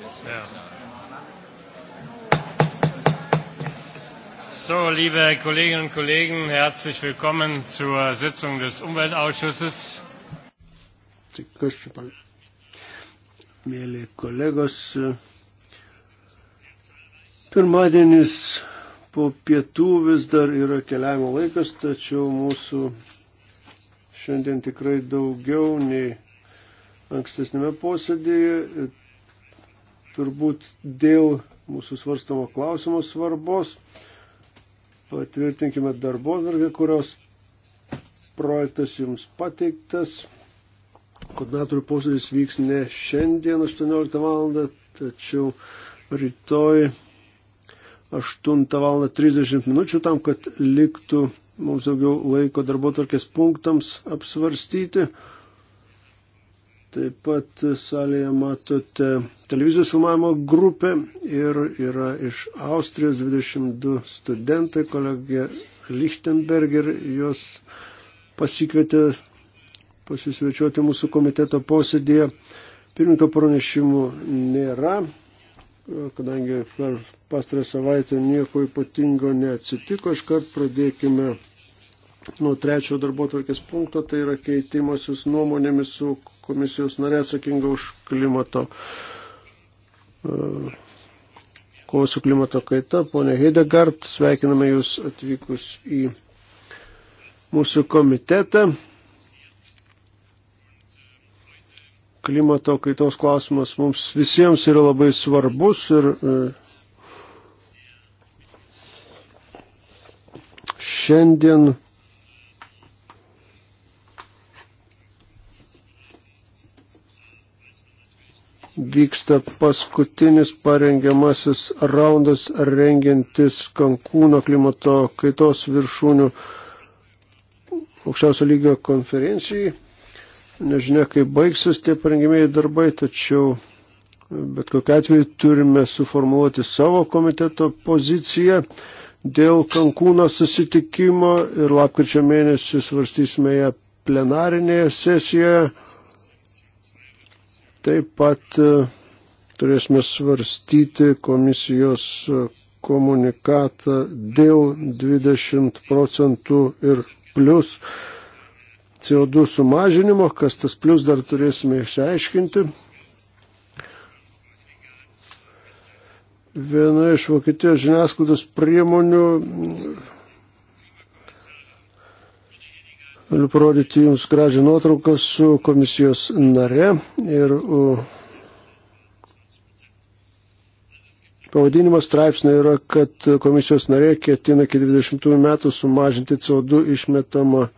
Ja. So, liebe Kolleginnen und Kollegen, herzlich willkommen zur Sitzung des Umweltausschusses. Mėly kolegos, pirmadienis po pietų vis dar yra keliavimo laikas, tačiau mūsų šiandien tikrai daugiau nei ankstesnėme posėdėje turbūt dėl mūsų svarstamo klausimo svarbos. Patvirtinkime darbo tvarkę, kurios projektas jums pateiktas. Koordinatorių posėdis vyks ne šiandien 18 val. tačiau rytoj 8 val. 30 minučių tam, kad liktų mums daugiau laiko darbo tvarkės punktams apsvarstyti. Taip pat salėje matote televizijos filmavimo grupę ir yra iš Austrijos 22 studentai, kolegė Lichtenberger, juos pasikvietė pasisvečiuoti mūsų komiteto posėdėje. Pirmininko pranešimų nėra, kadangi per pastarą savaitę nieko ypatingo neatsitiko, iškart pradėkime nuo trečio darbo tvarkės punkto, tai yra keitimasis nuomonėmis su komisijos narė atsakinga už klimato, e, kovą su klimato kaita. Pone Heidegard, sveikiname Jūs atvykus į mūsų komitetą. Klimato kaitos klausimas mums visiems yra labai svarbus ir e, šiandien vyksta paskutinis parengiamasis raundas rengiantis Kankūno klimato kaitos viršūnių aukščiausio lygio konferencijai. Nežinia, kaip baigsis tie parengimieji darbai, tačiau bet kokiu atveju turime suformuoluoti savo komiteto poziciją dėl Kankūno susitikimo ir lapkričio mėnesį svarstysime ją plenarinėje sesijoje. Taip pat e, turėsime svarstyti komisijos e, komunikatą dėl 20 procentų ir plus CO2 sumažinimo, kas tas plus dar turėsime išsiaiškinti. Viena iš Vokietijos žiniasklaidos priemonių Galiu parodyti Jums gražią nuotrauką su komisijos nare ir uh, Pavadinimas straipsnio yra, kad komisijos narė ketina iki 20 metų sumažinti CO2 išmetamą,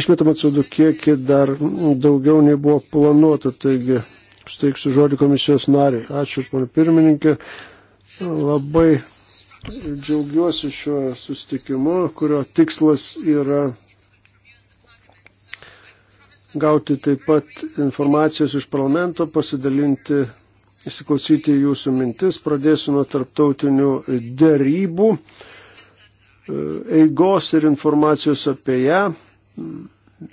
išmetamą CO2 kiekį dar daugiau nei buvo planuota. Taigi, steiksiu žodį komisijos nariai. Ačiū, pana pirmininkė. Labai džiaugiuosi šiuo sustikimu, kurio tikslas yra gauti taip pat informacijos iš parlamento, pasidalinti, įsiklausyti jūsų mintis. Pradėsiu nuo tarptautinių dėrybų, e, eigos ir informacijos apie ją.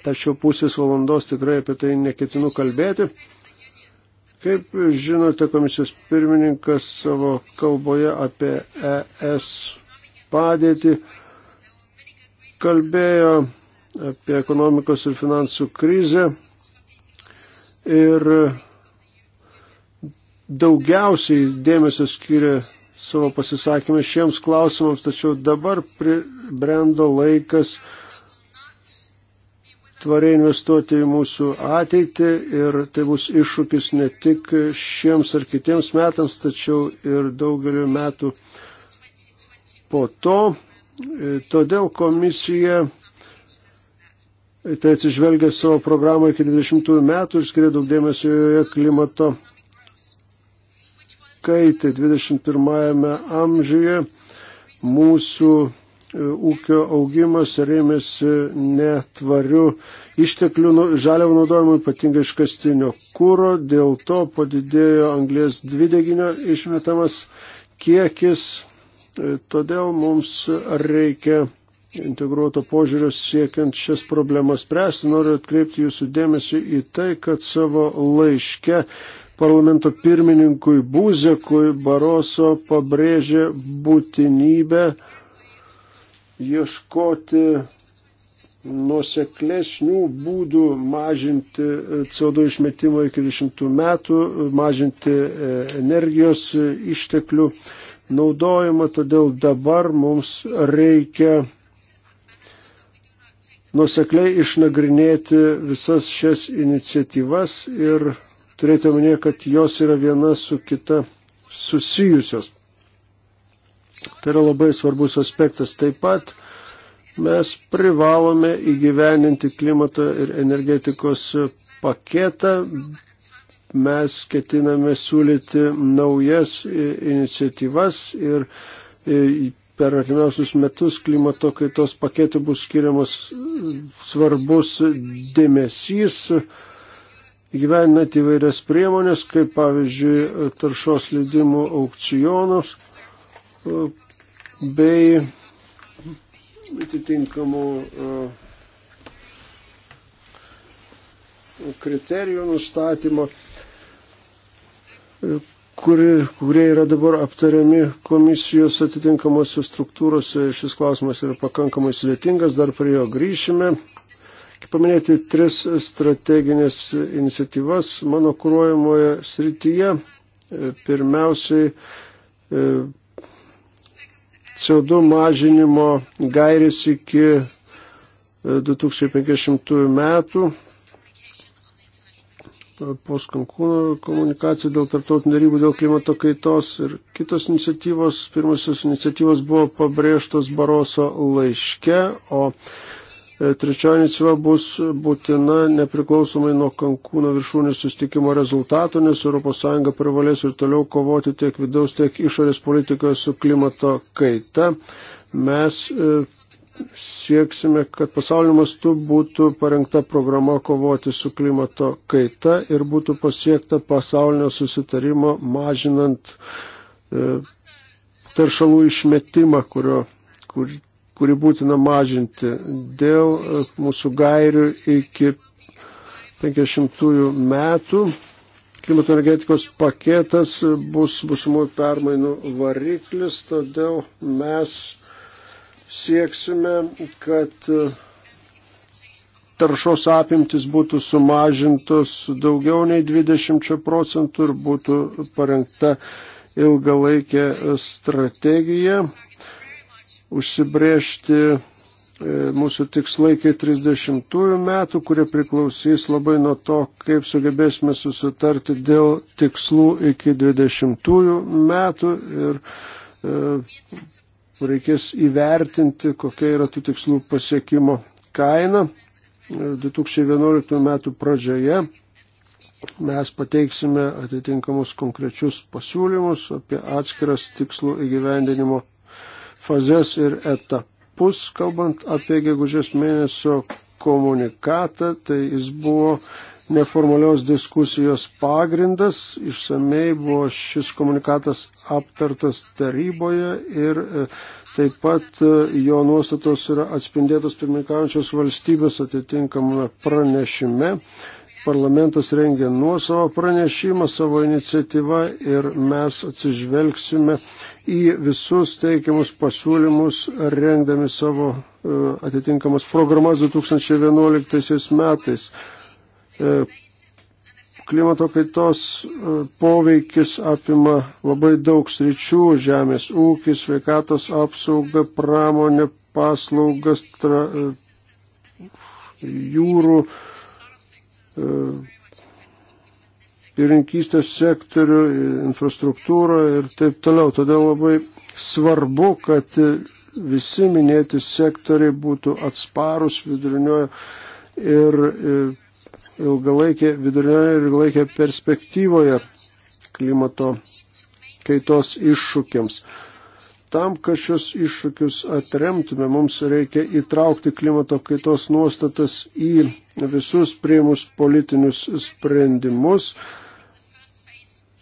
Tačiau pusės valandos tikrai apie tai neketinu kalbėti. Kaip žinote, komisijos pirmininkas savo kalboje apie ES padėtį kalbėjo apie ekonomikos ir finansų krizę. Ir daugiausiai dėmesio skiria savo pasisakymą šiems klausimams, tačiau dabar pribrendo laikas tvariai investuoti į mūsų ateitį ir tai bus iššūkis ne tik šiems ar kitiems metams, tačiau ir daugeliu metų po to. Todėl komisija tai atsižvelgia savo programą iki 20 metų ir skiria daug dėmesio joje klimato kaitai 21 amžiuje. Mūsų e, ūkio augimas rėmėsi netvariu išteklių nu, žaliavų naudojimu, ypatingai iškastinio kūro, dėl to padidėjo anglės dvideginio išmetamas kiekis, e, todėl mums reikia integruoto požiūrio siekiant šias problemas spręsti. Noriu atkreipti jūsų dėmesį į tai, kad savo laiške parlamento pirmininkui Būzekui Baroso pabrėžė būtinybę ieškoti nuoseklesnių būdų mažinti CO2 išmetimą iki 20 metų, mažinti e, energijos išteklių naudojimą, todėl dabar mums reikia nusekliai išnagrinėti visas šias iniciatyvas ir turėti omenyje, kad jos yra viena su kita susijusios. Tai yra labai svarbus aspektas. Taip pat mes privalome įgyveninti klimato ir energetikos paketą. Mes ketiname siūlyti naujas iniciatyvas ir per artimiausius metus klimato kaitos paketų bus skiriamas svarbus dėmesys gyvenant įvairias priemonės, kaip pavyzdžiui taršos leidimų aukcionus bei atitinkamų e, kriterijų nustatymo kuri, kurie yra dabar aptariami komisijos atitinkamosios struktūrose. Šis klausimas yra pakankamai sudėtingas, dar prie jo grįšime. Paminėti tris strateginės iniciatyvas mano kūruojamoje srityje. Pirmiausiai e, CO2 mažinimo gairės iki 2050 e, metų tarpos Kankūno komunikacija dėl tarptautinių darybų dėl klimato kaitos ir kitos iniciatyvos. Pirmasis iniciatyvos buvo pabrėžtos Baroso laiške, o e, trečioji iniciatyva bus būtina nepriklausomai nuo Kankūno viršūnių sustikimo rezultatų, nes ES privalės ir toliau kovoti tiek vidaus, tiek išorės politikoje su klimato kaita. Mes e, sieksime, kad pasaulio mastu būtų parengta programa kovoti su klimato kaita ir būtų pasiekta pasaulinio susitarimo mažinant e, taršalų išmetimą, kurio, kur, kurį būtina mažinti dėl e, mūsų gairių iki 50 metų. Klimato energetikos paketas bus busimų permainų variklis, todėl mes sieksime, kad e, taršos apimtis būtų sumažintos daugiau nei 20 procentų ir būtų parengta ilgalaikė strategija užsibriežti e, mūsų tikslai iki 30 metų, kurie priklausys labai nuo to, kaip sugebėsime susitarti dėl tikslų iki 20 metų ir e, reikės įvertinti, kokia yra tų tikslų pasiekimo kaina. 2011 metų pradžioje mes pateiksime atitinkamus konkrečius pasiūlymus apie atskiras tikslų įgyvendinimo fazes ir etapus. Kalbant apie gegužės mėnesio komunikatą, tai jis buvo neformalios diskusijos pagrindas. Išsamei buvo šis komunikatas aptartas taryboje ir e, Taip pat e, jo nuostatos yra atspindėtos pirmininkaujančios valstybės atitinkamame pranešime. Parlamentas rengia nuo savo pranešimą, savo iniciatyvą ir mes atsižvelgsime į visus teikiamus pasiūlymus, rengdami savo e, atitinkamas programas 2011 metais. E, Klimato kaitos e, poveikis apima labai daug sričių - žemės ūkis, sveikatos apsauga, pramonė, paslaugas, tra, e, jūrų įrinkystės e, sektorių, infrastruktūrą ir taip toliau. Todėl labai svarbu, kad visi minėti sektoriai būtų atsparus viduriniojo ir ilgalaikė, vidurioje ir ilgalaikė perspektyvoje klimato kaitos iššūkiams. Tam, kad šios iššūkius atremtume, mums reikia įtraukti klimato kaitos nuostatas į visus prieimus politinius sprendimus.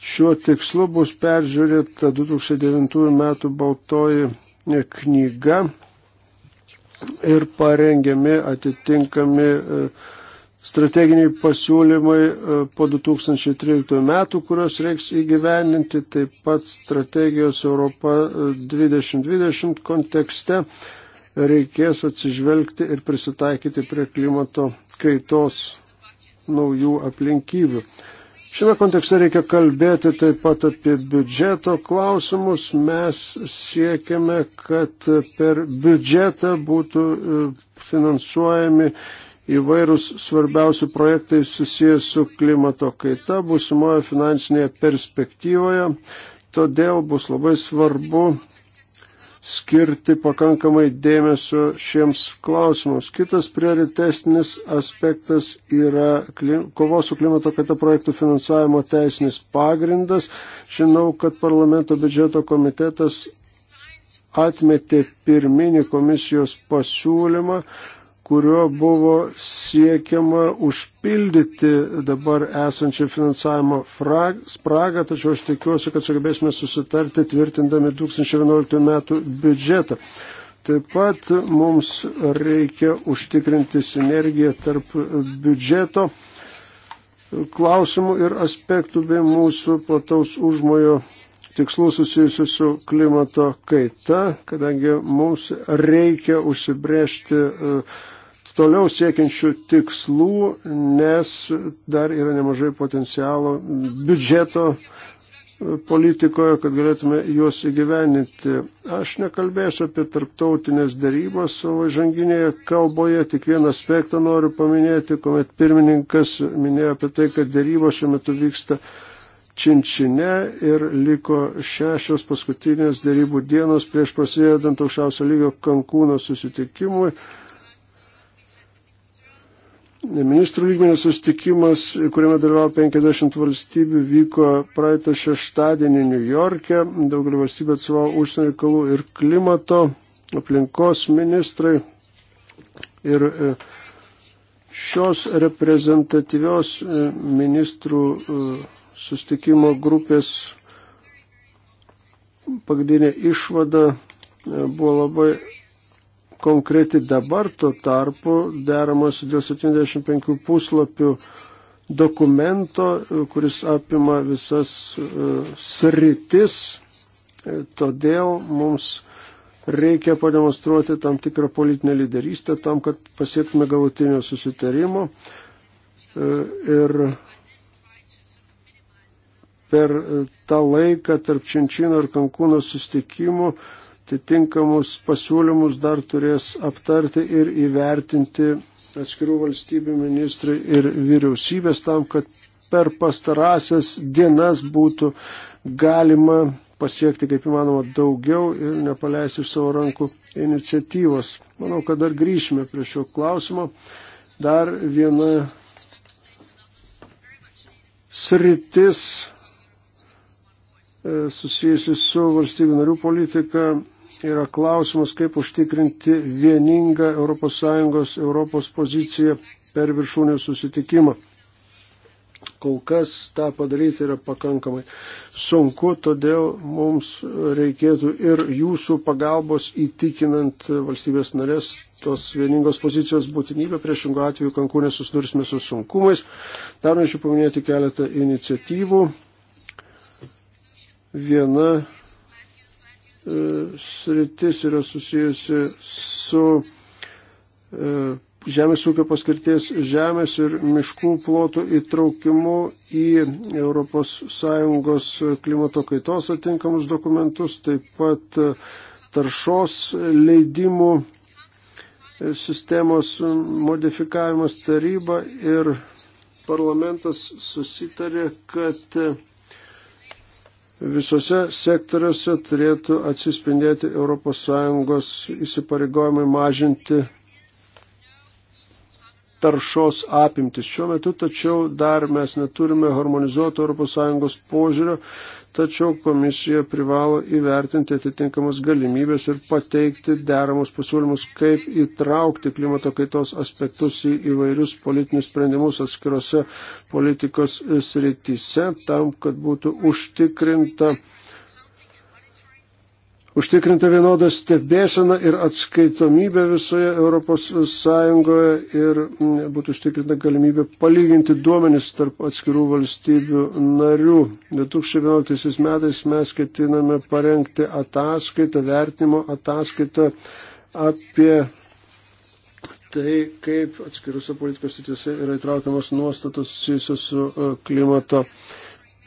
Šiuo tikslu bus peržiūrėta 2009 m. baltoji knyga ir parengiami atitinkami uh, strateginiai pasiūlymai e, po 2013 metų, kuriuos reiks įgyveninti, taip pat strategijos Europa 2020 e, kontekste reikės atsižvelgti ir prisitaikyti prie klimato kaitos naujų aplinkybių. Šiame kontekste reikia kalbėti taip pat apie biudžeto klausimus. Mes siekiame, kad per biudžetą būtų e, finansuojami įvairūs svarbiausi projektai susijęs su klimato kaita būsimoje finansinėje perspektyvoje. Todėl bus labai svarbu skirti pakankamai dėmesio šiems klausimams. Kitas prioritestinis aspektas yra kovos su klimato kaita projektų finansavimo teisinis pagrindas. Žinau, kad parlamento biudžeto komitetas atmetė pirminį komisijos pasiūlymą kurio buvo siekiama užpildyti dabar esančią finansavimo spragą, tačiau aš tikiuosi, kad sugebėsime susitarti tvirtindami 2011 metų biudžetą. Taip pat mums reikia užtikrinti sinergiją tarp biudžeto klausimų ir aspektų bei mūsų plataus užmojo tikslų susijusių su klimato kaita, kadangi mums reikia užsibrėžti uh, toliau siekiančių tikslų, nes dar yra nemažai potencialo biudžeto politikoje, kad galėtume juos įgyveninti. Aš nekalbėsiu apie tarptautinės darybos savo žanginėje kalboje, tik vieną aspektą noriu paminėti, kuomet pirmininkas minėjo apie tai, kad darybos šiuo metu vyksta Činčine ir liko šešios paskutinės darybų dienos prieš prasidedant aukščiausio lygio kankūno susitikimui. Ministrų lygmenio sustikimas, kuriame dalyvavo 50 valstybių, vyko praeitą šeštadienį New York'e. Daugelį valstybių atsivavo užsienio reikalų ir klimato aplinkos ministrai. Ir e, šios reprezentatyvios e, ministrų e, sustikimo grupės pagrindinė išvada buvo labai konkreti dabar, tuo tarpu deramas dėl 75 puslapių dokumento, kuris apima visas e, sritis. E, todėl mums reikia pademonstruoti tam tikrą politinę lyderystę tam, kad pasiektume galutinio susitarimo. E, ir per tą laiką tarp Činčino ir Kankūno sustikimų Atitinkamus pasiūlymus dar turės aptarti ir įvertinti atskirų valstybių ministrai ir vyriausybės tam, kad per pastarąsias dienas būtų galima pasiekti kaip įmanoma daugiau ir nepaleisti iš savo rankų iniciatyvos. Manau, kad dar grįšime prie šio klausimo. Dar viena sritis, E, susijusi su valstybių narių politika yra klausimas, kaip užtikrinti vieningą ES Europos poziciją per viršūnį susitikimą. Kol kas tą padaryti yra pakankamai sunku, todėl mums reikėtų ir jūsų pagalbos įtikinant valstybės narės tos vieningos pozicijos būtinybę, priešingų atveju kankūnė susidursime su sunkumais. Dar norėčiau paminėti keletą iniciatyvų viena e, sritis yra susijusi su e, žemės ūkio paskirties žemės ir miškų plotų įtraukimu į ES klimato kaitos atinkamus dokumentus, taip pat e, taršos leidimų sistemos modifikavimas taryba ir parlamentas susitarė, kad visose sektoriuose turėtų atsispindėti ES įsipareigojimai mažinti taršos apimtis. Šiuo metu tačiau dar mes neturime harmonizuoto ES požiūrio tačiau komisija privalo įvertinti atitinkamas galimybės ir pateikti deramus pasiūlymus, kaip įtraukti klimato kaitos aspektus į įvairius politinius sprendimus atskirose politikos srityse, tam, kad būtų užtikrinta užtikrinta vienoda stebėsena ir atskaitomybė visoje ES ir mm, būtų užtikrinta galimybė palyginti duomenis tarp atskirų valstybių narių. 2011 metais mes ketiname parengti ataskaitą, vertinimo ataskaitą apie tai, kaip atskiruose politikos srityse yra įtraukiamas nuostatos susijusios su e, klimato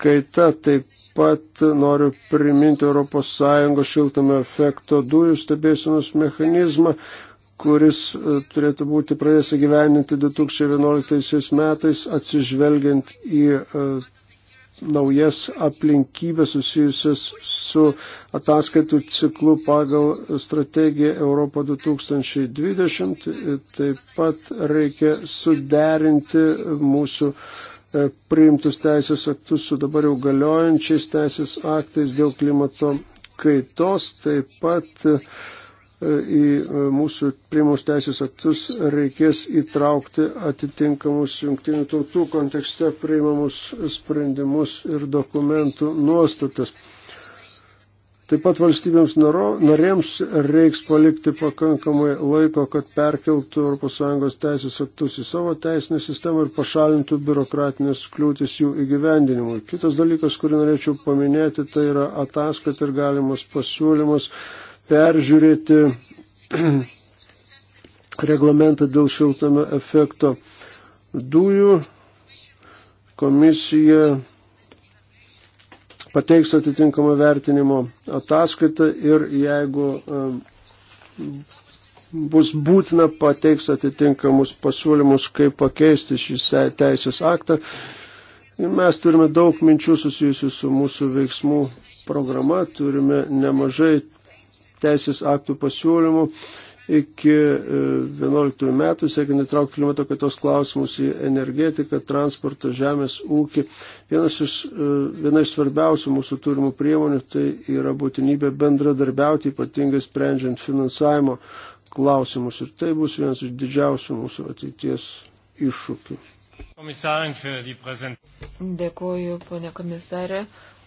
kaita. Taip pat noriu priminti ES šiltame efekto dujų stebėsinos mechanizmą, kuris e, turėtų būti pradėjęs įgyveninti 2011 metais, atsižvelgiant į e, naujas aplinkybės susijusias su ataskaitų ciklu pagal strategiją Europo 2020. Taip pat reikia suderinti mūsų uh, E, priimtus teisės aktus su dabar jau galiojančiais teisės aktais dėl klimato kaitos, taip pat e, į e, mūsų priimus teisės aktus reikės įtraukti atitinkamus jungtinių tautų kontekste priimamus sprendimus ir dokumentų nuostatas. Taip pat valstybėms narėms reiks palikti pakankamai laiko, kad perkeltų ES teisės aktus į savo teisinę sistemą ir pašalintų biurokratinės kliūtis jų įgyvendinimui. Kitas dalykas, kurį norėčiau paminėti, tai yra ataskait ir galimas pasiūlymas peržiūrėti reglamentą dėl šiltame efekto dujų. Komisija pateiks atitinkamą vertinimo ataskaitą ir jeigu e, bus būtina pateiks atitinkamus pasiūlymus, kaip pakeisti šį teisės aktą. Ir mes turime daug minčių susijusių su mūsų veiksmų programa, turime nemažai teisės aktų pasiūlymų, iki 11 e, metų, siekiant įtraukti klimato kaitos klausimus į energetiką, transportą, žemės ūkį. Vienas iš, e, viena iš svarbiausių mūsų turimų priemonių tai yra būtinybė bendradarbiauti, ypatingai sprendžiant finansavimo klausimus. Ir tai bus vienas iš didžiausių mūsų ateities iššūkių. Dėkuoju, ponė komisarė,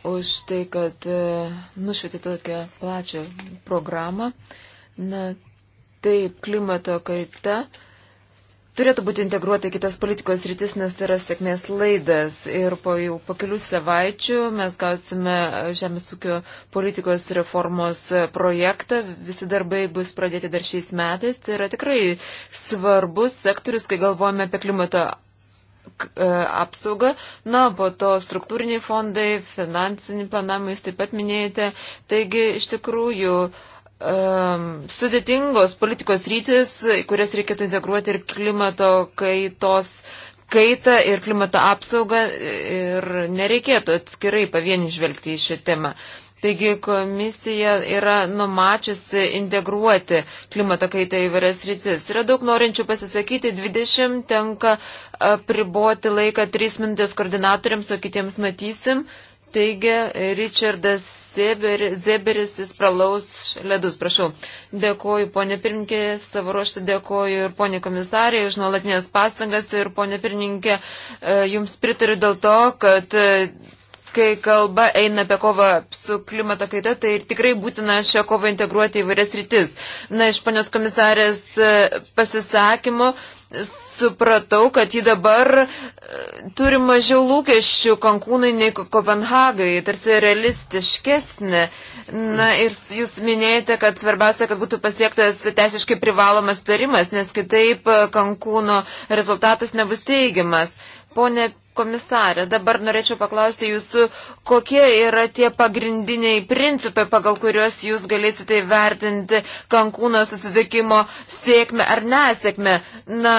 už tai, kad e, nušvietė tokią plačią programą. Na, Taip, klimato kaita turėtų būti integruota į kitas politikos rytis, nes tai yra sėkmės laidas. Ir po jau po kelių savaičių mes gausime Žemės ūkio politikos reformos projektą. Visi darbai bus pradėti dar šiais metais. Tai yra tikrai svarbus sektorius, kai galvojame apie klimato e, apsaugą. Na, po to struktūriniai fondai, finansinį planavimą jūs taip pat minėjote. Taigi, iš tikrųjų, uh, Ehm, sudėtingos politikos rytis, kurias reikėtų integruoti ir klimato kaitos kaitą ir klimato apsaugą ir nereikėtų atskirai pavieni žvelgti į šią temą. Taigi komisija yra numačiusi integruoti klimato kaitą į vairias rytis. Yra daug norinčių pasisakyti, 20 tenka priboti laiką 3 minutės koordinatoriams, o kitiems matysim. Uh, Teigia Richardas Zeberis, jis pralaus ledus, prašau. Dėkoju, ponė pirmininkė, savo ruoštą dėkoju ir ponė komisarė už nuolatinės pastangas ir ponė pirmininkė, e, jums pritariu dėl to, kad e, kai kalba eina apie kovą su klimato kaita, tai tikrai būtina šią kovą integruoti į vairias rytis. Na, iš ponios komisarės e, pasisakymų supratau, kad ji dabar e, turi mažiau lūkesčių Kankūnai nei Kopenhagai, tarsi realistiškesnė. Na ir jūs minėjote, kad svarbiausia, kad būtų pasiektas teisiškai privalomas tarimas, nes kitaip e, Kankūno rezultatas nebus teigiamas. Pone komisarė, dabar norėčiau paklausti jūsų, kokie yra tie pagrindiniai principai, pagal kuriuos jūs galėsite įvertinti Kankūno susitikimo sėkmę ar nesėkmę. Na,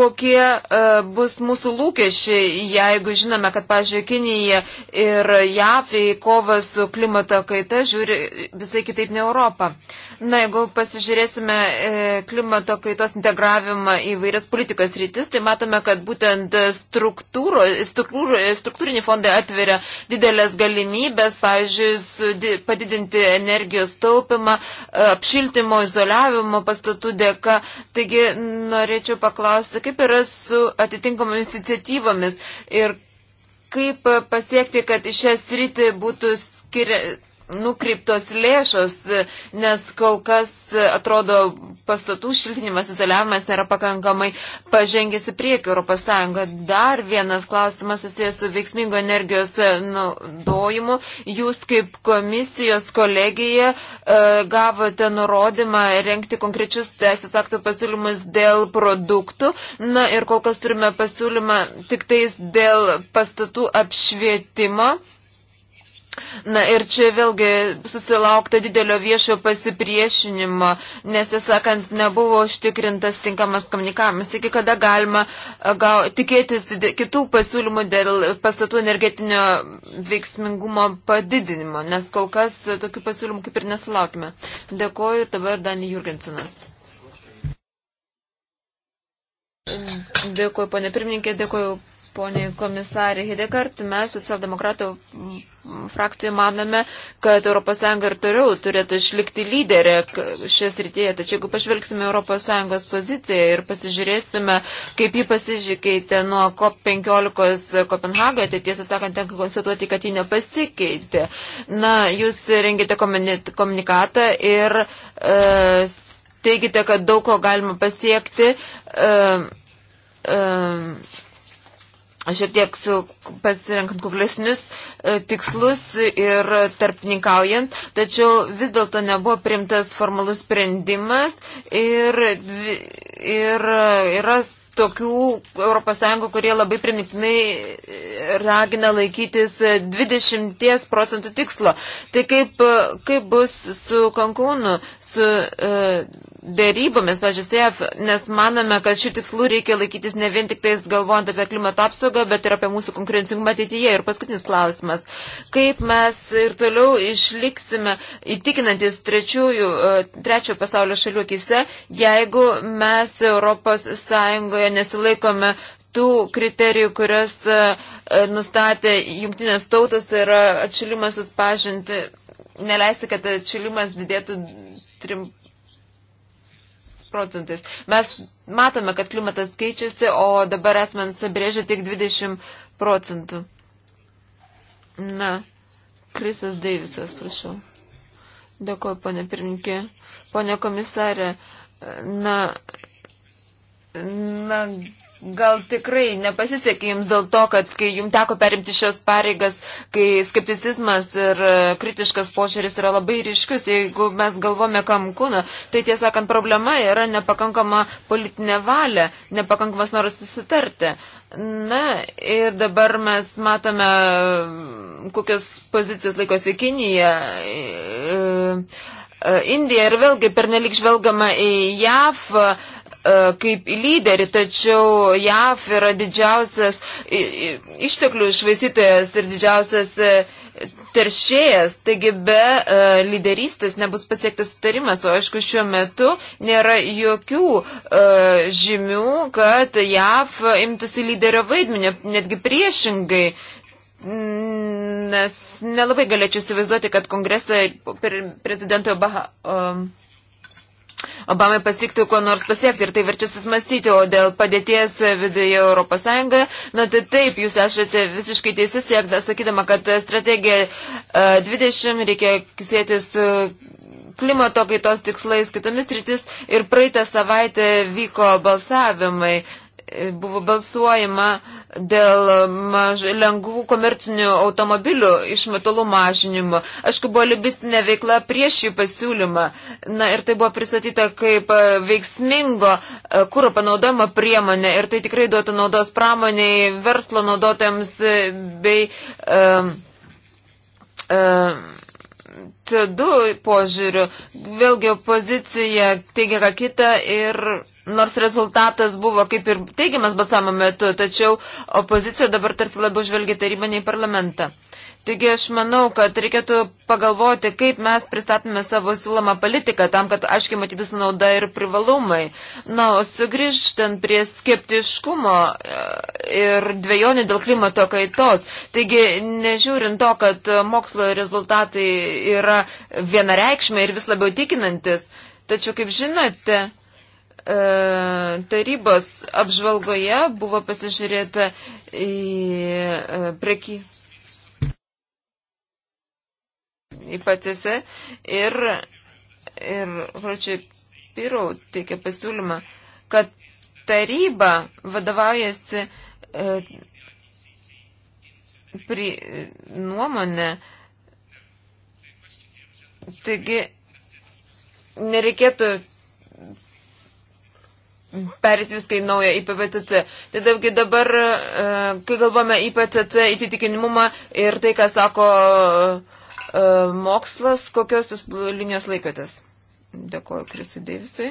kokie uh, bus mūsų lūkesčiai, jeigu žinome, kad, pažiūrėjau, Kinija ir JAF į kovą su klimato kaita žiūri visai kitaip ne Europą. Uh, Na, jeigu pasižiūrėsime e, klimato kaitos integravimą į vairias politikos rytis, tai matome, kad būtent struktūro, struktūro, struktūriniai fondai atveria didelės galimybės, pavyzdžiui, padidinti energijos taupimą, e, apšiltimo, izoliavimo pastatų dėka. Taigi norėčiau paklausti, kaip yra su atitinkamomis iniciatyvomis ir kaip pasiekti, kad šią sritį būtų skiriama nukreiptos lėšos, nes kol kas e, atrodo pastatų šiltinimas, izoliavimas nėra pakankamai pažengęs į priekį Europos Sąjungą. Dar vienas klausimas susijęs su veiksmingo energijos e, naudojimu. Jūs kaip komisijos kolegija e, gavote nurodymą renkti konkrečius teisės aktų pasiūlymus dėl produktų. Na ir kol kas turime pasiūlymą tik tais dėl pastatų apšvietimo. Na ir čia vėlgi susilaukta didelio viešo pasipriešinimo, nes, tiesąkant, nebuvo užtikrintas tinkamas komunikavimas. Iki kada galima gau, tikėtis kitų pasiūlymų dėl pastatų energetinio veiksmingumo padidinimo, nes kol kas tokių pasiūlymų kaip ir nesulaukime. Dėkuoju ir dabar Dani Jurgensinas. Dėkuoju, ponė pirmininkė, dėkuoju poniai komisarė Hidekart, mes socialdemokratų frakcijoje manome, kad ES ir toliau turėtų išlikti lyderė šias rytyje. Tačiau jeigu pažvelgsime ES poziciją ir pasižiūrėsime, kaip jį pasižikeitė nuo COP15 Kopenhagoje, tai tiesą sakant, tenka konstatuoti, kad jį nepasikeitė. Na, jūs rengėte komunikatą ir e, teigite, kad daug ko galima pasiekti. E, e, šiek tiek su pasirinkant kuklesnius e, tikslus ir tarpininkaujant, tačiau vis dėlto nebuvo primtas formalus sprendimas ir, ir e, yra tokių ES, kurie labai primiktinai e, ragina laikytis 20 procentų tikslo. Tai kaip, kaip bus su Kankūnu, su. Uh, dėrybomis, pažiūrėjau, e nes manome, kad šių tikslų reikia laikytis ne vien tik tais galvojant apie klimato apsaugą, bet ir apie mūsų konkurencingumą ateityje. Ir paskutinis klausimas. Kaip mes ir toliau išliksime įtikinantis trečiųjų, e, trečiojo pasaulio šalių akise, jeigu mes Europos Sąjungoje nesilaikome tų kriterijų, kurias e, nustatė jungtinės tautos, tai yra atšilimas suspažinti, neleisti, kad atšilimas didėtų 3 procentais. Mes matome, kad klimatas keičiasi, o dabar esame nusibrėžę tik 20 procentų. Na, Krisas Deivisas, prašau. Dėkuoju, ponė pirmininkė. Pone komisarė, na, na, gal tikrai nepasisekė jums dėl to, kad kai jums teko perimti šias pareigas, kai skepticizmas ir e, kritiškas požiūris yra labai ryškius, jeigu mes galvome kamkūną, tai tiesąkant problema yra nepakankama politinė valia, nepakankamas noras susitarti. Na ir dabar mes matome, kokias pozicijas laikosi Kinija. E, e, Indija ir vėlgi pernelik žvelgama į JAV. E, E, kaip lyderį, tačiau JAF yra didžiausias išteklių išvaisytojas ir didžiausias e, teršėjas, taigi be e, lyderystės nebus pasiektas sutarimas, o aišku šiuo metu nėra jokių žymių, kad JAF imtųsi lyderio vaidmenį, netgi priešingai nes nelabai galėčiau įsivaizduoti, kad kongresą prezidento Obama, um, Obamai pasiktų kuo nors pasiekti ir tai verčia susmastyti, o dėl padėties viduje Europos Sąjungoje, na tai taip, jūs esate visiškai teisi siekda, sakydama, kad strategija 20 e, reikia sėti su klimato kaitos tikslais kitomis rytis ir praeitą savaitę vyko balsavimai, e, buvo balsuojama uh, dėl e, maž, lengvų komercinių automobilių išmetalų mažinimo. Aišku, buvo libistinė veikla prieš šį pasiūlymą. Na ir tai buvo pristatyta kaip e, veiksmingo e, kūro panaudojimo priemonė ir tai tikrai duotų naudos pramoniai, verslo naudotojams bei. Um, um, CO2 požiūriu. Vėlgi opozicija teigia ką kitą ir nors rezultatas buvo kaip ir teigiamas balsavimo metu, tačiau opozicija dabar tarsi labiau žvelgia tarybą nei parlamentą. Uh, Taigi aš manau, kad reikėtų pagalvoti, kaip mes pristatome savo siūlomą politiką, tam, kad aiškiai matytųsi nauda ir privalumai. Na, o sugrįžtant prie skeptiškumo e, ir dviejonių dėl klimato kaitos. Taigi, nežiūrint to, kad mokslo rezultatai yra vienareikšmiai ir vis labiau tikinantis, tačiau, kaip žinote, e, tarybos apžvalgoje buvo pasižiūrėta į e, prekybą IPCC ir, ir Hročiai Pirau teikia pasiūlymą, kad taryba vadovaujasi e, pri, nuomonė. Taigi nereikėtų perėti viską į naują IPPCC. Tai daugi dabar, e, kai galvome IPCC įtitikinimumą ir tai, ką sako e, E, mokslas, kokios jūs linijos laikotės? Dėkuoju Krisui Deivisui.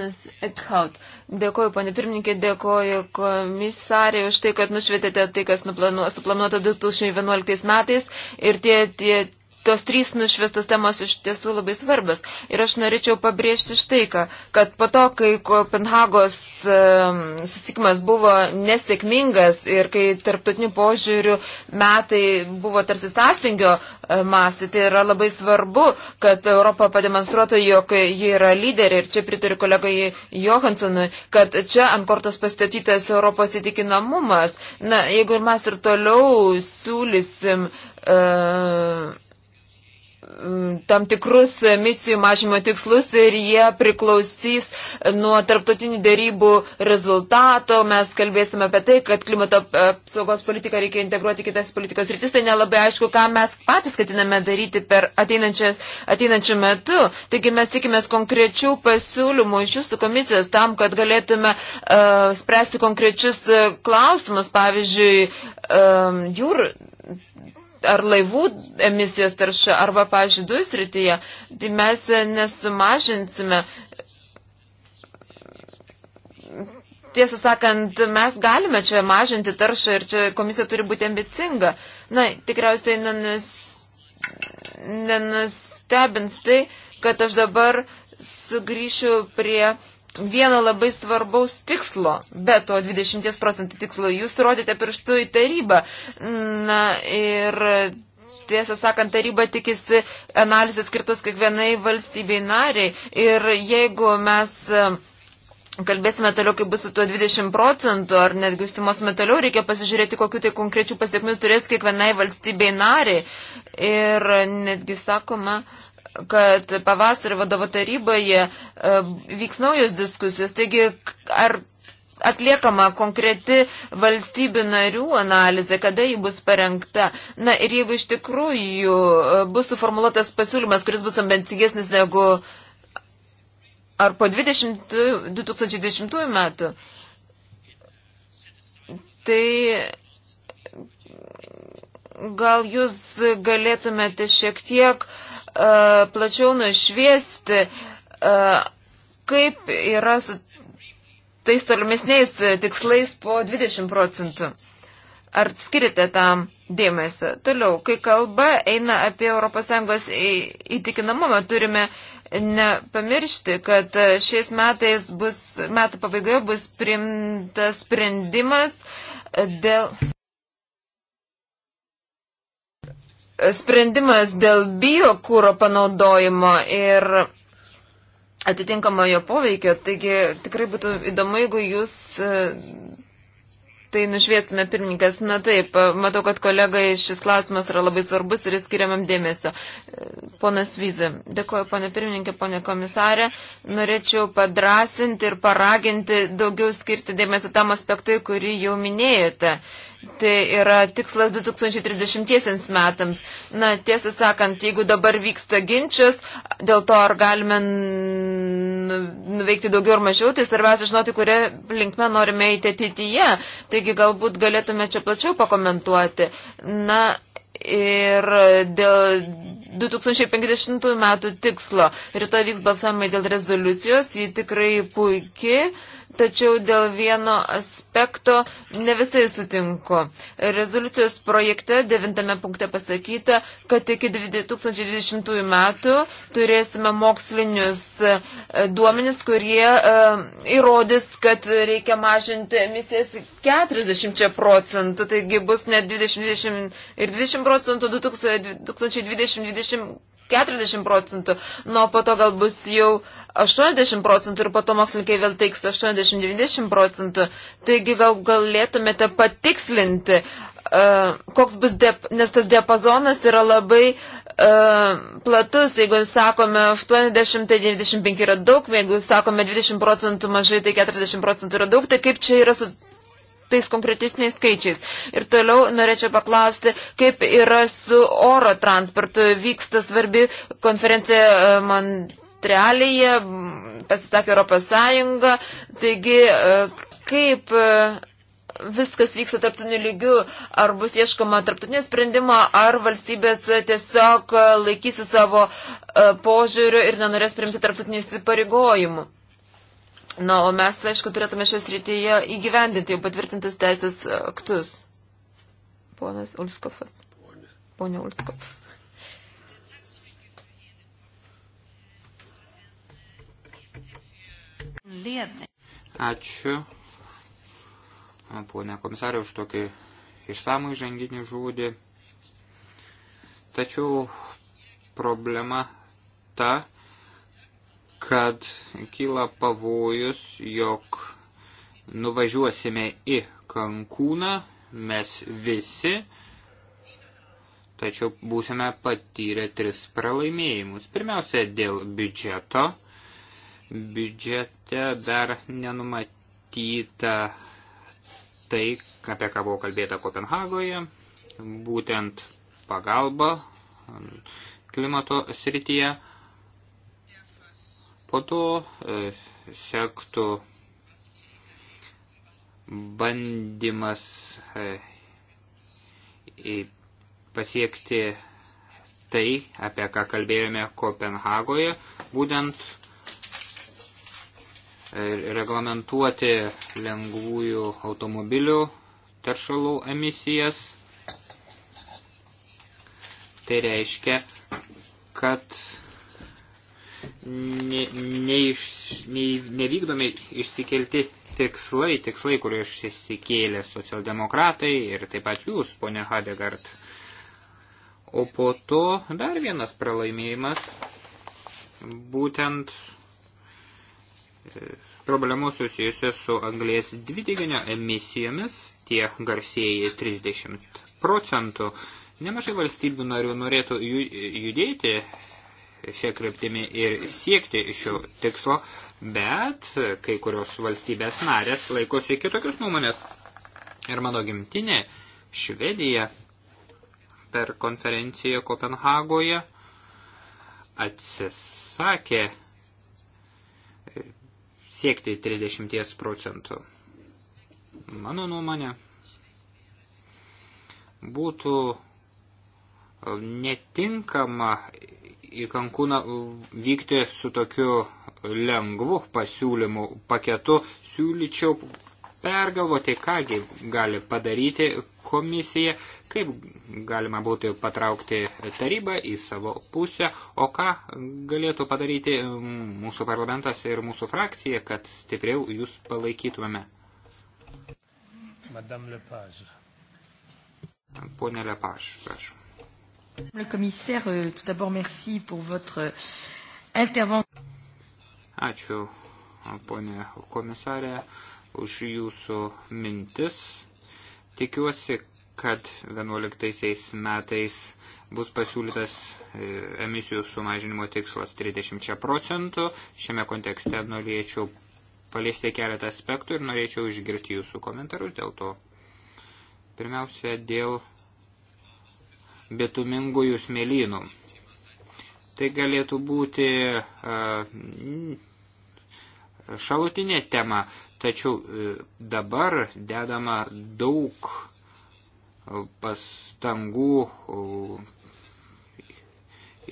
Nes Eckhout. Dėkoju, panė pirmininkė, dėkoju komisarė už tai, kad nušvietėte tai, kas suplanuota 2011 metais ir tie, tie tos trys nušvestos temos iš tiesų labai svarbios. Ir aš norėčiau pabrėžti štai ką, kad po to, kai Kopenhagos susitikimas buvo nesėkmingas ir kai tarptautinių požiūrių metai buvo tarsi sąstingio e, mastai, tai yra labai svarbu, kad Europa pademonstruotų, jog ji yra lyderė. Ir čia pritariu kolegai Johansonui, kad čia ant kortos pastatytas Europos įtikinamumas. Na, jeigu mes ir toliau siūlysim. Uh, tam tikrus misijų mažymo tikslus ir jie priklausys nuo tarptautinių dėrybų rezultato. Mes kalbėsime apie tai, kad klimato apsaugos politiką reikia integruoti kitas politikos rytis. Tai nelabai aišku, ką mes patys skatiname daryti per ateinančią metu. Taigi mes tikimės konkrečių pasiūlymų iš jūsų komisijos tam, kad galėtume uh, spręsti konkrečius uh, klausimus, pavyzdžiui, um, e, jūrų ar laivų emisijos tarša, arba, pažiūrėjau, dujų srityje, tai mes nesumažinsime. Tiesą sakant, mes galime čia mažinti taršą ir čia komisija turi būti ambicinga. Na, tikriausiai nenus, nenustebins tai, kad aš dabar sugrįšiu prie vieno labai svarbaus tikslo, bet to 20 procentų tikslo jūs rodėte pirštų į tarybą. Na ir tiesą sakant, taryba tikisi analizės skirtos kiekvienai valstybei nariai. Ir jeigu mes e, kalbėsime toliau, kaip bus su tuo 20 procentų, ar netgi užsimosime toliau, reikia pasižiūrėti, kokiu tai konkrečiu pasiekmiu turės kiekvienai valstybei nariai. Ir netgi sakoma, uh, kad pavasario vadovo taryboje e, vyks naujos diskusijos. Taigi, ar atliekama konkreti valstybių narių analizė, kada ji bus parengta. Na ir jeigu iš tikrųjų e, bus suformuoluotas pasiūlymas, kuris bus ambicingesnis negu ar po 20, 2010 metų, tai gal jūs galėtumėte šiek tiek uh, E, plačiau nušviesti, e, kaip yra su tais tolimesniais tikslais po 20 procentų. Ar skirite tam dėmesio? Toliau, kai kalba eina apie ES įtikinamumą, turime nepamiršti, kad šiais metais bus, metų pabaigoje bus primtas sprendimas dėl. sprendimas dėl biokūro panaudojimo ir atitinkamo jo poveikio. Taigi tikrai būtų įdomu, jeigu jūs e, tai nušviestume pirmininkas. Na taip, matau, kad kolegai šis klausimas yra labai svarbus ir jis skiriamam dėmesio. E, ponas Vyzė, dėkoju, ponė pirmininkė, ponė komisarė. Norėčiau padrasinti ir paraginti daugiau skirti dėmesio tam aspektui, kurį jau minėjote. Uh, Tai yra tikslas 2030 metams. Na, tiesą sakant, jeigu dabar vyksta ginčias, dėl to ar galime nuveikti daugiau ar mažiau, tai svarbiausia žinoti, kuria linkme norime eiti ateityje. Taigi galbūt galėtume čia plačiau pakomentuoti. Na, ir dėl 2050 metų tikslo. Rytoj vyks balsavimai dėl rezoliucijos, ji tikrai puikiai tačiau dėl vieno aspekto ne visai sutinku. Rezoliucijos projekte devintame punkte pasakyta, kad iki 2020 metų turėsime mokslinius e, duomenis, kurie e, įrodys, kad reikia mažinti emisijas 40 procentų, taigi bus net 20, 20 ir 20 procentų 2020-2020 40 procentų, nuo po to gal bus jau 80 procentų ir po to mokslininkai vėl teiks 80-90 procentų. Taigi gal galėtumėte patikslinti, uh, koks bus, nes tas diapazonas yra labai uh, platus, jeigu sakome 80, tai 95 yra daug, jeigu sakome 20 procentų mažai, tai 40 procentų yra daug, tai kaip čia yra su tais konkretesniais skaičiais. Ir toliau norėčiau paklausti, kaip yra su oro transportu. Vyksta svarbi konferencija e, Montrealėje, pasisakė Europos Sąjunga. Taigi, e, kaip e, viskas vyksta tarptautiniu lygiu, ar bus ieškoma tarptautinio sprendimo, ar valstybės tiesiog laikysi savo požiūrių ir nenorės priimti tarptautinių įsipareigojimų. Na, o mes, aišku, turėtume šios rytyje įgyvendinti jau patvirtintus teisės aktus. Ponas Ulskofas. Pone Ulskofas. Ačiū, ponė komisarė, už tokį išsamų įženginį žodį. Tačiau problema ta, kad kyla pavojus, jog nuvažiuosime į Kankūną, mes visi, tačiau būsime patyrę tris pralaimėjimus. Pirmiausia, dėl biudžeto. Biudžete dar nenumatyta tai, apie ką buvo kalbėta Kopenhagoje, būtent pagalba klimato srityje Po to e, sektų bandymas e, pasiekti tai, apie ką kalbėjome Kopenhagoje, būtent e, reglamentuoti lengvųjų automobilių teršalų emisijas. Tai reiškia, kad ne, neiš, ne, nevykdomi išsikelti tikslai, tikslai, kurie išsikėlė socialdemokratai ir taip pat jūs, ponė Hadegard. O po to dar vienas pralaimėjimas, būtent e, problemų susijusios su anglės dvideginio emisijomis, tie garsėjai 30 procentų. Nemažai valstybių narių norėtų judėti šią kryptimį ir siekti šio tikslo, bet kai kurios valstybės narės laikosi kitokios nuomonės. Ir mano gimtinė Švedija per konferenciją Kopenhagoje atsisakė siekti 30 procentų. Mano nuomonė būtų netinkama į Kankūną vykti su tokiu lengvu pasiūlymu paketu, siūlyčiau pergalvoti, kągi gali padaryti komisija, kaip galima būtų patraukti tarybą į savo pusę, o ką galėtų padaryti mūsų parlamentas ir mūsų frakcija, kad stipriau jūs palaikytumėme. Madame Lepage. Pone Lepage, prašau. Euh, euh, Ačiū, ponė komisarė, už jūsų mintis. Tikiuosi, kad 11 metais bus pasiūlytas e, emisijų sumažinimo tikslas 30 procentų. Šiame kontekste norėčiau paliesti keletą aspektų ir norėčiau išgirsti jūsų komentarus dėl to. Pirmiausia, dėl betumingųjų smėlynų. Tai galėtų būti šalutinė tema, tačiau e, dabar dedama daug pastangų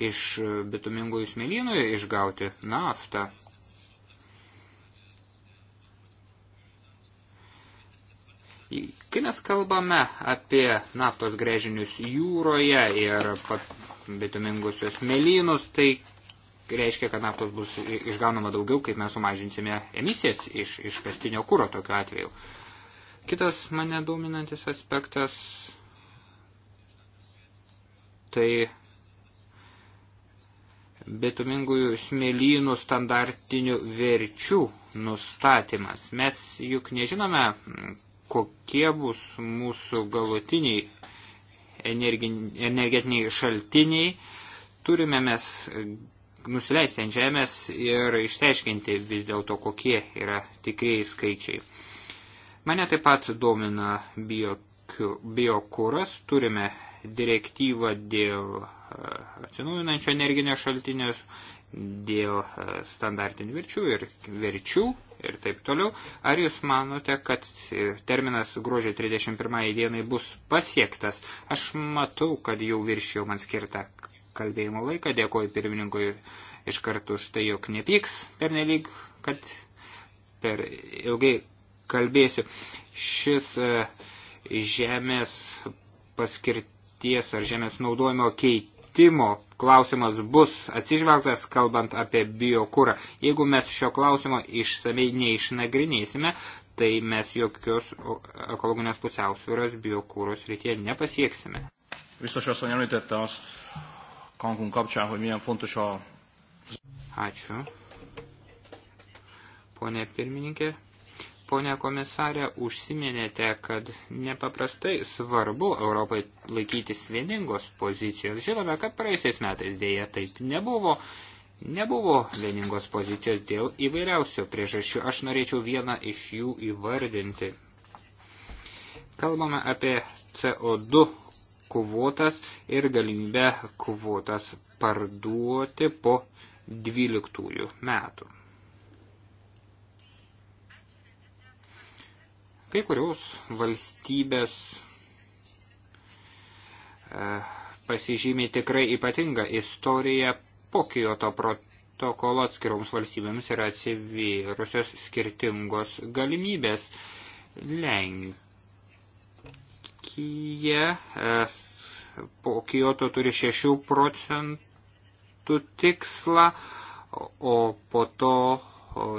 iš bitumingųjų smėlynų išgauti naftą. Kai mes kalbame apie naftos grėžinius jūroje ir bitumingusios melynus, tai reiškia, kad naftos bus išgaunama daugiau, kaip mes sumažinsime emisijas iš, iš kastinio kūro tokiu atveju. Kitas mane dominantis aspektas tai bitumingųjų smėlynų standartinių verčių nustatymas. Mes juk nežinome, kokie bus mūsų galutiniai energetiniai šaltiniai, turime mes nusileisti ant žemės ir išteiškinti vis dėlto, kokie yra tikrieji skaičiai. Mane taip pat domina biokūras, bio turime direktyvą dėl e, atsinaujinančio energinio šaltinio, dėl e, standartinių verčių ir verčių ir taip toliau. Ar jūs manote, kad e, terminas gruodžio 31 dienai bus pasiektas? Aš matau, kad jau viršėjau man skirtą kalbėjimo laiką. Dėkoju pirmininkui iš karto už tai, jog nepyks per nelik, kad per ilgai kalbėsiu. Šis e, žemės paskirties ar žemės naudojimo keitimas supratimo klausimas bus atsižvelgtas, kalbant apie biokūrą. Jeigu mes šio klausimo išsamei neišnagrinėsime, tai mes jokios ekologinės pusiausvyros biokūros rytie nepasieksime. Biztos asszony említette azt Cancun kapcsán, hogy milyen fontos a... Ačiū. Pone pirmininkė, Pone komisarė, užsiminėte, kad nepaprastai svarbu Europai laikytis vieningos pozicijos. Žinome, kad praeisiais metais dėja taip nebuvo. Nebuvo vieningos pozicijos dėl įvairiausių priežasčių. Aš norėčiau vieną iš jų įvardinti. Kalbame apie CO2 kvotas ir galimybę kvotas parduoti po 12 metų. Kai kurios valstybės e, pasižymė tikrai ypatingą istoriją po Kyoto protokolo atskiroms valstybėms yra atsivėrusios skirtingos galimybės. Lenkija e, po Kyoto turi 6 procentų tikslą, o po to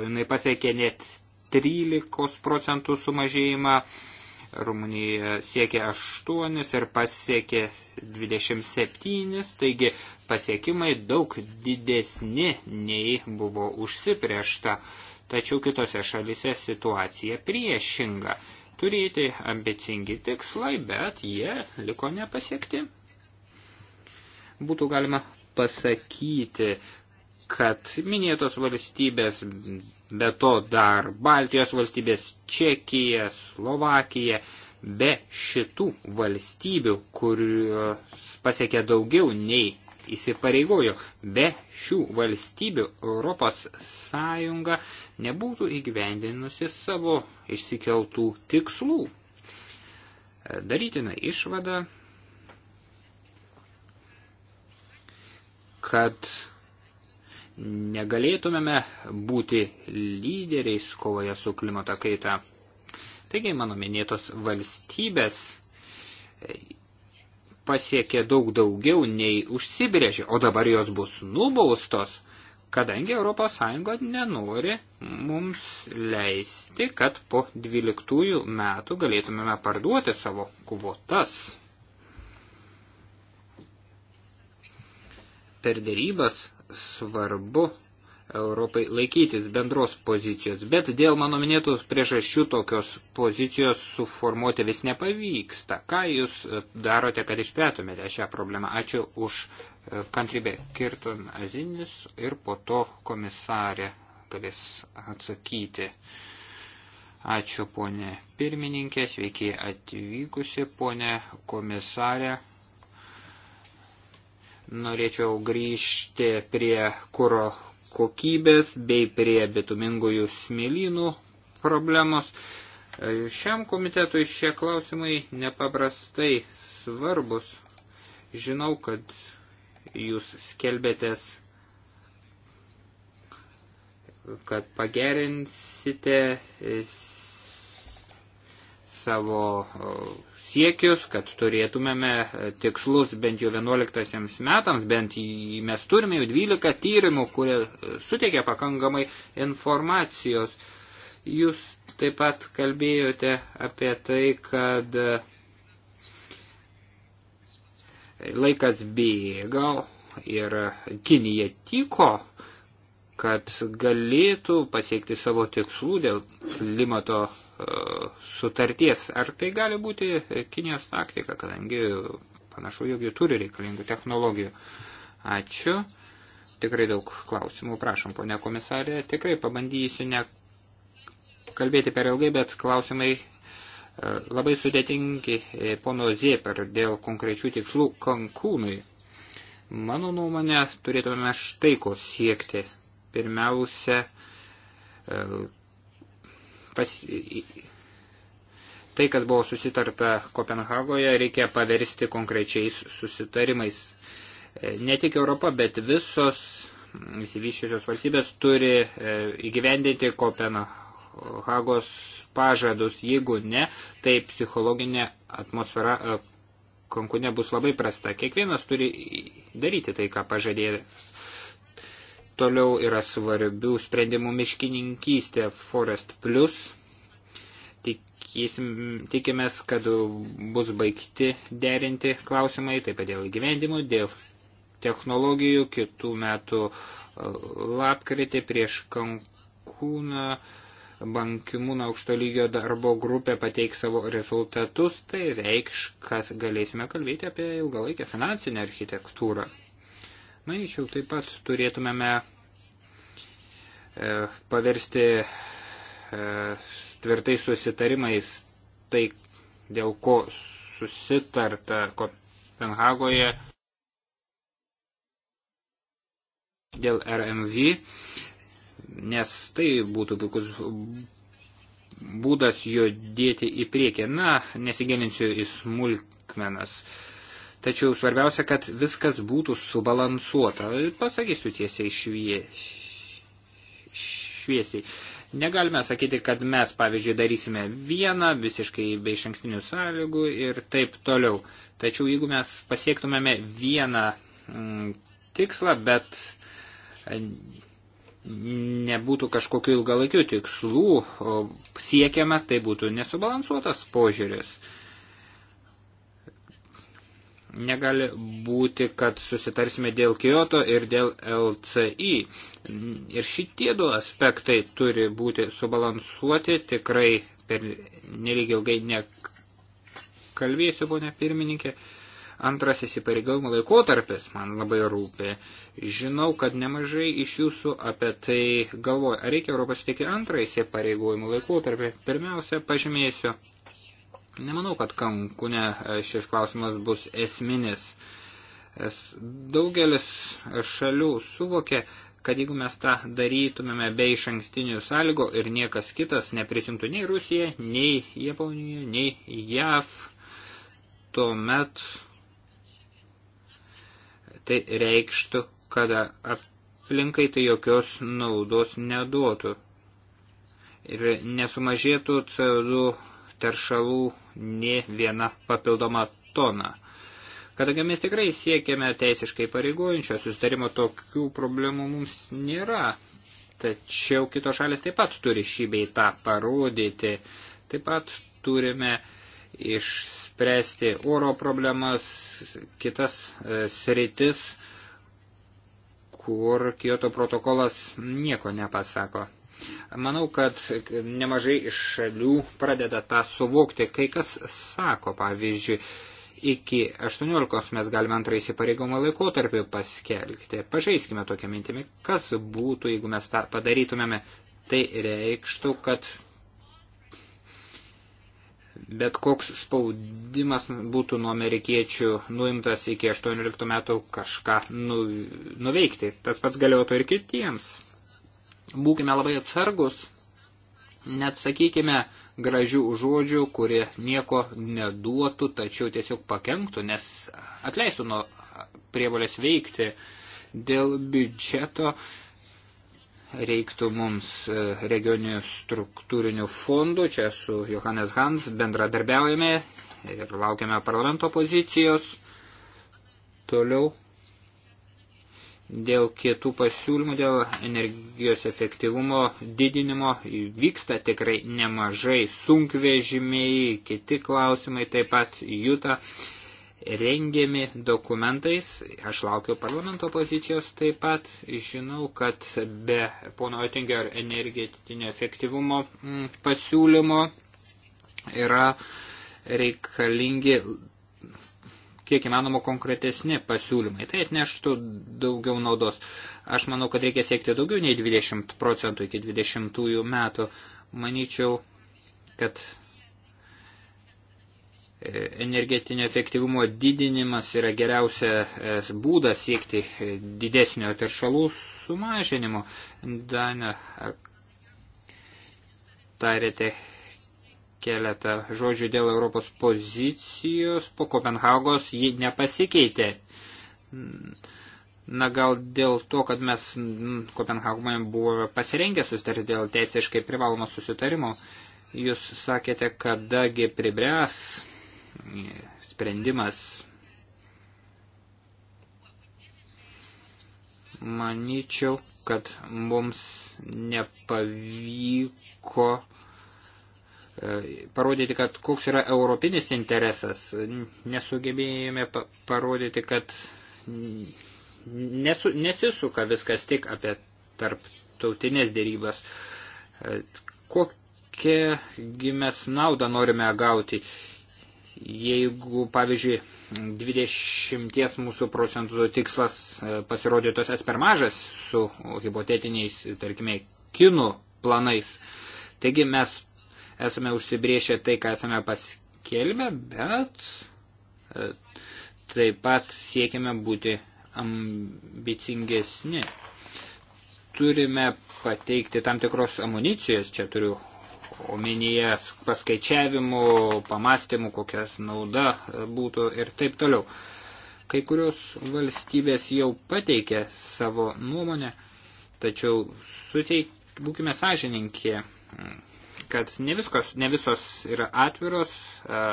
jinai pasiekė net 13 procentų sumažėjimą, Rumunija siekė 8 ir pasiekė 27, taigi pasiekimai daug didesni nei buvo užsipriešta, tačiau kitose šalise situacija priešinga. Turėti ambicingi tikslai, bet jie liko nepasiekti. Būtų galima pasakyti, kad minėtos valstybės, be to dar Baltijos valstybės, Čekija, Slovakija, be šitų valstybių, kurios pasiekė daugiau nei įsipareigojo, be šių valstybių Europos Sąjunga nebūtų įgyvendinusi savo išsikeltų tikslų. Darytina išvada, kad negalėtumėme būti lyderiais kovoje su klimato kaita. Taigi mano minėtos valstybės e, pasiekė daug daugiau nei užsibrėžė, o dabar jos bus nubaustos, kadangi ES nenori mums leisti, kad po 12 metų galėtumėme parduoti savo kvotas. Per dėrybas svarbu Europai laikytis bendros pozicijos, bet dėl mano minėtų priežasčių tokios pozicijos suformuoti vis nepavyksta. Ką jūs e, darote, kad išpėtumėte šią problemą? Ačiū už e, kantrybę Kirton Azinis ir po to komisarė galės atsakyti. Ačiū ponė pirmininkė, sveiki atvykusi ponė komisarė. Norėčiau grįžti prie kuro kokybės bei prie bitumingųjų smėlynų problemos. Šiam komitetui šie klausimai nepaprastai svarbus. Žinau, kad jūs skelbėtės, kad pagerinsite savo siekius, kad turėtumėme e, tikslus bent jau 11 metams, bent mes turime jau 12 tyrimų, kurie e, suteikia pakankamai informacijos. Jūs taip pat kalbėjote apie tai, kad e, laikas bėga ir Kinija tiko, kad galėtų pasiekti savo tikslų dėl klimato sutarties. Ar tai gali būti Kinijos taktika, kadangi panašu, jog jie turi reikalingų technologijų. Ačiū. Tikrai daug klausimų. Prašom, ponia komisarė. Tikrai pabandysiu ne kalbėti per ilgai, bet klausimai e, labai sudėtingi e, pono Zieper dėl konkrečių tikslų kankūnui. Mano nuomonė, turėtume štai ko siekti. Pirmiausia, e, pas, tai, kas buvo susitarta Kopenhagoje, reikia paversti konkrečiais susitarimais. E, ne tik Europa, bet visos įsivyščiusios valstybės turi e, įgyvendinti Kopenhagos pažadus. Jeigu ne, tai psichologinė atmosfera e, Kankune bus labai prasta. Kiekvienas turi daryti tai, ką pažadėjęs. Toliau yra svarbių sprendimų miškininkystė Forest Plus. Tikisim, tikimės, kad bus baigti derinti klausimai, taip pat dėl gyvendimų, dėl technologijų. Kitų metų e, lapkritį prieš Kankūną bankimūno aukšto lygio darbo grupė pateiks savo rezultatus, tai reikš, kad galėsime kalbėti apie ilgalaikę finansinę architektūrą. Manyčiau, taip pat turėtumėme e, paversti e, tvirtai susitarimais tai, dėl ko susitarta Kopenhagoje dėl RMV, nes tai būtų puikus būdas judėti į priekį. Na, nesigilinsiu į smulkmenas. Uh, Tačiau svarbiausia, kad viskas būtų subalansuota. Pasakysiu tiesiai švie... šviesiai. Negalime sakyti, kad mes, pavyzdžiui, darysime vieną visiškai be iš ankstinių sąlygų ir taip toliau. Tačiau jeigu mes pasiektumėme vieną m, mm, tikslą, bet e, nebūtų kažkokiu ilgalaikiu tikslų siekiama, tai būtų nesubalansuotas požiūris. Negali būti, kad susitarsime dėl Kyoto ir dėl LCI. Ir šitie du aspektai turi būti subalansuoti. Tikrai per nelyg ilgai nekalbėsiu, ponia pirmininkė. Antras įsipareigojimo laikotarpis man labai rūpi. Žinau, kad nemažai iš jūsų apie tai galvoja. Ar reikia Europos tik antrą įsipareigojimo laikotarpį? Pirmiausia, pažymėsiu Nemanau, kad Kankune e, šis klausimas bus esminis. Daugelis šalių suvokė, kad jeigu mes tą darytumėme be iš ankstinių sąlygų ir niekas kitas neprisimtų nei Rusija, nei Japonija, nei JAV, tuomet tai reikštų, kad aplinkai tai jokios naudos neduotų ir nesumažėtų CO2 teršalų ne viena papildoma tona. Kadangi mes tikrai siekiame teisiškai pareigojančio susitarimo, tokių problemų mums nėra. Tačiau kitos šalis taip pat turi šį beitą parodyti. Taip pat turime išspręsti oro problemas, kitas e, sritis, kur Kyoto protokolas nieko nepasako. Manau, kad nemažai iš šalių pradeda tą suvokti. Kai kas sako, pavyzdžiui, iki 18 mes galime antrą įsipareigomą laikotarpį paskelbti. Pažaiskime tokią mintimį, kas būtų, jeigu mes tą padarytumėme. Tai reikštų, kad bet koks spaudimas būtų nuo amerikiečių nuimtas iki 18 metų kažką nu, nuveikti. Tas pats galiotų ir kitiems Būkime labai atsargus, net sakykime gražių žodžių, kurie nieko neduotų, tačiau tiesiog pakenktų, nes atleistų nuo prievolės veikti dėl biudžeto reiktų mums e, regioninių struktūrinių fondų. Čia su Johannes Hans bendradarbiaujame ir laukiame parlamento pozicijos. Toliau Dėl kitų pasiūlymų, dėl energijos efektyvumo didinimo vyksta tikrai nemažai sunkvežimiai, kiti klausimai taip pat juta rengiami dokumentais. Aš laukiu parlamento pozicijos taip pat. Žinau, kad be pono Oettinger energetinio efektyvumo mm, pasiūlymo yra reikalingi kiek įmanoma konkretesni pasiūlymai. Tai atneštų daugiau naudos. Aš manau, kad reikia siekti daugiau nei 20 procentų iki 20 metų. Manyčiau, kad e, energetinio efektyvumo didinimas yra geriausias e, būdas siekti e, didesnio teršalų sumažinimo. Dana, tarėte keletą žodžių dėl Europos pozicijos po Kopenhagos ji nepasikeitė. Na gal dėl to, kad mes mm, Kopenhagoje buvome pasirengę susitarti dėl teisiškai privalomo susitarimo, jūs sakėte, kadagi pribręs sprendimas. Manyčiau, kad mums nepavyko uh, parodyti, kad koks yra europinis interesas. Nesugebėjome parodyti, kad nesu, nesisuka viskas tik apie tarptautinės dėrybas. Kokią mes naudą norime gauti, jeigu, pavyzdžiui, 20 mūsų procentų tikslas e, pasirodytos es per mažas su hipotetiniais, tarkime, kinų planais. Taigi mes esame užsibriešę tai, ką esame paskelbę, bet e, taip pat siekime būti ambicingesni. Turime pateikti tam tikros amunicijos, čia turiu omenyje paskaičiavimų, pamastymų, kokias nauda e, būtų ir taip toliau. Kai kurios valstybės jau pateikė savo nuomonę, tačiau suteik, būkime sąžininkė, kad ne, viskos, ne visos yra atviros. E,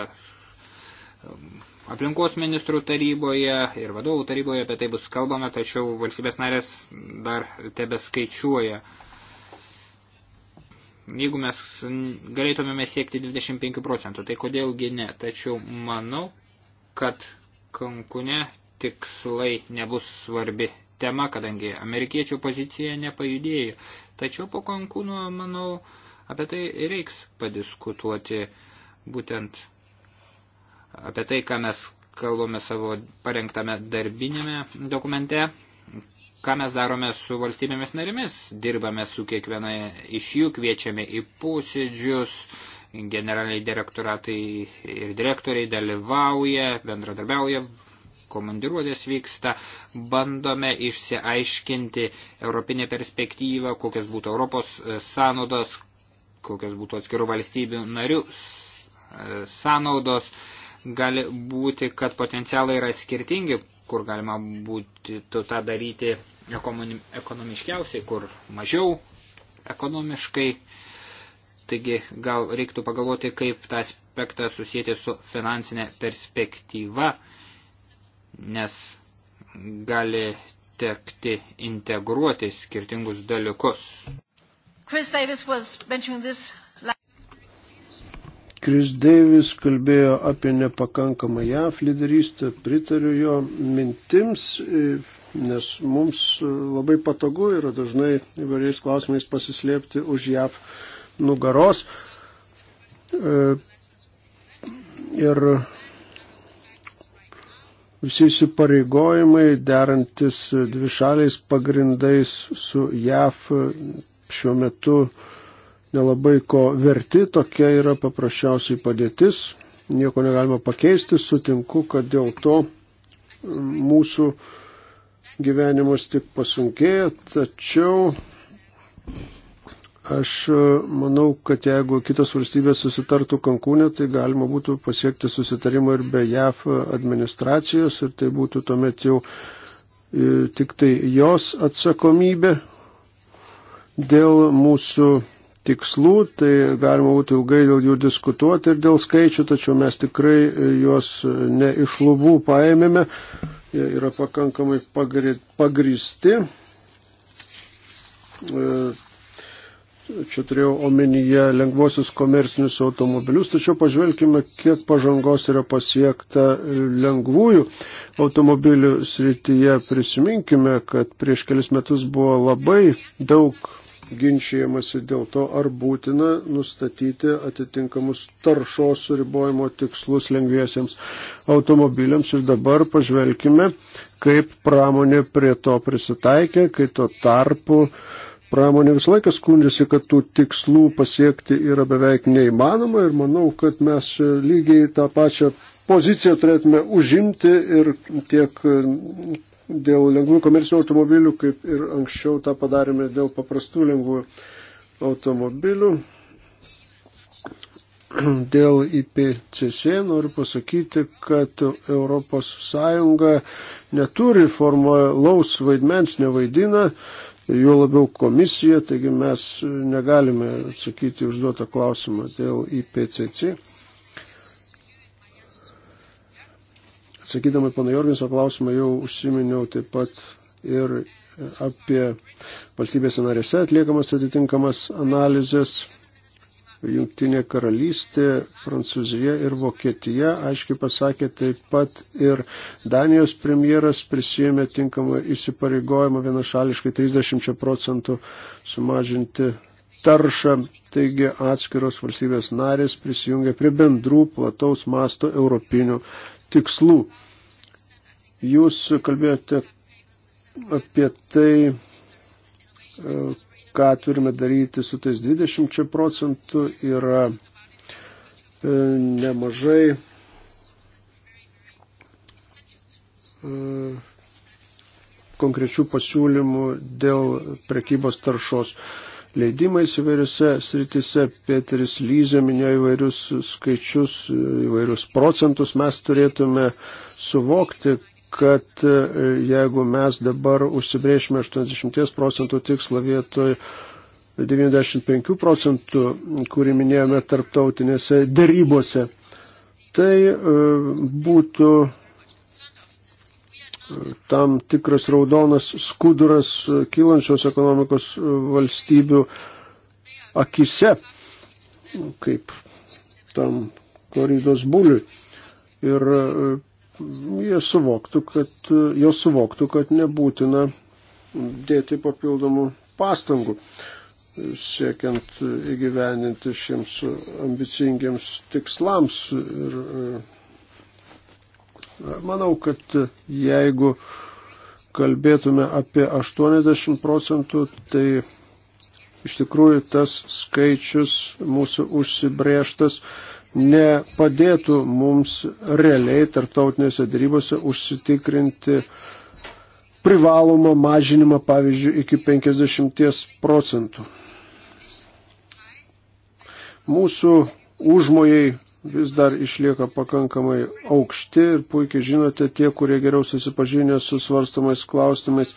aplinkos ministrų taryboje ir vadovų taryboje apie tai bus kalbama, tačiau valstybės narės dar tebe skaičiuoja. Jeigu mes galėtumėme siekti 25 procentų, tai kodėlgi ne? Tačiau manau, kad kankune tikslai nebus svarbi tema, kadangi amerikiečių pozicija nepajudėjo. Tačiau po kankūno, manau, Apie tai reiks padiskutuoti būtent apie tai, ką mes kalbame savo parengtame darbinėme dokumente, ką mes darome su valstybėmis narimis, dirbame su kiekviena iš jų, kviečiame į posėdžius, generaliniai direktoratai ir direktoriai dalyvauja, bendradarbiauja, komandiruotės vyksta, bandome išsiaiškinti europinę perspektyvą, kokias būtų Europos sąnaudos, kokios būtų atskirų valstybių narių e, sąnaudos. Gali būti, kad potencialai yra skirtingi, kur galima būti tą daryti ekonomiškiausiai, kur mažiau ekonomiškai. Taigi gal reiktų pagalvoti, kaip tą aspektą susijęti su finansinė perspektyva, nes gali tekti integruoti skirtingus dalykus. Chris Davis was mentioning this. Chris Davis kalbėjo apie nepakankamą JAF lyderystę, pritariu jo mintims, e, nes mums e, labai patogu yra dažnai įvairiais klausimais pasislėpti už JAF nugaros. E, ir visi įsipareigojimai derantis dvišaliais pagrindais su JAF šiuo metu nelabai ko verti, tokia yra paprasčiausiai padėtis, nieko negalima pakeisti, sutinku, kad dėl to mm, mūsų gyvenimas tik pasunkėja, tačiau aš e, manau, kad jeigu kitos valstybės susitartų Kankūnė, tai galima būtų pasiekti susitarimą ir be JAF administracijos ir tai būtų tuomet jau e, tik tai jos atsakomybė, Dėl mūsų tikslų, tai galima būtų ilgai dėl jų diskutuoti ir dėl skaičių, tačiau mes tikrai e, juos ne iš lubų paėmėme, jie yra pakankamai pagristi. E, čia turėjau omenyje lengvosius komercinius automobilius, tačiau pažvelkime, kiek pažangos yra pasiekta e, lengvųjų automobilių srityje. Prisiminkime, kad prieš kelis metus buvo labai daug ginčiamasi dėl to, ar būtina nustatyti atitinkamus taršos suribojimo tikslus lengviesiems automobiliams. Ir dabar pažvelkime, kaip pramonė prie to prisitaikė, kai tuo tarpu pramonė visą laiką skundžiasi, kad tų tikslų pasiekti yra beveik neįmanoma ir manau, kad mes lygiai tą pačią poziciją turėtume užimti ir tiek dėl lengvų komercinių automobilių, kaip ir anksčiau tą padarėme dėl paprastų lengvų automobilių. Dėl IPCC noriu pasakyti, kad ES neturi formalaus vaidmens, nevaidina, juo labiau komisija, taigi mes negalime atsakyti užduotą klausimą dėl IPCC. Sakydama pana Jorginso klausimą jau užsiminiau taip pat ir apie valstybėse narėse atliekamas atitinkamas analizės. Jungtinė karalystė, Prancūzija ir Vokietija, aiškiai pasakė, taip pat ir Danijos premjeras prisijėmė tinkamą įsipareigojimą vienašališkai 30 procentų sumažinti taršą, taigi atskiros valstybės narės prisijungia prie bendrų plataus masto europinių tikslų. Jūs kalbėjote apie tai, e, ką turime daryti su tais 20 procentų, yra e, nemažai e, konkrečių pasiūlymų dėl prekybos taršos leidimais įvairiose sritise. Peteris Lyzė minėjo įvairius skaičius, įvairius procentus. Mes turėtume suvokti, kad e, jeigu mes dabar užsibrėšime 80 procentų tikslą vietoj 95 procentų, kurį minėjome tarptautinėse darybose, tai e, būtų tam tikras raudonas skuduras kylančios ekonomikos valstybių akise, kaip tam koridos būliui. Ir e, jie suvoktų, kad, jos suvoktų, kad nebūtina dėti papildomų pastangų siekiant įgyveninti šiems ambicingiams tikslams ir e, Manau, kad jeigu kalbėtume apie 80 procentų, tai iš tikrųjų tas skaičius mūsų užsibrėžtas nepadėtų mums realiai tarptautinėse darybose užsitikrinti privalomą mažinimą, pavyzdžiui, iki 50 procentų. Mūsų užmojai vis dar išlieka pakankamai aukšti ir puikiai žinote tie, kurie geriau susipažinę su svarstamais klausimais,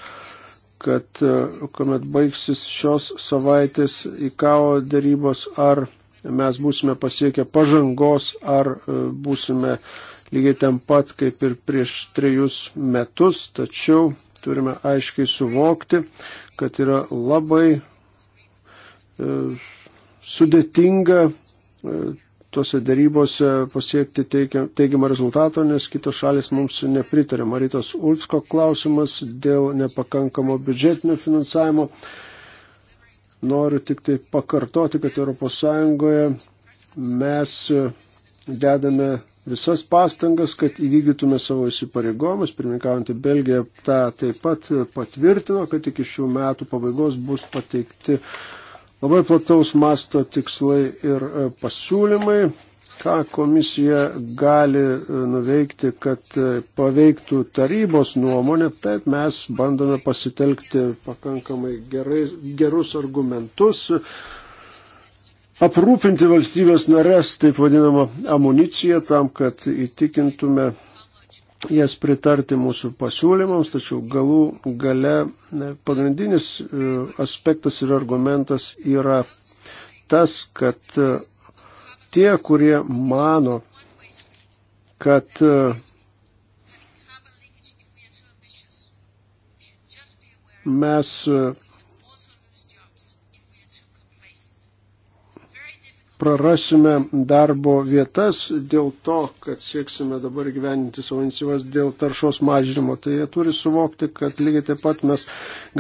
kad e, kuomet baigsis šios savaitės IKAO darybos, ar mes būsime pasiekę pažangos, ar e, būsime lygiai ten pat kaip ir prieš trejus metus, tačiau turime aiškiai suvokti, kad yra labai e, sudėtinga tuose darybose pasiekti teigiamą rezultatą, nes kitos šalis mums nepritarė. Maritos Ulfsko klausimas dėl nepakankamo biudžetinio finansavimo. Noriu tik tai pakartoti, kad ES mes dedame visas pastangas, kad įvykdytume savo įsipareigojimus. Pirmininkaujantį Belgiją tą taip pat patvirtino, kad iki šių metų pabaigos bus pateikti Labai plataus masto tikslai ir e, pasiūlymai, ką komisija gali e, nuveikti, kad e, paveiktų tarybos nuomonę, taip mes bandome pasitelkti pakankamai gerai, gerus argumentus, aprūpinti valstybės narės, taip vadinamą amuniciją, tam, kad įtikintume jas pritarti mūsų pasiūlymams, tačiau galų gale pagrindinis e, aspektas ir argumentas yra tas, kad e, tie, kurie mano, kad e, mes prarasime darbo vietas dėl to, kad sieksime dabar gyveninti savo inicijuos dėl taršos mažinimo. Tai jie turi suvokti, kad lygiai taip pat mes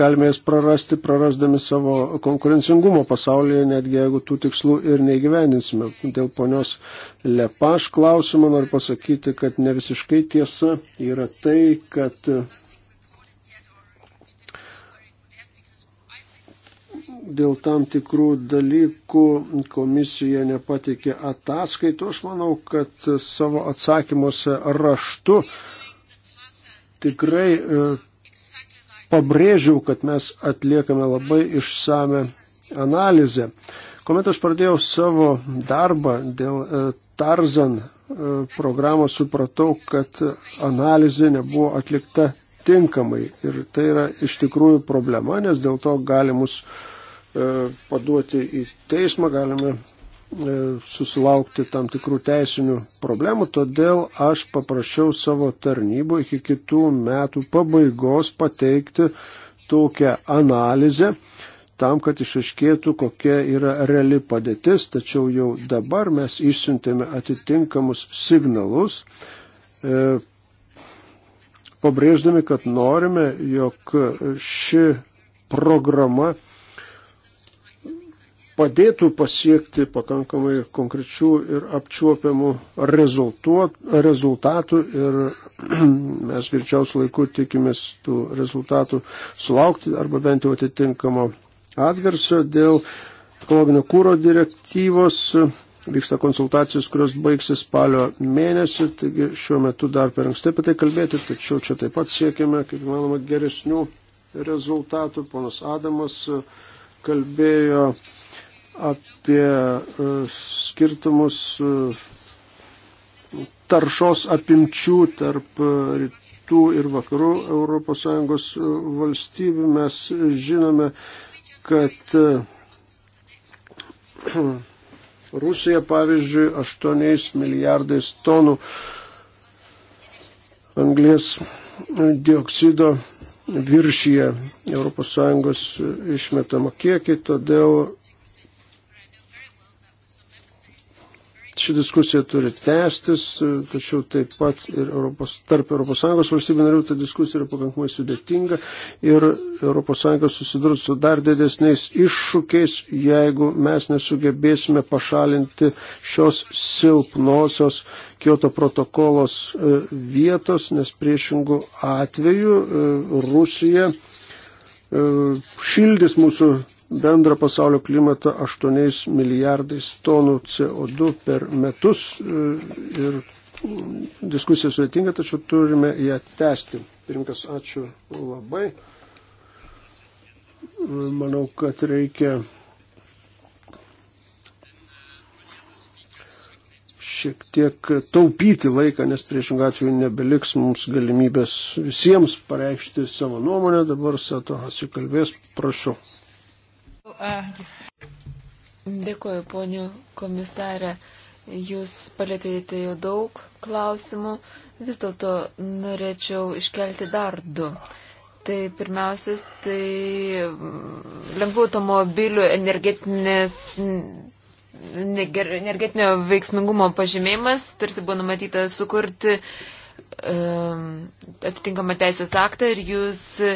galime jas prarasti, prarasdami savo konkurencingumo pasaulyje, netgi jeigu tų tikslų ir neįgyvendinsime. Dėl ponios Lepaš klausimo noriu pasakyti, kad ne visiškai tiesa yra tai, kad dėl tam tikrų dalykų komisija nepateikė ataskaitų. Aš manau, kad savo atsakymuose raštu tikrai e, pabrėžiau, kad mes atliekame labai išsame analizę. Kuomet aš pradėjau savo darbą dėl e, Tarzan e, programos, supratau, kad analizė nebuvo atlikta tinkamai. Ir tai yra iš tikrųjų problema, nes dėl to gali mus E, paduoti į teismą, galime e, susilaukti tam tikrų teisinių problemų, todėl aš paprašiau savo tarnybų iki kitų metų pabaigos pateikti tokią analizę, tam, kad išaiškėtų, kokia yra reali padėtis, tačiau jau dabar mes išsiuntėme atitinkamus signalus, e, pabrėždami, kad norime, jog ši programa padėtų pasiekti pakankamai konkrečių ir apčiuopiamų rezultatų ir mes greičiausiu laiku tikimės tų rezultatų sulaukti arba bent jau atitinkamo atgarsio dėl ekologinio kūro direktyvos. Vyksta konsultacijos, kurios baigsis spalio mėnesį, taigi šiuo metu dar per anksti apie tai kalbėti, tačiau čia taip pat siekime, kaip manoma, geresnių rezultatų. Ponas Adamas kalbėjo apie e, skirtumus e, taršos apimčių tarp e, rytų ir vakarų ES valstybių. Mes žinome, kad Rusija, pavyzdžiui, 8 milijardais tonų anglės dioksido viršyje ES išmetama kiekį, todėl Ši diskusija turi tęstis, tačiau taip pat ir Europos, tarp ES valstybių narių ta diskusija yra pakankamai sudėtinga ir ES susidurs su dar didesniais iššūkiais, jeigu mes nesugebėsime pašalinti šios silpnosios Kyoto protokolos e, vietos, nes priešingų atveju e, Rusija e, šildys mūsų bendrą pasaulio klimatą 8 milijardais tonų CO2 per metus e, ir mm, diskusija sudėtinga, tačiau turime ją tęsti. Pirmkas, ačiū labai. Manau, kad reikia šiek tiek taupyti laiką, nes priešingą atveju nebeliks mums galimybės visiems pareikšti savo nuomonę. Dabar Sato Hasi kalbės, prašau. Dėkuoju, ponių komisarė. Jūs palėtėte jau daug klausimų, vis dėlto norėčiau iškelti dar du. Tai pirmiausias, tai lengvų automobilių energetinės energetinio veiksmingumo pažymėjimas, tarsi buvo numatyta sukurti um, atitinkamą teisės aktą ir jūs uh,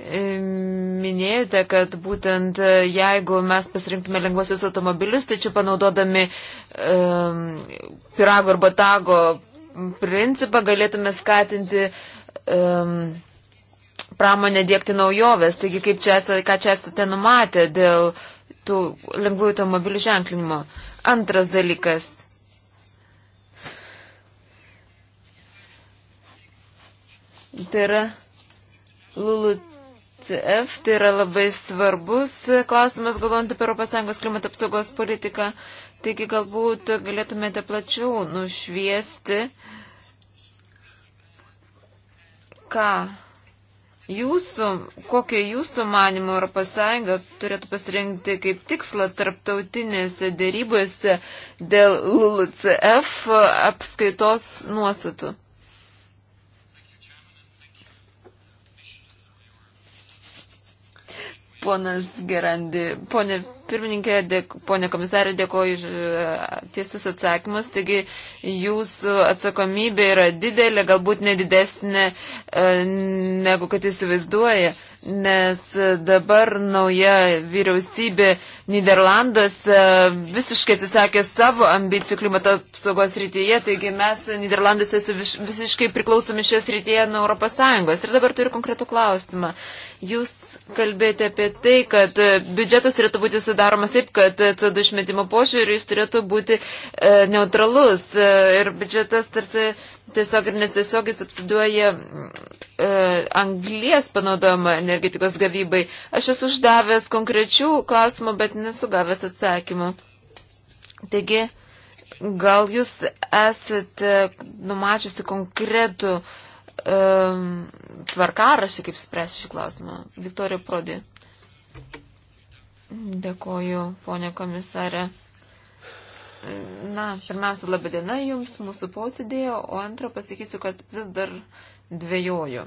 minėjote, kad būtent e, jeigu mes pasirinktume lengvosius automobilius, tai čia panaudodami um, pirago arba tago principą galėtume skatinti um, pramonę dėkti naujoves. Taigi, kaip čia esate, ką čia esate numatę dėl tų lengvųjų automobilių ženklinimo. Antras dalykas. Tai yra Lulu ECF, tai yra labai svarbus klausimas, galvojant apie ES klimato apsaugos politiką. Taigi galbūt galėtumėte plačiau nušviesti, ką jūsų, kokią jūsų manimą ES turėtų pasirinkti kaip tikslą tarptautinėse dėrybose dėl LULCF apskaitos nuostatų. Ponas Gerandi, ponė pirmininkė, dėk, ponė komisarė, dėkoju už e, tiesius atsakymus. Taigi jūsų atsakomybė yra didelė, galbūt nedidesnė e, negu kad įsivaizduoja, nes dabar nauja vyriausybė Niderlanduose visiškai atsisakė savo ambicijų klimato apsaugos rytyje, taigi mes Niderlanduose visiškai priklausomi šios rytyje nuo ES. Ir dabar turiu konkretų klausimą. Jūs kalbėti apie tai, kad e, biudžetas turėtų būti sudaromas taip, kad e, CO2 išmetimo požiūrį jis turėtų būti e, neutralus e, ir biudžetas tarsi tiesiog ir nesiesiogiai subsiduoja e, anglies panaudojimą energetikos gavybai. Aš esu uždavęs konkrečių klausimų, bet nesugavęs atsakymų. Taigi, gal jūs esate numačiusi konkretų uh, um, tvarkarašį, kaip spręsti šį klausimą. Viktorija Prodi. Dėkoju, ponė komisarė. Na, pirmiausia, laba diena jums mūsų posėdėjo, o antra pasakysiu, kad vis dar dvėjoju.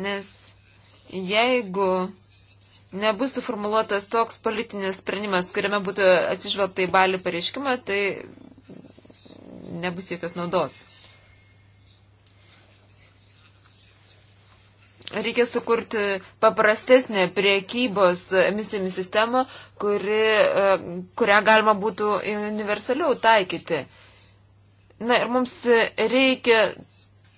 Nes jeigu nebus suformuluotas toks politinis sprendimas, kuriame būtų atsižvelgta į balį pareiškimą, tai nebus jokios naudos. Reikia sukurti paprastesnę priekybos emisijomis sistemą, kuri, e, kurią galima būtų universaliau taikyti. Na ir mums reikia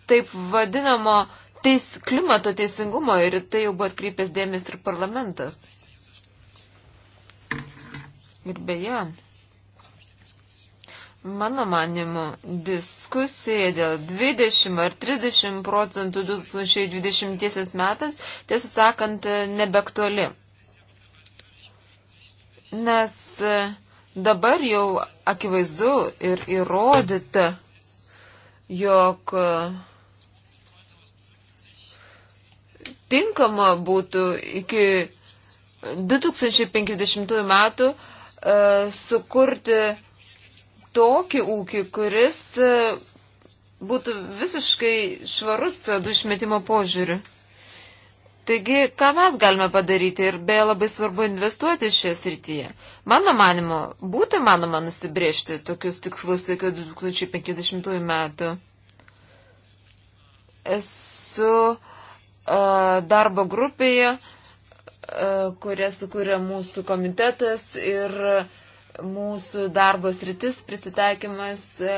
taip vadinamo teis, klimato teisingumo ir tai jau buvo atkreipęs dėmesį ir parlamentas. Ir beje, Mano manimu, diskusija dėl 20 ar 30 procentų 2020 metais, tiesą sakant, nebeaktuali. Nes e, dabar jau akivaizdu ir įrodyta, jog e, tinkama būtų iki 2050 metų e, sukurti tokį ūkį, kuris e, būtų visiškai švarus CO2 išmetimo požiūriu. Taigi, ką mes galime padaryti ir beje labai svarbu investuoti šioje srityje. Mano manimo, būtų manoma nusibriežti tokius tikslus iki 2050 metų. Esu uh, darbo grupėje, uh, kurią sukūrė mūsų komitetas ir uh, mūsų darbos rytis prisitaikymas e,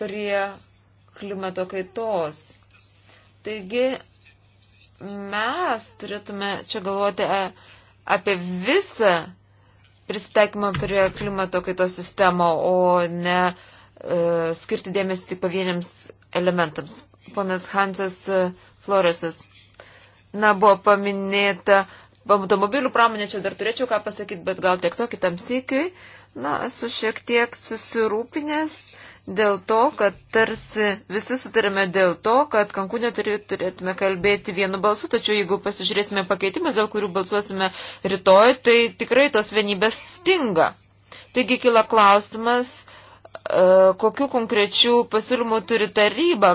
prie klimato kaitos. Taigi mes turėtume čia galvoti e, apie visą prisitaikymą prie klimato kaitos sistemą, o ne e, skirti dėmesį tik pavieniams elementams. Ponas Hansas e, Floresas. Na, buvo paminėta automobilių pramonė čia dar turėčiau ką pasakyti, bet gal tiek to kitam sėkiui. Na, esu šiek tiek susirūpinęs dėl to, kad tarsi visi sutarėme dėl to, kad Kankūne turėtume kalbėti vienu balsu, tačiau jeigu pasižiūrėsime pakeitimus, dėl kurių balsuosime rytoj, tai tikrai tos vienybės stinga. Taigi kila klausimas, E, kokiu konkrečiu pasiūlymu turi taryba,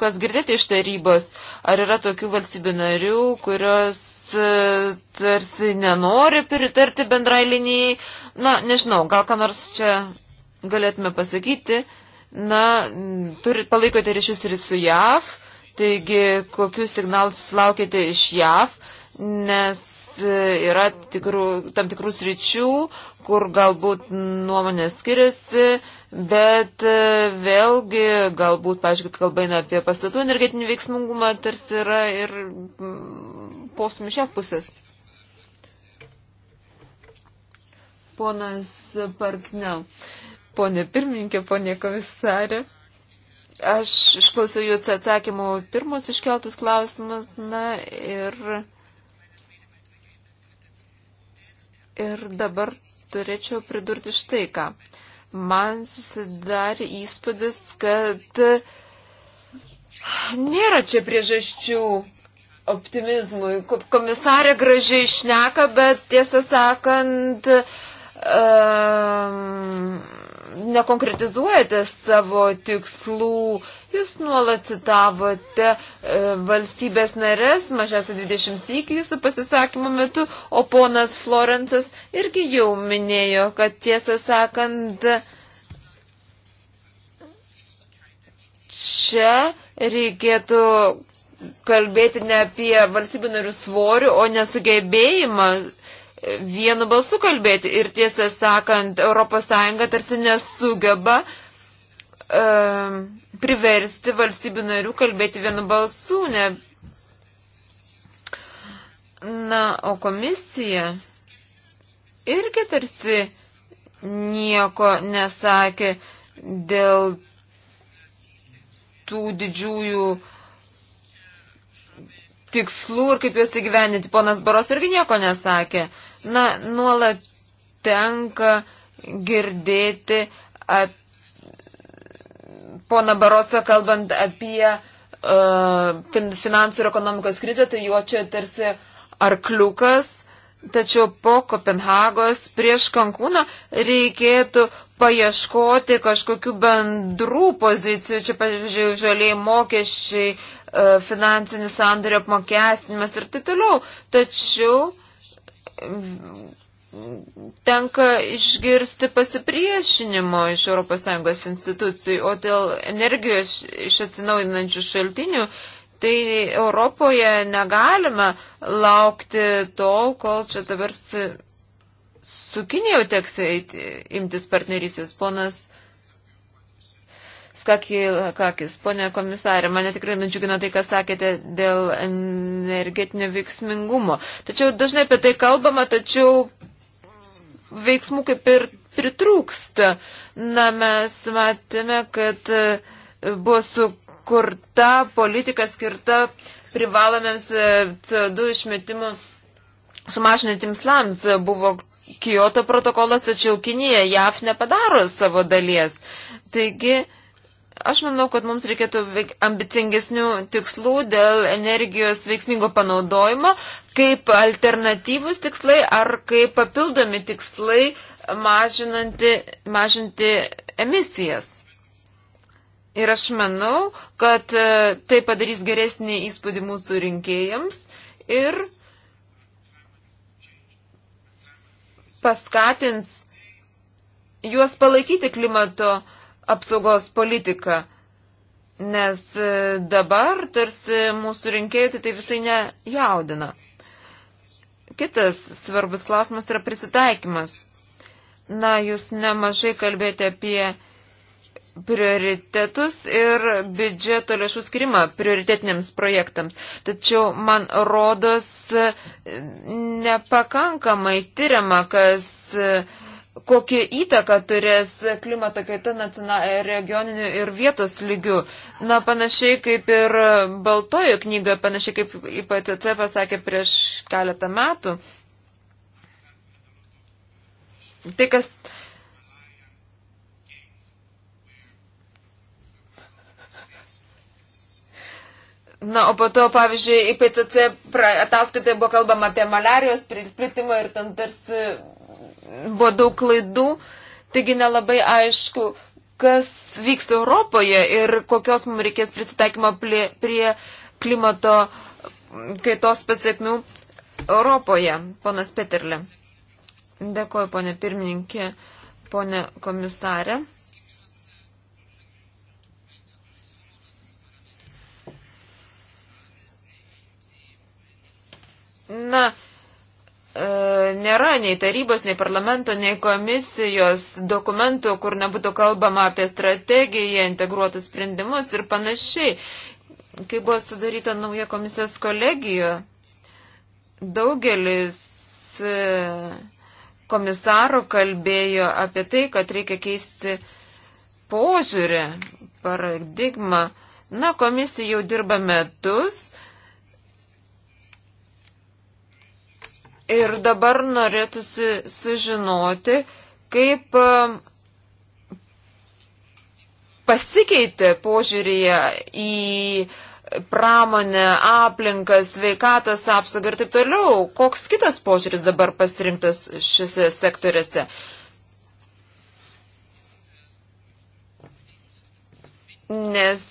kas girdėti iš tarybos, ar yra tokių valstybių narių, kurios e, tarsi nenori pritarti bendrai linijai, na, nežinau, gal ką nors čia galėtume pasakyti, na, turi, palaikote ryšius ir su JAV, taigi kokius signalus laukite iš JAV, nes e, yra tikrų, tam tikrų sričių, kur galbūt nuomonės skiriasi, bet e, vėlgi galbūt, pažiūrėk, kalba eina apie pastatų energetinį veiksmingumą, tarsi yra ir mm, posmišė pusės. Ponas Parknel, ponė pirmininkė, ponė komisarė. Aš išklausiau jūsų atsakymų pirmus iškeltus klausimus, na ir. Ir dabar turėčiau pridurti štai ką. Man susidarė įspūdis, kad nėra čia priežasčių optimizmui. Komisarė gražiai išneka, bet tiesą sakant, um, nekonkretizuojate savo tikslų Jūs nuolat citavote e, valstybės narės, mažiausiai 20 iki jūsų pasisakymo metu, o ponas Florencas irgi jau minėjo, kad tiesą sakant, čia reikėtų kalbėti ne apie valstybių narių svorių, o nesugebėjimą vienu balsu kalbėti. Ir tiesą sakant, ES tarsi nesugeba uh, Um, priversti valstybių narių kalbėti vienu balsu, ne. Na, o komisija irgi tarsi nieko nesakė dėl tų didžiųjų tikslų ir kaip juos įgyveninti. Ponas Baros irgi nieko nesakė. Na, nuolat tenka girdėti apie pona Baroso, kalbant apie uh, finansų ir ekonomikos krizę, tai jo čia tarsi arkliukas, tačiau po Kopenhagos prieš Kankūną reikėtų paieškoti kažkokių bendrų pozicijų, čia, pavyzdžiui, žaliai mokesčiai, uh, finansinis sandario apmokestinimas ir taip toliau. Tačiau tenka išgirsti pasipriešinimo iš ES institucijų, o dėl energijos iš atsinaujinančių šaltinių, tai Europoje negalime laukti tol, kol čia dabar su, su Kinija jau teks imtis partnerysės. Ponas Skakis, ponė komisarė, mane tikrai nudžiugino tai, ką sakėte dėl energetinio veiksmingumo. Tačiau dažnai apie tai kalbama, tačiau veiksmų kaip ir pritrūksta. Na, mes matėme, kad e, buvo sukurta politika skirta privalomiems e, CO2 išmetimo sumažinti timslams. Buvo Kyoto protokolas, tačiau Kinija JAF nepadaro savo dalies. Taigi, Aš manau, kad mums reikėtų ambicingesnių tikslų dėl energijos veiksmingo panaudojimo, kaip alternatyvus tikslai ar kaip papildomi tikslai mažinti emisijas. Ir aš manau, kad e, tai padarys geresnį įspūdį mūsų rinkėjams ir paskatins juos palaikyti klimato uh, apsaugos politiką. Nes e, dabar tarsi mūsų rinkėjų tai, tai visai nejaudina. Kitas svarbus klausimas yra prisitaikymas. Na, jūs nemažai kalbėjote apie prioritetus ir biudžeto lėšų skirimą prioritetiniams projektams. Tačiau man rodos e, nepakankamai tyriama, kas e, kokią įtaką turės klimato kaita regioniniu ir vietos lygiu. Na, panašiai kaip ir Baltojo knyga, panašiai kaip IPCC pasakė prieš keletą metų. Tai kas. Na, o po to, pavyžiui, IPCC ataskaitoje buvo kalbama apie malarijos plitimą ir ten tarsi buvo daug klaidų, taigi nelabai aišku, kas vyks Europoje ir kokios mums reikės prisitaikymo prie klimato kaitos pasiekmių Europoje. Ponas Peterle. Dėkuoju, ponė pirmininkė, ponė komisarė. Na, E, nėra nei tarybos, nei parlamento, nei komisijos dokumentų, kur nebūtų kalbama apie strategiją, integruotus sprendimus ir panašiai. Kai buvo sudaryta nauja komisijos kolegija, daugelis e, komisarų kalbėjo apie tai, kad reikia keisti požiūrį, paradigmą. Na, komisija jau dirba metus Ir dabar norėtųsi sužinoti, kaip e, pasikeitė požiūrėje į pramonę, aplinką, sveikatos apsaugą ir taip toliau. Koks kitas požiūris dabar pasirinktas šiuose sektoriuose? Nes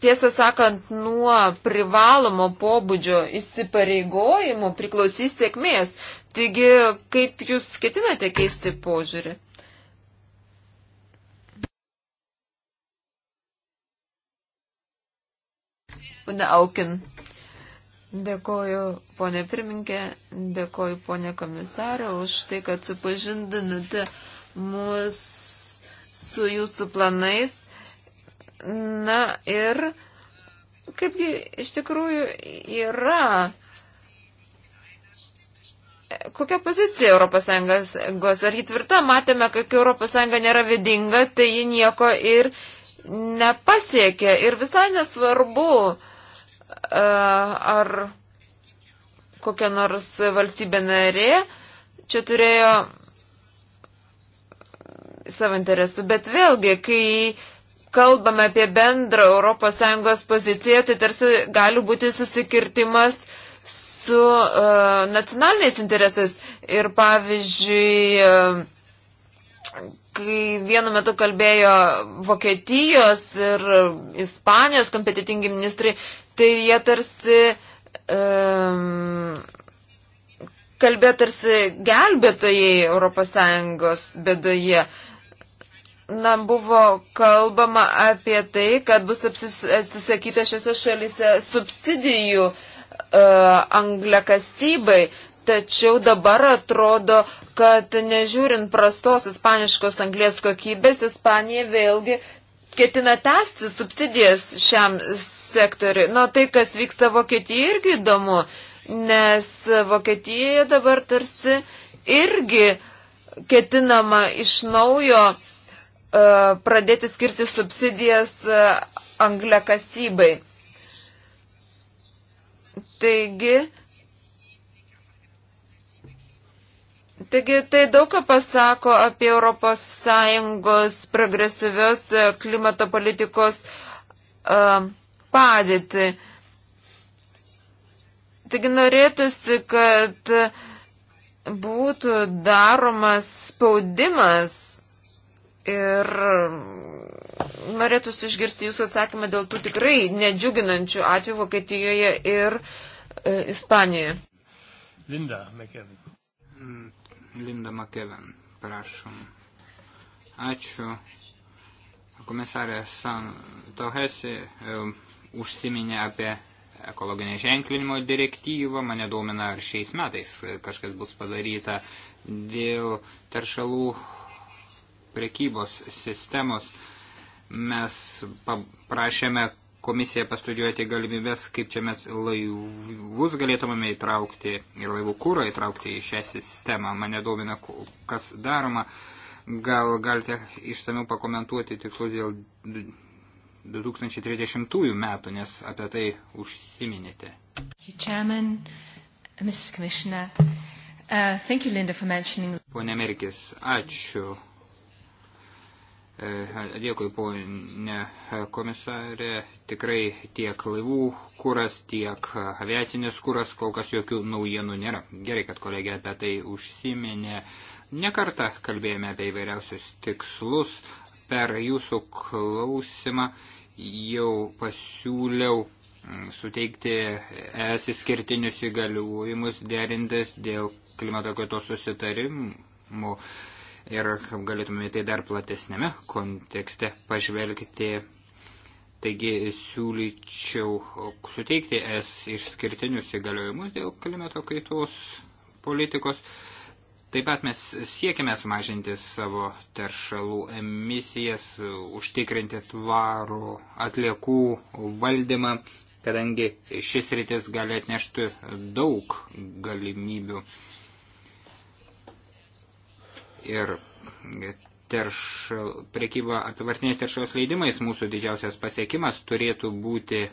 tiesą sakant, nuo privalomo pobūdžio įsipareigojimų priklausys sėkmės. Taigi, kaip jūs ketinate keisti požiūrį? Pane Aukin. Dėkoju, ponė pirminkė, dėkoju, ponė komisarė, už tai, kad supažindinote mus su jūsų planais Na ir kaipgi iš tikrųjų yra. Kokia pozicija ES? Ar ji tvirta? Matėme, kad ES nėra vidinga, tai ji nieko ir nepasiekė. Ir visai nesvarbu, e, ar kokia nors valstybė narė čia turėjo savo interesų. Bet vėlgi, kai kalbame apie bendrą ES poziciją, tai tarsi gali būti susikirtimas su uh, nacionaliniais interesais. Ir pavyzdžiui, uh, kai vienu metu kalbėjo Vokietijos ir Ispanijos kompetitingi ministrai, tai jie tarsi um, kalbėjo tarsi gelbėtojai ES bėdoje. Uh, na, buvo kalbama apie tai, kad bus atsisakyta šiose šalise subsidijų uh, angliakasybai. Tačiau dabar atrodo, kad nežiūrint prastos ispaniškos anglės kokybės, Ispanija vėlgi ketina tęsti subsidijas šiam sektoriui. Nu, tai, kas vyksta Vokietijoje, irgi įdomu, nes Vokietijoje dabar tarsi irgi ketinama iš naujo uh, E, pradėti skirti subsidijas e, angliakasybai. Taigi, Taigi tai daug ką pasako apie ES progresyvios e, klimato politikos uh, padėtį. Taigi norėtųsi, kad būtų daromas spaudimas Ir norėtųsi išgirsti jūsų atsakymą dėl tų tikrai nedžiuginančių atvejų Vokietijoje ir e, Ispanijoje. Linda McKevin. Mm, Linda McKevin, prašom. Ačiū. Komisarė Tauhesi e, užsiminė apie ekologinio ženklinimo direktyvą. Mane domina, ar šiais metais kažkas bus padaryta dėl teršalų prekybos sistemos. Mes paprašėme komisiją pastudijuoti galimybės, kaip čia mes laivus galėtumėme įtraukti ir laivų kūrą įtraukti į šią sistemą. Mane domina, kas daroma. Gal galite išsamiau pakomentuoti tikslus dėl 2030 metų, nes apie tai užsiminėte. Uh, Pone Merkis, ačiū Dėkui, ponė komisarė. Tikrai tiek laivų kuras, tiek aviacinės kuras, kol kas jokių naujienų nėra. Gerai, kad kolegė apie tai užsiminė. Nekartą kalbėjome apie įvairiausius tikslus. Per jūsų klausimą jau pasiūliau mm, suteikti es įskirtinius įgaliuojimus derintis dėl klimato kaitos susitarimų ir galėtume tai dar platesnėme kontekste pažvelgti. Taigi siūlyčiau suteikti es išskirtinius įgaliojimus dėl klimato kaitos politikos. Taip pat mes siekime sumažinti savo teršalų emisijas, užtikrinti tvarų atliekų valdymą, kadangi šis rytis gali atnešti daug galimybių ir teršal, prekyba apivartiniais teršalos leidimais mūsų didžiausias pasiekimas turėtų būti e,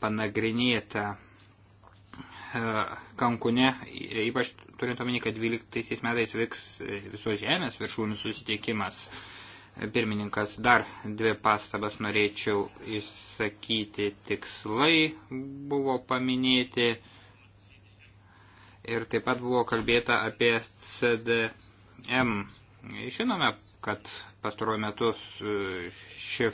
panagrinėta e, Kankune, ypač turint omeny, kad 12 metais vyks visos žemės viršūnių susitikimas. Pirmininkas, dar dvi pastabas norėčiau išsakyti. Tikslai buvo paminėti ir taip pat buvo kalbėta apie CD M. Žinome, kad pastaruoju metu e, ši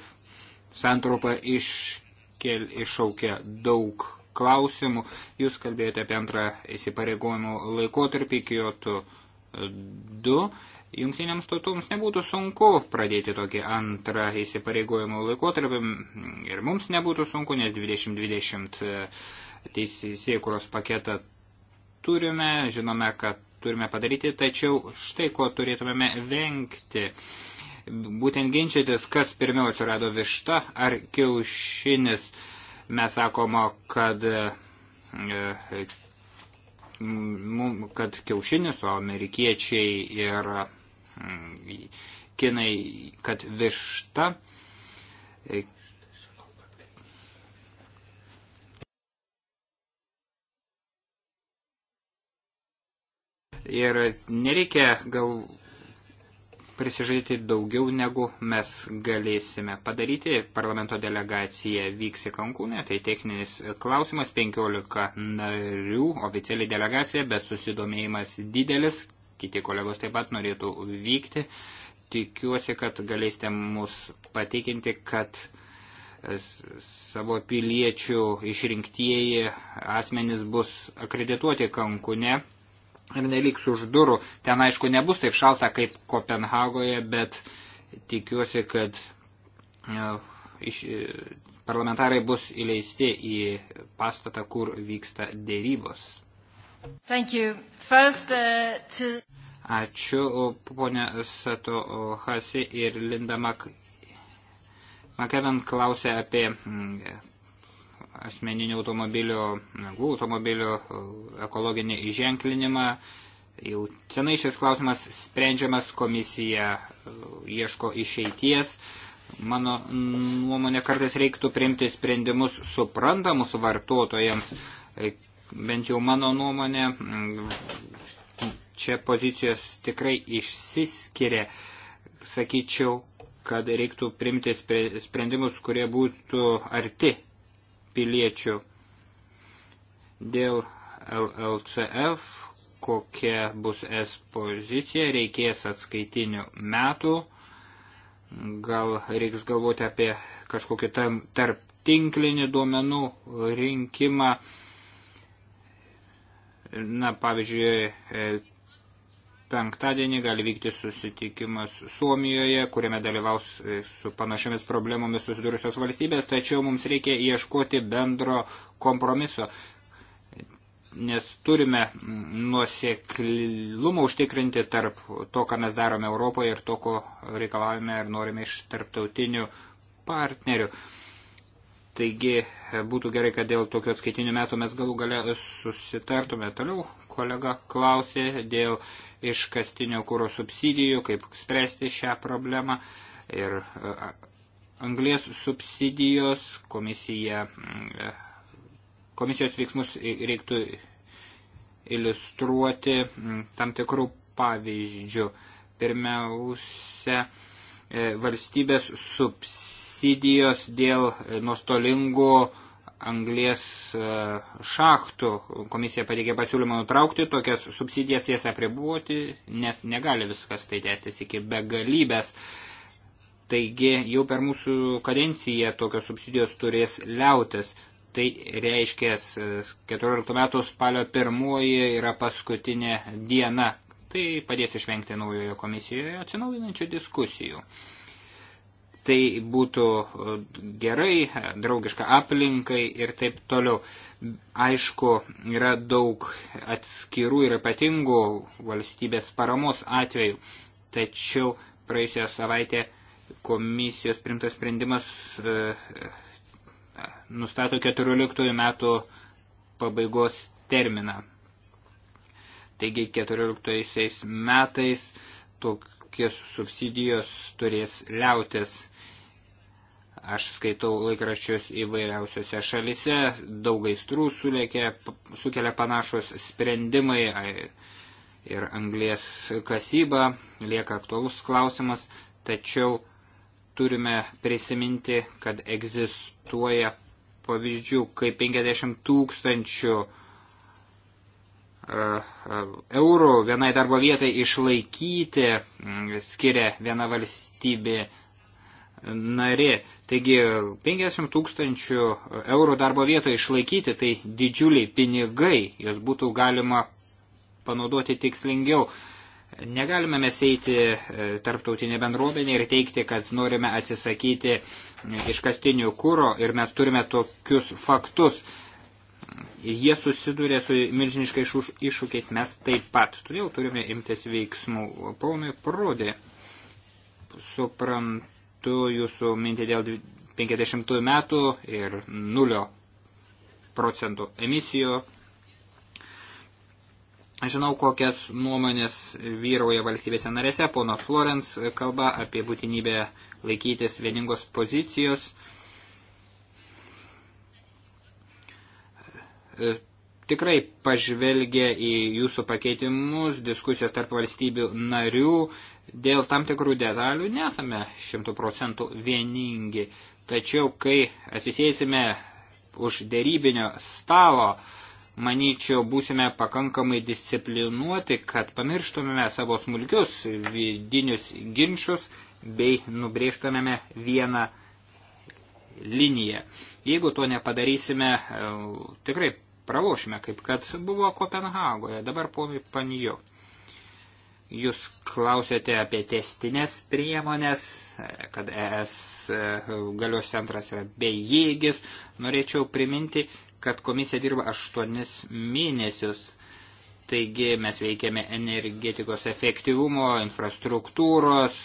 santraupa iškel, iššaukė daug klausimų. Jūs kalbėjote apie antrą įsipareigojimų laikotarpį Kyoto 2. Jungtinėms tautoms nebūtų sunku pradėti tokį antrą įsipareigojimų laikotarpį ir mums nebūtų sunku, nes 2020 e, teisėkuros paketą turime, žinome, kad turime padaryti, tačiau štai ko turėtumėme vengti. Būtent ginčytis, kas pirmiau atsirado višta ar kiaušinis. Mes sakoma, kad, e, kad kiaušinis, o amerikiečiai ir kinai, kad višta Ir nereikia gal prisižaidyti daugiau, negu mes galėsime padaryti. Parlamento delegacija vyks į Kankūnę, tai techninis klausimas, 15 narių, oficialiai delegacija, bet susidomėjimas didelis, kiti kolegos taip pat norėtų vykti. Tikiuosi, kad galėsite mus patikinti, kad savo piliečių išrinktieji asmenys bus akredituoti Kankūne ir neliks už durų. Ten aišku nebus taip šalta kaip Kopenhagoje, bet tikiuosi, kad e, iš, e, parlamentarai bus įleisti į pastatą, kur vyksta dėrybos. First, uh, to... Ačiū ponė Sato Hasi ir Linda Mak. McEvan klausė apie mm, asmeninių automobilių, lengvų automobilių ekologinį įženklinimą. Jau senai šis klausimas sprendžiamas, komisija e, ieško išeities. Mano nuomonė kartais reiktų priimti sprendimus suprantamus vartotojams, e, bent jau mano nuomonė, čia pozicijos tikrai išsiskiria. Sakyčiau, kad reiktų primti sprendimus, kurie būtų arti piliečių. Dėl LLCF, kokia bus es pozicija, reikės atskaitinių metų, gal reiks galvoti apie kažkokį tarp tinklinį duomenų rinkimą. Na, pavyzdžiui, penktadienį gali vykti susitikimas Suomijoje, kuriame dalyvaus e, su panašiamis problemomis susidūrusios valstybės, tačiau mums reikia ieškoti bendro kompromiso, nes turime mm, nuoseklumą užtikrinti tarp to, ką mes darome Europoje ir to, ko reikalavime ir norime iš tarptautinių partnerių. Taigi būtų gerai, kad dėl tokių atskaitinių metų mes galų gale susitartume toliau. Kolega klausė dėl iškastinio kūro subsidijų, kaip spręsti šią problemą. Ir anglės subsidijos komisija, mm, komisijos veiksmus reiktų iliustruoti mm, tam tikrų pavyzdžių. Pirmiausia, e, valstybės subsidijos subsidijos dėl nuostolingų anglės e, šachtų. Komisija pateikė pasiūlymą nutraukti tokias subsidijas, jas apribuoti, nes negali viskas tai tęstis iki begalybės. Taigi jau per mūsų kadenciją tokios subsidijos turės liautis. Tai reiškia, 14 metų spalio pirmoji yra paskutinė diena. Tai padės išvengti naujojo komisijoje atsinaujinančių diskusijų tai būtų e, gerai, draugiška aplinkai ir taip toliau. Aišku, yra daug atskirų ir ypatingų valstybės paramos atvejų, tačiau praėjusią savaitę komisijos primtas sprendimas e, nustato 14 metų pabaigos terminą. Taigi 14 metais tokios subsidijos turės liautis. Aš skaitau laikraščius įvairiausiose šalise, daug aistrų sulėkė, sukelia panašus sprendimai ir anglės kasyba, lieka aktualus klausimas, tačiau turime prisiminti, kad egzistuoja pavyzdžių, kai 50 tūkstančių e, e, eurų vienai darbo vietai išlaikyti skiria viena valstybė narė. Taigi 50 tūkstančių eurų darbo vietą išlaikyti tai didžiuliai pinigai, jos būtų galima panaudoti tikslingiau. Negalime mes eiti e, tarptautinė bendruomenė ir teikti, kad norime atsisakyti iškastinių kūro ir mes turime tokius faktus. Jie susiduria su milžiniškais iššūkiais, mes taip pat. Todėl turime imtis veiksmų. Paunai parodė, suprant suprantu jūsų mintį dėl 50 metų ir nulio procentų emisijų. Žinau, kokias nuomonės vyrauja valstybėse narėse. Pono Florence kalba apie būtinybę laikytis vieningos pozicijos. E, tikrai pažvelgia į jūsų pakeitimus, diskusijos tarp valstybių narių, Dėl tam tikrų detalių nesame šimtų procentų vieningi, tačiau kai atsisėsime už dėrybinio stalo, manyčiau, būsime pakankamai disciplinuoti, kad pamirštumėme savo smulkius vidinius ginčius bei nubrėžtumėme vieną liniją. Jeigu to nepadarysime, e, tikrai pralošime, kaip kad buvo Kopenhagoje, dabar ponui Panijo. Jūs klausėte apie testinės priemonės, kad ES galios centras yra bejėgis. Norėčiau priminti, kad komisija dirba 8 mėnesius. Taigi mes veikiame energetikos efektyvumo, infrastruktūros,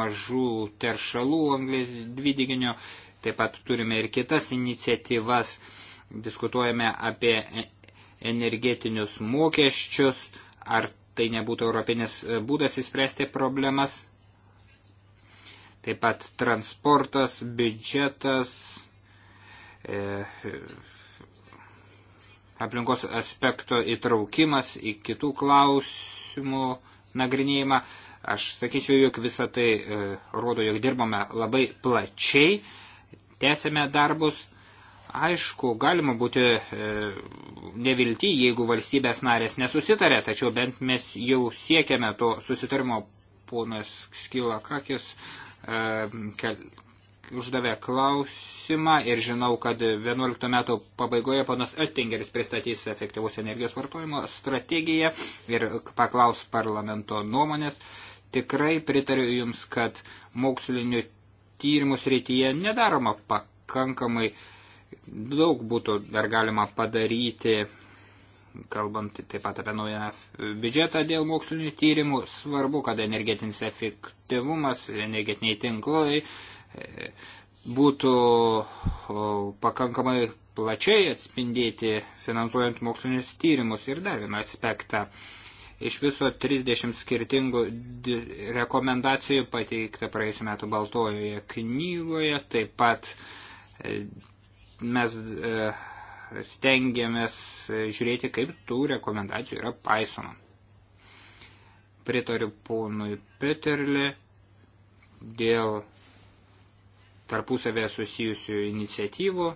mažų teršalų anglės dvideginio, taip pat turime ir kitas iniciatyvas, diskutuojame apie e-, energetinius mokesčius, ar tai nebūtų europinis e, būdas įspręsti problemas. Taip pat transportas, biudžetas, e, aplinkos aspekto įtraukimas į kitų klausimų nagrinėjimą. Aš sakyčiau, jog visa tai e, rodo, jog dirbame labai plačiai, tęsėme darbus, Aišku, galima būti e, nevilti, jeigu valstybės narės nesusitarė, tačiau bent mes jau siekiame to susitarimo. Ponas Skilakakis e, kel, uždavė klausimą ir žinau, kad 11 metų pabaigoje ponas Oettingeris pristatys efektyvus energijos vartojimo strategiją ir paklaus parlamento nuomonės. Tikrai pritariu Jums, kad mokslinių tyrimų srityje nedaroma pakankamai. E, Daug būtų dar galima padaryti, kalbant taip pat apie naują biudžetą dėl mokslinių tyrimų. Svarbu, kad energetinis efektyvumas, energetiniai tinklai e, būtų pakankamai plačiai atspindėti finansuojant mokslinius tyrimus. Ir dar vieną aspektą iš viso 30 skirtingų rekomendacijų pateikta praėjusiu metu Baltojoje knygoje, taip pat e, mes e, stengiamės e, žiūrėti, kaip tų rekomendacijų yra paisoma. Pritariu ponui Peterli dėl tarpusavėje susijusių iniciatyvų.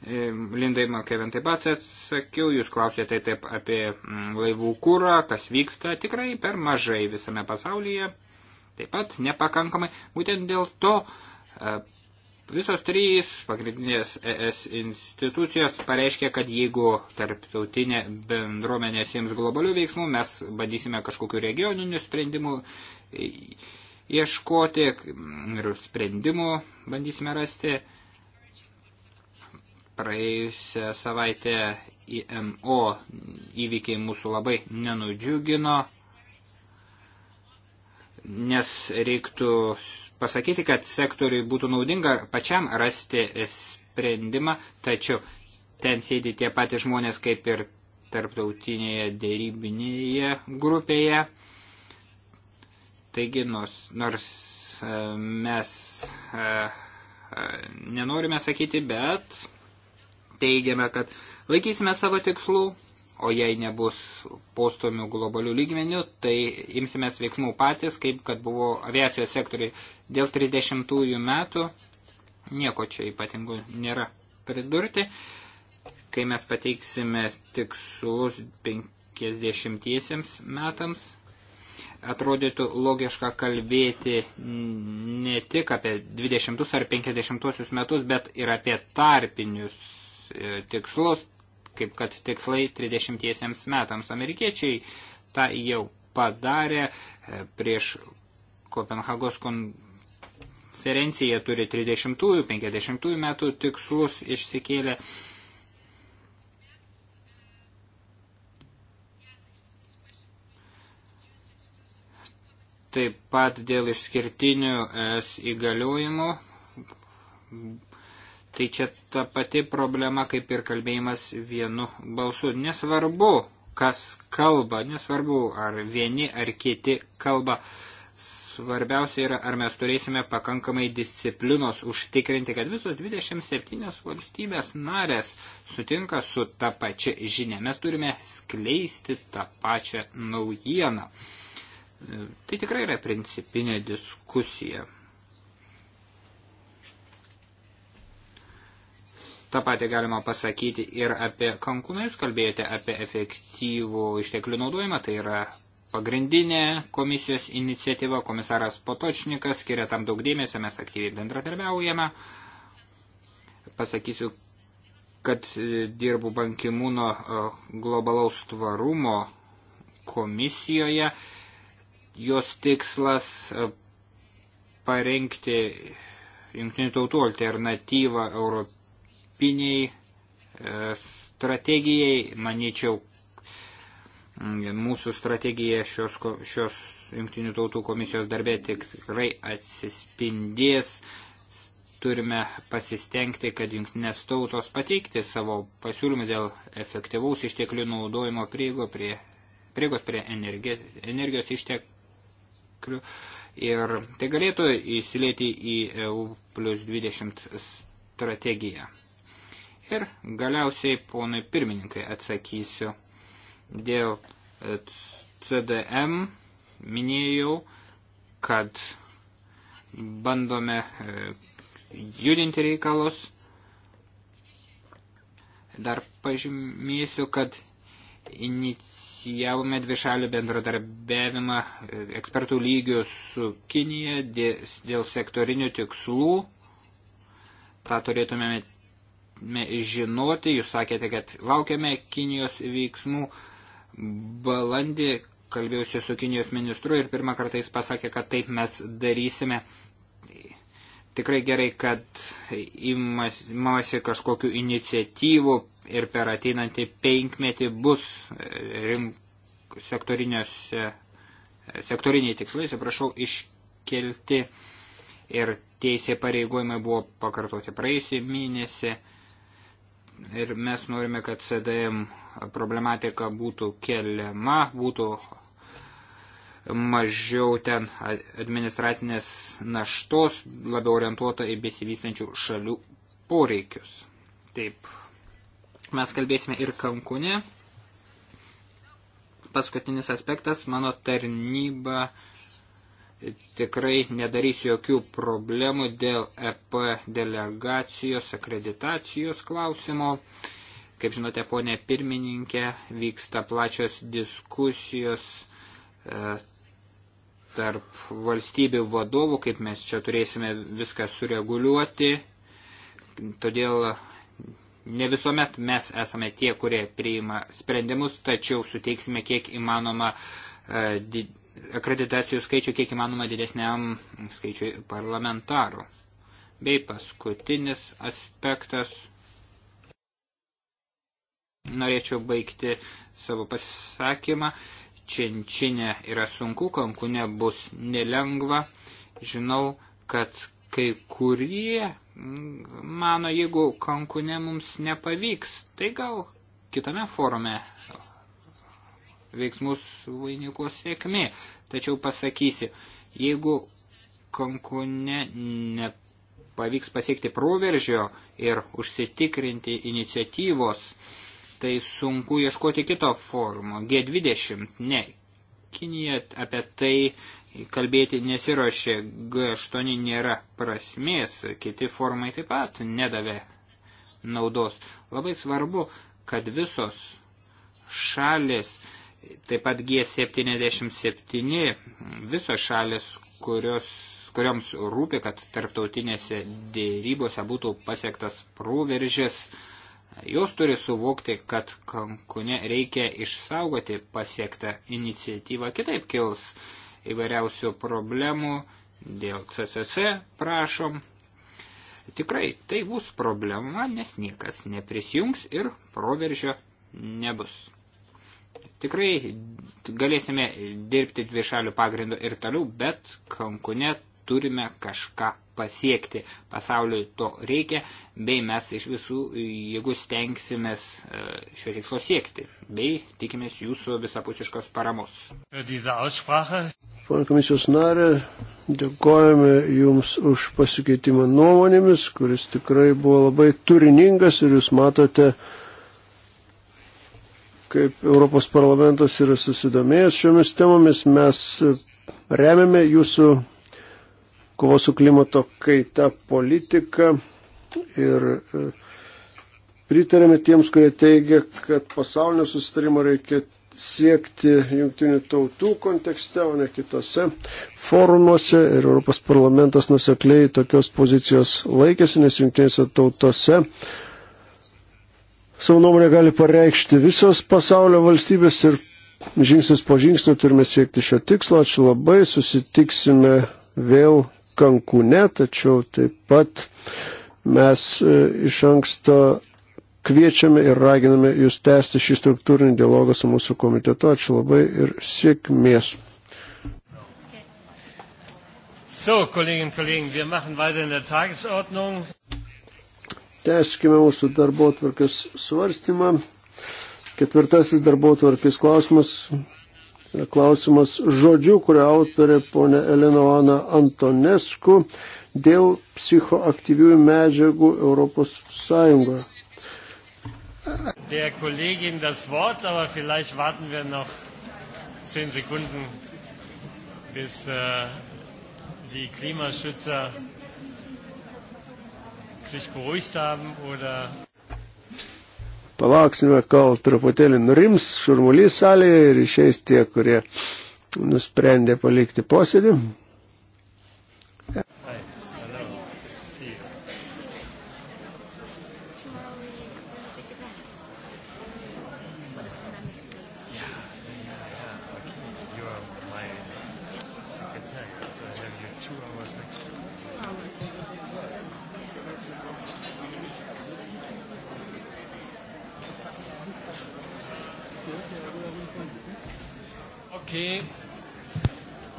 E, Lindai Makevin taip pat atsakiau, jūs klausėte taip apie mm, laivų kūrą, kas vyksta tikrai per mažai visame pasaulyje taip pat nepakankamai. Būtent dėl to e, visos trys pagrindinės ES institucijos pareiškė, kad jeigu tarptautinė bendruomenė siems globalių veiksmų, mes bandysime kažkokiu regioniniu sprendimu ieškoti ir sprendimų bandysime rasti. Praėjusią savaitę IMO įvykiai mūsų labai nenudžiugino nes reiktų pasakyti, kad sektoriui būtų naudinga pačiam rasti sprendimą, tačiau ten sėdi tie patys žmonės kaip ir tarptautinėje dėrybinėje grupėje. Taigi, nors, nors e, mes e, e, nenorime sakyti, bet teigiame, kad laikysime savo tikslų, o jei nebus postumių globalių lygmenių, tai imsimės veiksmų patys, kaip kad buvo aviacijos sektoriai. Dėl 30-ųjų metų nieko čia ypatingų nėra pridurti. Kai mes pateiksime tikslus 50-iesiems metams, atrodytų logiška kalbėti ne tik apie 20 ar 50 metus, bet ir apie tarpinius e, tikslus, kaip kad tikslai 30 metams. Amerikiečiai tą jau padarė e, prieš Kopenhagos konferenciją turi 30-ųjų, 50-ųjų metų tikslus išsikėlę. Taip pat dėl išskirtinių es įgaliojimų Tai čia ta pati problema, kaip ir kalbėjimas vienu balsu. Nesvarbu, kas kalba, nesvarbu, ar vieni ar kiti kalba. Svarbiausia yra, ar mes turėsime pakankamai disciplinos užtikrinti, kad visos 27 valstybės narės sutinka su ta pačia žinia. Mes turime skleisti tą pačią naujieną. Tai tikrai yra principinė diskusija. Ta pati galima pasakyti ir apie Kankuną. Jūs kalbėjote apie efektyvų išteklių naudojimą, tai yra pagrindinė komisijos iniciatyva. Komisaras Potočnikas skiria tam daug dėmesio, mes aktyviai bendradarbiaujame. Pasakysiu, kad e, dirbu bankimūno e, globalaus tvarumo komisijoje. Jos tikslas e, parengti jungtinių tautų alternatyvą Europą europiniai e, strategijai. Manyčiau, mūsų strategija šios, šios Junktinių tautų komisijos darbė tikrai atsispindės. Turime pasistengti, kad jungtinės tautos pateikti savo pasiūlymus dėl efektyvaus išteklių naudojimo prieigo prie, prieigos prie energi, energijos išteklių. Ir tai galėtų įsilėti į EU plus 20 strategiją. Ir galiausiai ponui pirmininkai atsakysiu. Dėl e, CDM minėjau, kad bandome e, judinti reikalus. Dar pažymėsiu, kad inicijavome dvišalių bendradarbiavimą e, ekspertų lygių su Kinija dėl sektorinių tikslų. Ta turėtumėme žinoti, jūs sakėte, kad laukiame Kinijos veiksmų. Balandį kalbėjusi su Kinijos ministru ir pirmą kartą jis pasakė, kad taip mes darysime. Tikrai gerai, kad imasi kažkokiu iniciatyvu ir per ateinantį penkmetį bus e, rink, e, sektoriniai tikslai, atsiprašau, iškelti ir teisė pareigojimai buvo pakartoti praėjusį mėnesį ir mes norime, kad CDM problematika būtų keliama, būtų mažiau ten administracinės naštos, labiau orientuota į besivystančių šalių poreikius. Taip, mes kalbėsime ir Kankune. Paskutinis aspektas, mano tarnyba tikrai nedarys jokių problemų dėl EP delegacijos akreditacijos klausimo. Kaip žinote, ponė pirmininkė, vyksta plačios diskusijos e, tarp valstybių vadovų, kaip mes čia turėsime viską sureguliuoti. Todėl ne visuomet mes esame tie, kurie priima sprendimus, tačiau suteiksime kiek įmanoma e, akreditacijų skaičių kiek įmanoma didesniam skaičiui parlamentarų. Bei paskutinis aspektas. Norėčiau baigti savo pasisakymą. Činčinė yra sunku, kankune bus nelengva. Žinau, kad kai kurie mano, jeigu kankune mums nepavyks, tai gal kitame forume veiksmus vainiko sėkmė. Tačiau pasakysi, jeigu Kankune nepavyks pasiekti proveržio ir užsitikrinti iniciatyvos, tai sunku ieškoti kito forumo. G20, ne. Kinija apie tai kalbėti nesiuošė. G8 nėra prasmės, kiti formai taip pat nedavė naudos. Labai svarbu, kad visos šalis Taip pat G77 visos šalis, kurios kurioms rūpi, kad tarptautinėse dėrybose būtų pasiektas prūveržis, jos turi suvokti, kad Kankune reikia išsaugoti pasiektą iniciatyvą, kitaip kils įvairiausių problemų dėl CCC, prašom. Tikrai tai bus problema, nes niekas neprisijungs ir proveržio nebus. Tikrai galėsime dirbti dvišalių pagrindų ir toliau, bet Kankune turime kažką pasiekti. Pasauliui to reikia, bei mes iš visų jėgų stengsimės e, šio tikslo siekti, bei tikimės jūsų visapusiškos paramos. Pana komisijos narė, dėkojame Jums už pasikeitimą nuomonėmis, kuris tikrai buvo labai turiningas ir Jūs matote, kaip Europos parlamentas yra susidomėjęs šiomis temomis. Mes remiame jūsų kovos su klimato kaita politiką ir e, pritarėme tiems, kurie teigia, kad pasaulinio susitarimo reikia siekti jungtinių tautų kontekste, o ne kitose forumuose. Ir Europos parlamentas nusekliai tokios pozicijos laikėsi, nes jungtinėse tautose uh, savo nuomonę gali pareikšti visos pasaulio valstybės ir žingsnis po žingsnio turime siekti šio tikslo. Ačiū labai, susitiksime vėl Kankūne, tačiau taip pat mes e, iš anksto kviečiame ir raginame jūs tęsti šį struktūrinį dialogą su mūsų komitetu. Ačiū labai ir sėkmės. So, Kolleginnen und Kollegen, wir machen weiter in der Tagesordnung. Teskime mūsų darbo atvarkės svarstymą. Ketvirtasis darbo atvarkės klausimas yra klausimas žodžių, kurio autorė ponė Elena Vana Antonesku dėl psichoaktyviųjų medžiagų Europos Sąjungoje. Der Kollegin das Wort, aber vielleicht warten wir noch zehn Sekunden, bis äh, die Klimaschützer sich beruhigt haben oder. Palauksime, kol truputėlį nurims šurmulys salėje ir išeis tie, kurie nusprendė palikti posėdį.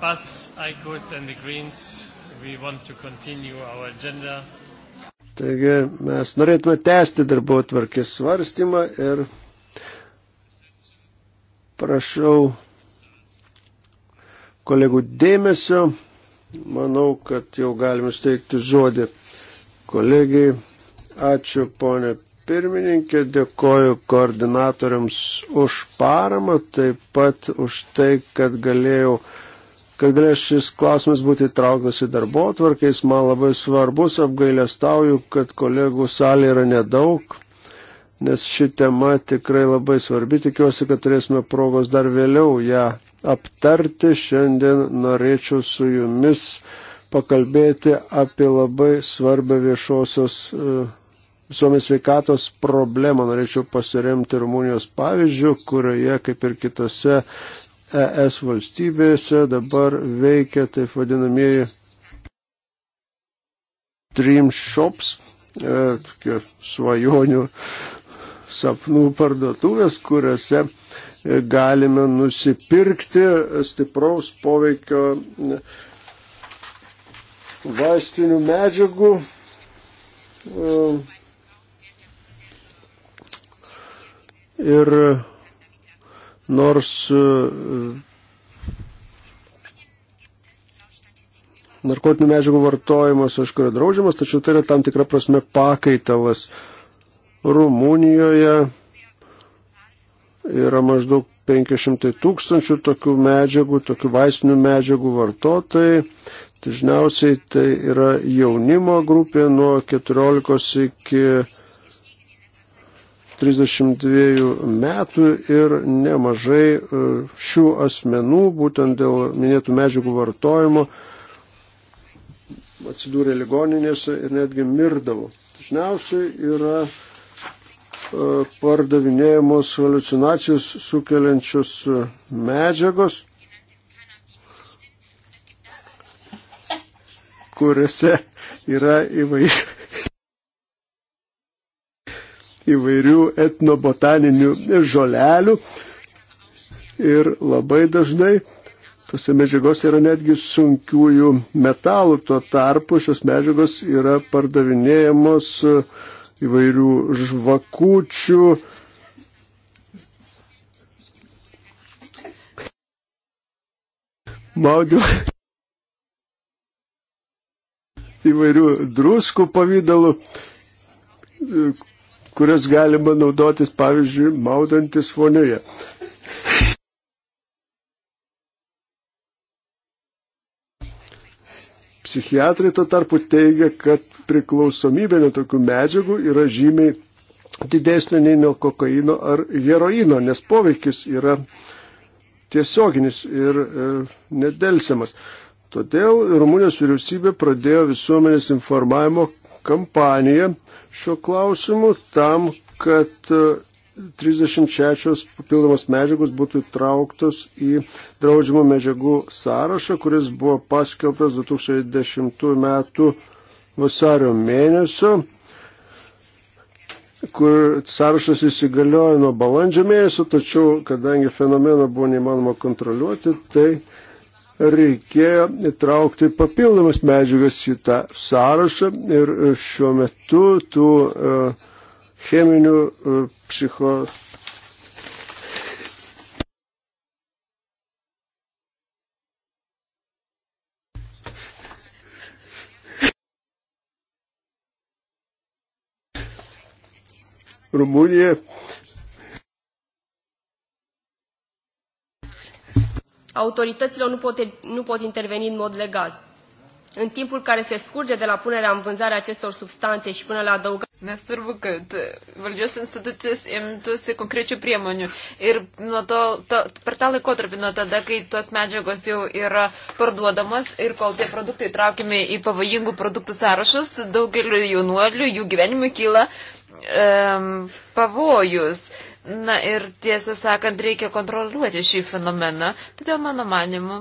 Pas, Aikut and the Greens, we want to continue our agenda. Taigi mes norėtume tęsti darbo tvarkės svarstymą ir prašau kolegų dėmesio. Manau, kad jau galime steigti žodį kolegijai. Ačiū, ponė pirmininkė, dėkoju koordinatoriams už paramą, taip pat už tai, kad galėjau kad galės šis klausimas būti įtrauktas į darbo tvarkais. Man labai svarbus, apgailestauju, kad kolegų salė yra nedaug, nes ši tema tikrai labai svarbi. Tikiuosi, kad turėsime progos dar vėliau ją aptarti. Šiandien norėčiau su jumis pakalbėti apie labai svarbę viešosios e, visuomis sveikatos problemą. Norėčiau pasiremti Rumunijos pavyzdžių, kurioje, kaip ir kitose ES valstybėse dabar veikia taip vadinamieji Dream Shops, e, tokie svajonių sapnų parduotuvės, kuriuose e, galime nusipirkti stipraus poveikio e, vaistinių medžiagų. Ir nors e, narkotinių medžiagų vartojimas, aišku, yra draudžiamas, tačiau tai yra tam tikra prasme pakaitalas. Rumunijoje yra maždaug 500 tūkstančių tokių medžiagų, tokių vaistinių medžiagų vartotojai. Dažniausiai tai yra jaunimo grupė nuo 14 iki 32 metų ir nemažai e, šių asmenų būtent dėl minėtų medžiagų vartojimo atsidūrė ligoninėse ir netgi mirdavo. Dažniausiai yra e, pardavinėjamos haliucinacijos sukeliančios e, medžiagos, kuriuose yra įvairių įvairių etnobotaninių žolelių ir labai dažnai tose medžiagose yra netgi sunkiųjų metalų, tuo tarpu šios medžiagos yra pardavinėjamos įvairių žvakučių. Maugiu įvairių druskų pavydalų, kurias galima naudotis, pavyzdžiui, maudantis vonioje. Psichiatrai to tarpu teigia, kad priklausomybė nuo tokių medžiagų yra žymiai didesnė nei nuo kokaino ar heroino, nes poveikis yra tiesioginis ir e, nedelsiamas. Todėl Rumunijos vyriausybė pradėjo visuomenės informavimo kampaniją šiuo klausimu tam, kad 36 e, papildomos medžiagos būtų įtrauktos į draudžiamų medžiagų sąrašą, kuris buvo paskelbtas 2010 m. vasario mėnesio kur sąrašas įsigaliojo nuo balandžio mėnesio, tačiau kadangi fenomeną buvo neįmanoma kontroliuoti, tai reikėjo įtraukti papildomas medžiagas į tą sąrašą ir šiuo metu tų e, cheminių e, psicho. Rumunija autorităților nu pot, nu pot interveni în mod legal. În timpul care se scurge de la punerea în vânzare acestor substanțe și până la adăugarea Nesvarbu, e, kad valdžios institucijas imtųsi konkrečių priemonių. Ir nuo to, ta, per tą laikotarpį, nuo tada, kai e tos medžiagos jau yra parduodamos ir kol tie produktai traukiami į pavojingų produktų sąrašus, daugeliu jaunuolių jų gyvenimui kyla um, ehm, pavojus. Uh, Na ir tiesą sakant, reikia kontroliuoti šį fenomeną. Todėl, mano manimu,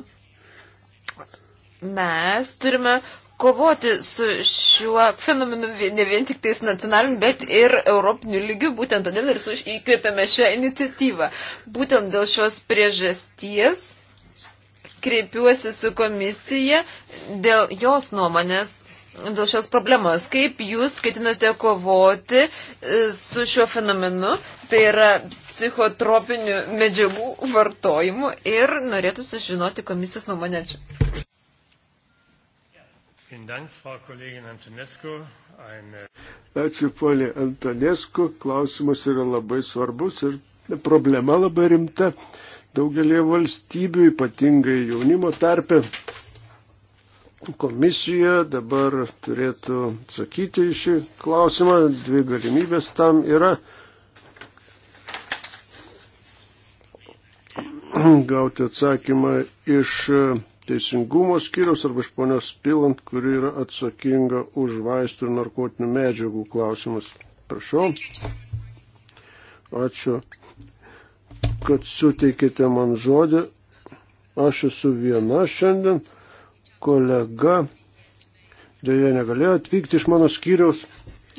mes turime kovoti su šiuo fenomenu ne vien tik tais nacionaliniu, bet ir europiniu lygiu. Būtent todėl ir įkvėpėme šią iniciatyvą. Būtent dėl šios priežasties kreipiuosi su komisija dėl jos nuomonės dėl šios problemos. Kaip jūs ketinate kovoti e, su šiuo fenomenu, tai yra psichotropinių medžiagų vartojimu ir norėtų sužinoti komisijos nuomonę. Ačiū, polė Antonesku. Klausimas yra labai svarbus ir problema labai rimta. Daugelie valstybių, ypatingai jaunimo tarpe, komisija dabar turėtų atsakyti į šį klausimą. Dvi galimybės tam yra. Gauti atsakymą iš teisingumo skyrius arba iš ponios Pilant, kuri yra atsakinga už vaistų ir narkotinių medžiagų klausimus. Prašau. Ačiū, kad suteikėte man žodį. Aš esu viena šiandien kolega dėja negalėjo atvykti iš mano skyriaus.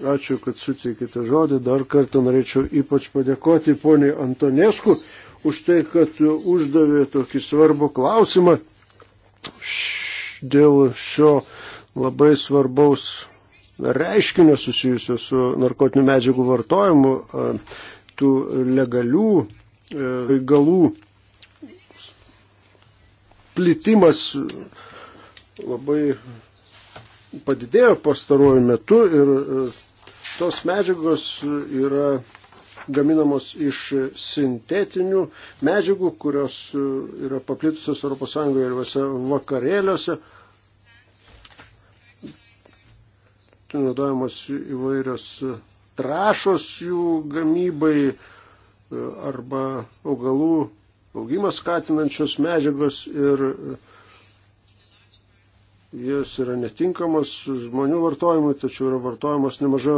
Ačiū, kad suteikite žodį. Dar kartą norėčiau ypač padėkoti poniai Antonėsku už tai, kad uždavė tokį svarbų klausimą dėl šio labai svarbaus reiškinio susijusio su narkotinių medžiagų vartojimu, tų legalių galų e, plitimas labai padidėjo pastaruoju metu ir e, tos medžiagos yra gaminamos iš sintetinių medžiagų, kurios e, yra paplitusios ES ir visose vakarėliuose. Tai naudojamos įvairios e, trašos jų gamybai arba augalų augimą skatinančios medžiagos ir jis yra netinkamas žmonių vartojimui, tačiau yra vartojamos nemažai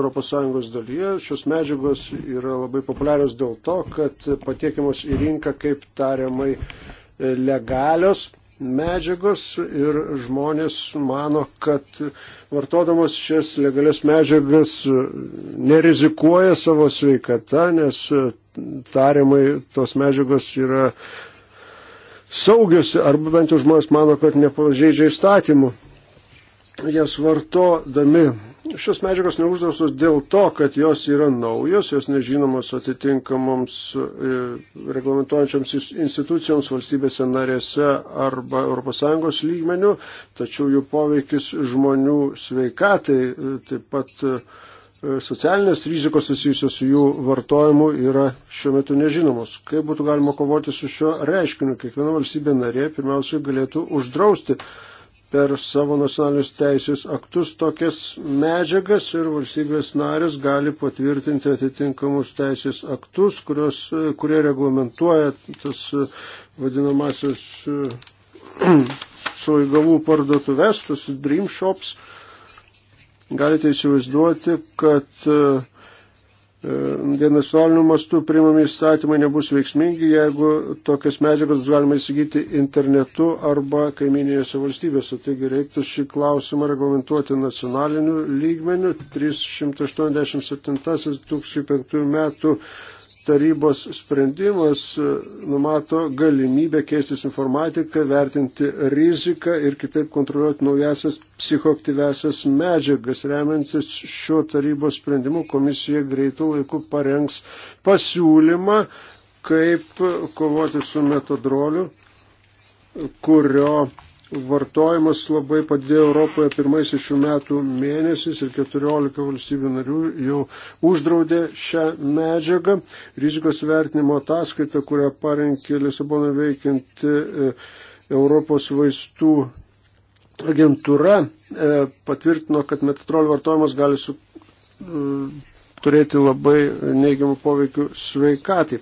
ES dalyje. Šios medžiagos yra labai populiarios dėl to, kad patiekiamos į rinką kaip tariamai e, legalios medžiagos ir žmonės mano, kad vartodamos šias legalias medžiagas e, nerizikuoja savo sveikata, nes e, tariamai tos medžiagos yra saugius, arba bent jau žmonės mano, kad nepažeidžia įstatymų. Jas vartodami Šios medžiagos neuždraustos dėl to, kad jos yra naujos, jos nežinomos atitinkamoms e, reglamentuojančioms institucijoms valstybėse narėse arba ES lygmenių, tačiau jų poveikis žmonių sveikatai e, taip pat e, E, socialinės rizikos susijusios su jų vartojimu yra šiuo metu nežinomos. Kaip būtų galima kovoti su šiuo reiškiniu? Kiekviena valstybė narė pirmiausiai galėtų uždrausti per savo nacionalinius teisės aktus tokias medžiagas ir valstybės narės gali patvirtinti atitinkamus teisės aktus, kurios, e, kurie reglamentuoja tas e, vadinamasis suigalų parduotuves, tas dream shops galite įsivaizduoti, kad e, e, vienasolinių mastų priimami įstatymai nebus veiksmingi, jeigu tokias medžiagas bus galima įsigyti internetu arba kaiminėse valstybėse. Taigi reiktų šį klausimą reglamentuoti nacionaliniu lygmeniu. 387-2005 metų tarybos sprendimas e, numato galimybę keistis informatiką, vertinti riziką ir kitaip kontroliuoti naujasias psichoaktyvesias medžiagas. Remiantis šio tarybos sprendimu, komisija greitų laikų parengs pasiūlymą, kaip kovoti su metodroliu, kurio vartojimas labai padidėjo Europoje pirmaisiais šių metų mėnesiais ir 14 valstybių narių jau uždraudė šią medžiagą. Rizikos vertinimo ataskaita, kurią parengė Lisabona veikianti e, Europos vaistų agentūra, e, patvirtino, kad metatrolio vartojimas gali su, e, turėti labai neigiamų poveikių sveikatai.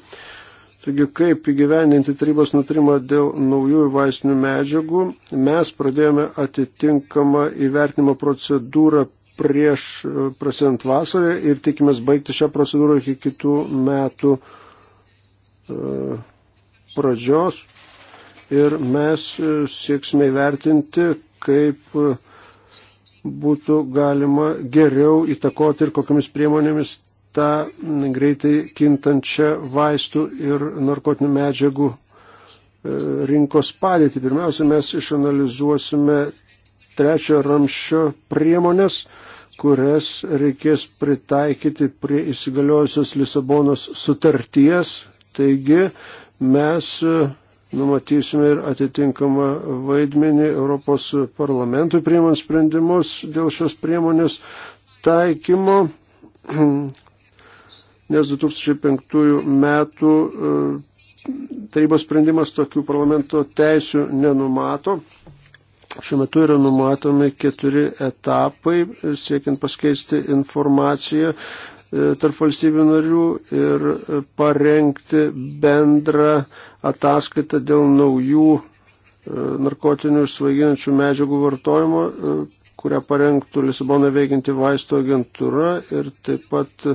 Taigi, kaip įgyveninti tarybos nutarimą dėl naujųjų vaistinių medžiagų, mes pradėjome atitinkamą įvertinimo procedūrą prieš e, prasidant vasarą ir tikimės baigti šią procedūrą iki kitų metų e, pradžios. Ir mes e, sieksime įvertinti, kaip būtų galima geriau įtakoti ir kokiamis priemonėmis tą greitai kintančią vaistų ir narkotinių medžiagų e, rinkos padėtį. Pirmiausia, mes išanalizuosime trečio ramščio priemonės, kurias reikės pritaikyti prie įsigaliojusios Lisabonos sutarties. Taigi mes e, numatysime ir atitinkamą vaidmenį Europos parlamentui priimant sprendimus dėl šios priemonės taikymo. nes 2005 metų e, tarybos sprendimas tokių parlamento teisių nenumato. Šiuo metu yra numatomi keturi etapai, e, siekiant paskeisti informaciją e, tarp valstybių narių ir parengti bendrą ataskaitą dėl naujų narkotinių ir svaiginančių medžiagų vartojimo, kurią parengtų Lisabono veikianti vaisto agentūra ir taip pat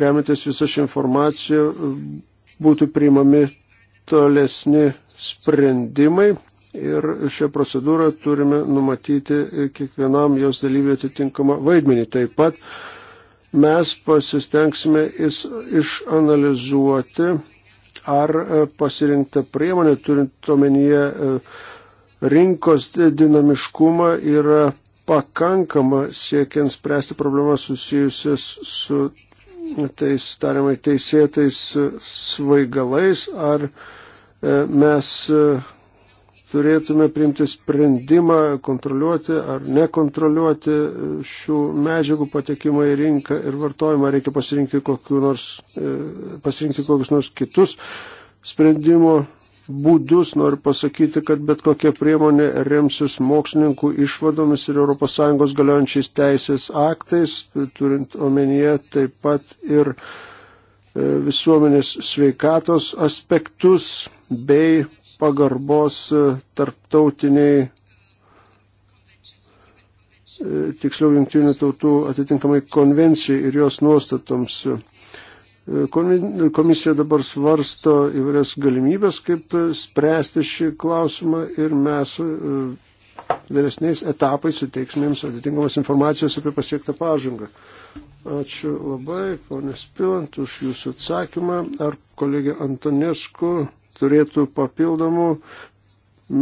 remintis visą šią informaciją, būtų priimami tolesni sprendimai ir šią procedūrą turime numatyti kiekvienam jos dalyviui atitinkamą vaidmenį. Taip pat mes pasistengsime išanalizuoti, ar e, pasirinkta priemonė, turint omenyje e, rinkos dinamiškumą, yra pakankama siekiant spręsti problemas susijusias su tais tariamai teisėtais e, svaigalais, ar e, mes e, turėtume priimti sprendimą kontroliuoti ar nekontroliuoti šių medžiagų patekimą į rinką ir vartojimą, reikia pasirinkti, kokiu nors, pasirinkti kokius nors kitus sprendimo būdus. Noriu pasakyti, kad bet kokia priemonė remsis mokslininkų išvadomis ir ES galiojančiais teisės aktais, turint omenyje taip pat ir e, visuomenės sveikatos aspektus bei pagarbos e, tarptautiniai e, tiksliau jungtinių tautų atitinkamai konvencijai ir jos nuostatoms. Komisija dabar svarsto įvairias galimybės, kaip spręsti šį klausimą ir mes e, vėlesniais etapais suteiksime jums atitinkamos informacijos apie pasiektą pažangą. Ačiū labai, ponės Pilant, už jūsų atsakymą. Ar kolegė Antonesku turėtų papildomų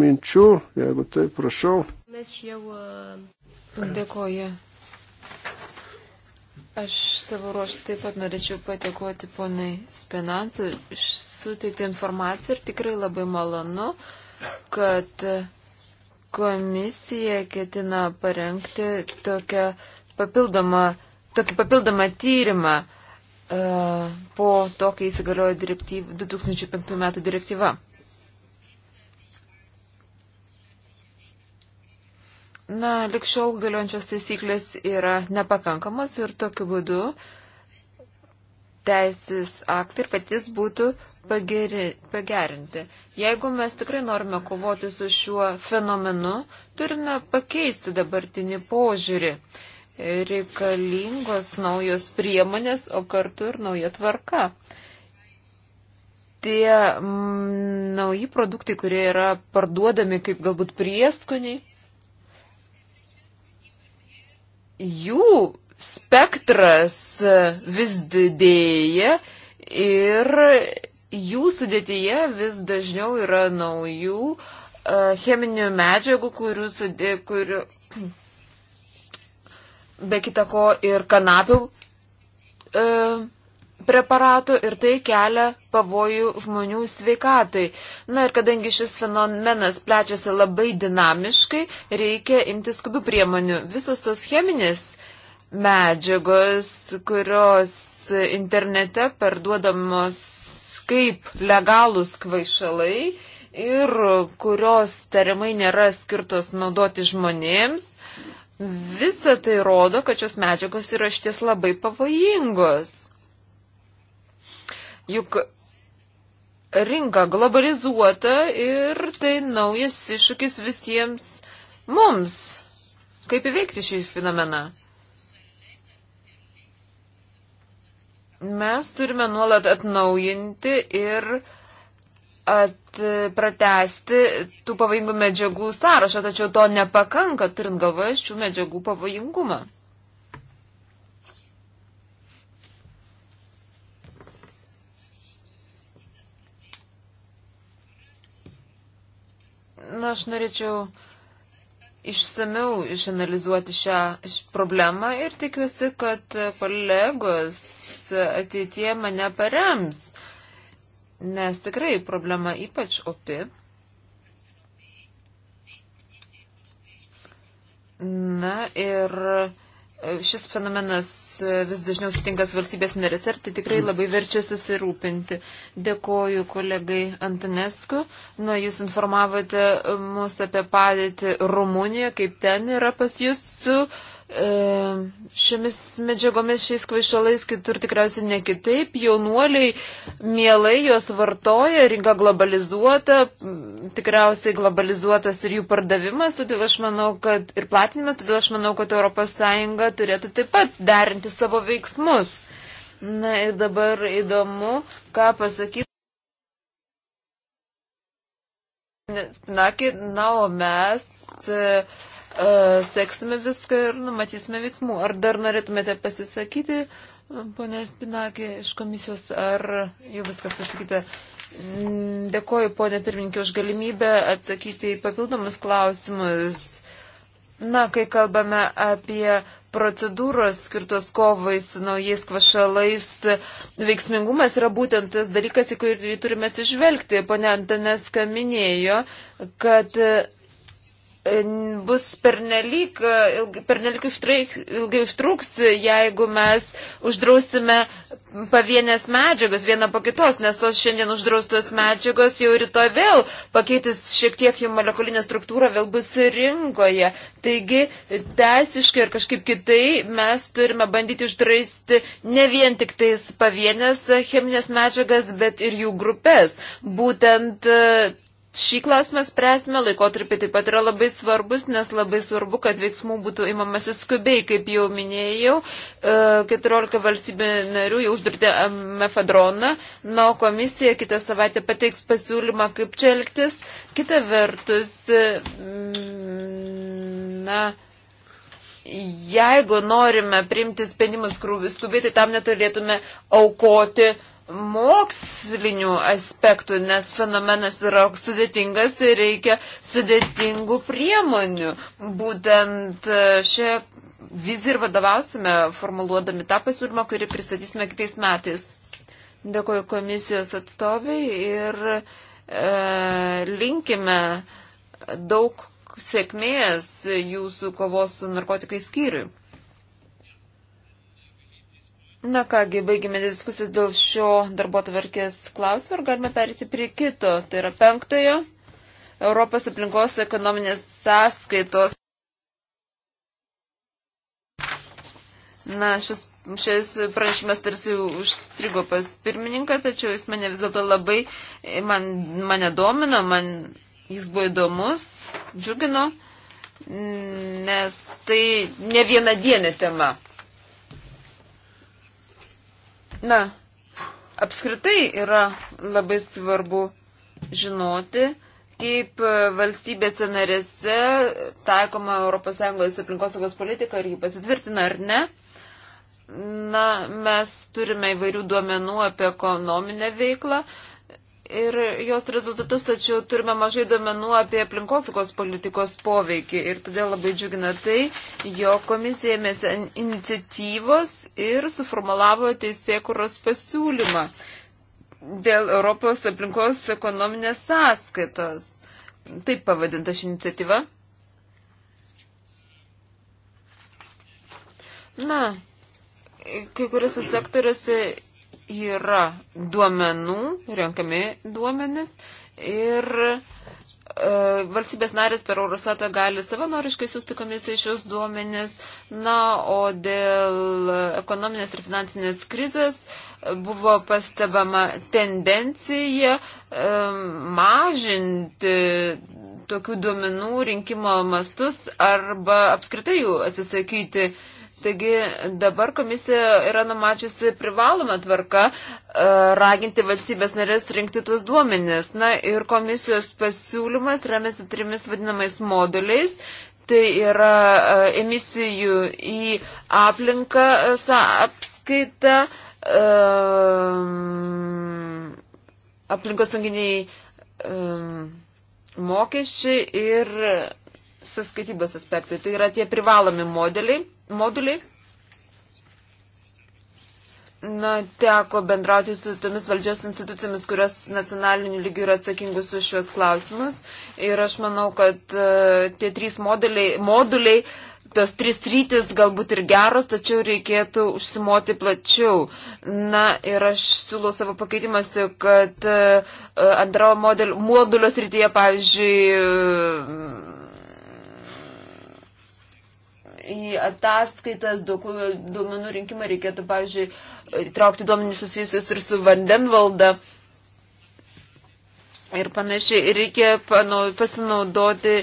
minčių, jeigu taip, prašau. Mes jau e, dėkoju Aš savo ruoštų taip pat norėčiau patekoti ponai Spinansui, suteikti informaciją ir tikrai labai malonu, kad komisija ketina parengti tokią papildomą, tokį papildomą tyrimą uh, po to, kai įsigaliojo 2005 metų direktyva. Na, likščiol galiojančios taisyklės yra nepakankamas ir tokiu būdu teisės aktai ir patys būtų pageri, pagerinti. Jeigu mes tikrai norime kovoti su šiuo fenomenu, turime pakeisti dabartinį požiūrį. Reikalingos naujos priemonės, o kartu ir nauja tvarka. Tie mm, nauji produktai, kurie yra parduodami kaip galbūt prieskoniai, jų spektras e, vis didėja ir jų sudėtyje vis dažniau yra naujų e, cheminių medžiagų, kurių, sudė, kurių be kitako ir kanapių e, preparatų ir tai kelia pavojų žmonių sveikatai. Na ir kadangi šis fenomenas plečiasi labai dinamiškai, reikia imtis skubių priemonių. Visos tos cheminės medžiagos, kurios internete parduodamos kaip legalūs kvaišalai ir kurios tariamai nėra skirtos naudoti žmonėms, visa tai rodo, kad šios medžiagos yra šties labai pavojingos. Juk rinka globalizuota ir tai naujas iššūkis visiems mums. Kaip įveikti šį fenomeną? Mes turime nuolat atnaujinti ir pratesti tų pavojingų medžiagų sąrašą, tačiau to nepakanka, turint galvoje šių medžiagų pavojingumą. Na, aš norėčiau išsameu išanalizuoti šią problemą ir tikiuosi, kad kolegos ateitie mane parems, nes tikrai problema ypač opi. Na ir šis fenomenas e, vis dažniau sutinkas valstybės narėse ir tai tikrai mm. labai verčia susirūpinti. Dėkoju kolegai Antonesku, nuo jūs informavote mus apie padėtį Rumunijoje, kaip ten yra pas jūs su E, šiomis medžiagomis, šiais kvaišalais, kitur tikriausiai ne kitaip. Jaunuoliai mielai juos vartoja, rinka globalizuota, tikriausiai globalizuotas ir jų pardavimas, todėl aš manau, kad ir platinimas, todėl aš manau, kad ES turėtų taip pat derinti savo veiksmus. Na ir dabar įdomu, ką pasakyti. Spinakį, na, o mes. Uh, seksime viską ir numatysime veiksmų. Ar dar norėtumėte pasisakyti, ponė Spinakė, iš komisijos, ar jau viskas pasakyta? Mm, dėkoju, ponė pirmininkė, už galimybę atsakyti į papildomus klausimus. Na, kai kalbame apie procedūros skirtos kovai su naujais kvašalais, veiksmingumas yra būtent tas dalykas, į kurį turime atsižvelgti. Pone Antanes minėjo, kad E, bus pernelyg, e, pernelyg ištraik, ilgai užtruks, jeigu mes uždrausime pavienės medžiagas vieną po kitos, nes tos šiandien uždraustos medžiagos jau rytoj vėl pakeitis šiek tiek jų molekulinę struktūrą vėl bus rinkoje. Taigi teisiškai ir kažkaip kitai mes turime bandyti uždrausti ne vien tik tais pavienės cheminės medžiagas, bet ir jų grupės. Būtent e, šį klausimą spręsime, laikotarpiai taip pat yra labai svarbus, nes labai svarbu, kad veiksmų būtų imamasi skubiai, kaip jau minėjau, 14 e, valstybių narių jau uždirbti mefadroną, na, o komisija kitą savaitę pateiks pasiūlymą, kaip čia elgtis. Kita vertus, e, na. Jeigu norime priimti sprendimus skubiai, tai tam neturėtume aukoti uh, mokslinių aspektų, nes fenomenas yra sudėtingas ir reikia sudėtingų priemonių. Būtent e, šią viziją ir vadovausime formuluodami tą pasiūlymą, kurį pristatysime kitais metais. Dėkoju komisijos atstoviai ir e, linkime daug sėkmės jūsų kovos su narkotikais skyriui. Na kągi, baigime diskusijas dėl šio darbo tvarkės klausimų ir galime perėti prie kito. Tai yra penktojo Europos aplinkos ekonominės sąskaitos. Na, šis, šis pranešimas tarsi užstrigo pas pirmininką, tačiau jis mane vis dėlto labai, man, mane domino, man jis buvo įdomus, džiugino, nes tai ne viena dienė tema. Na, apskritai yra labai svarbu žinoti, kaip valstybėse narėse taikoma ES aplinkosaugos politika, ar jį pasitvirtina ar ne. Na, mes turime įvairių duomenų apie ekonominę veiklą, ir jos rezultatus, tačiau turime mažai duomenų apie aplinkosaugos politikos poveikį ir todėl labai džiugina tai, jo komisija ėmėsi iniciatyvos ir suformulavo teisėkuros pasiūlymą dėl Europos aplinkos ekonominės sąskaitos. Taip pavadinta ši iniciatyva. Na, kai kuriuose sektoriuose yra duomenų, renkami duomenis ir e, valstybės narės per Eurosatą gali savanoriškai siūsti komisijai šios duomenis. Na, o dėl ekonominės ir finansinės krizės buvo pastebama tendencija e, mažinti tokių duomenų rinkimo mastus arba apskritai jų atsisakyti Taigi dabar komisija yra numačiusi privalomą tvarką e, raginti valstybės narės rinkti tuos duomenis. Na ir komisijos pasiūlymas remiasi trimis vadinamais moduliais. Tai yra e, emisijų į aplinką e, apskaita, aplinkos anginiai mokesčiai ir saskaitybos aspektai. Tai yra tie privalomi modeliai moduliai. Na, teko bendrauti su tomis valdžios institucijomis, kurios nacionaliniu lygiu yra atsakingus už šios klausimus. Ir aš manau, kad uh, tie trys modeliai, moduliai, tos trys rytis galbūt ir geros, tačiau reikėtų užsimoti plačiau. Na, ir aš siūlau savo pakeitimuose, kad uh, e, antrojo modulio srityje, pavyzdžiui, uh, į ataskaitas, duomenų rinkimą reikėtų, pavyzdžiui, traukti duomenys susijusius ir su vandenvalda. Ir panašiai, ir reikia pasinaudoti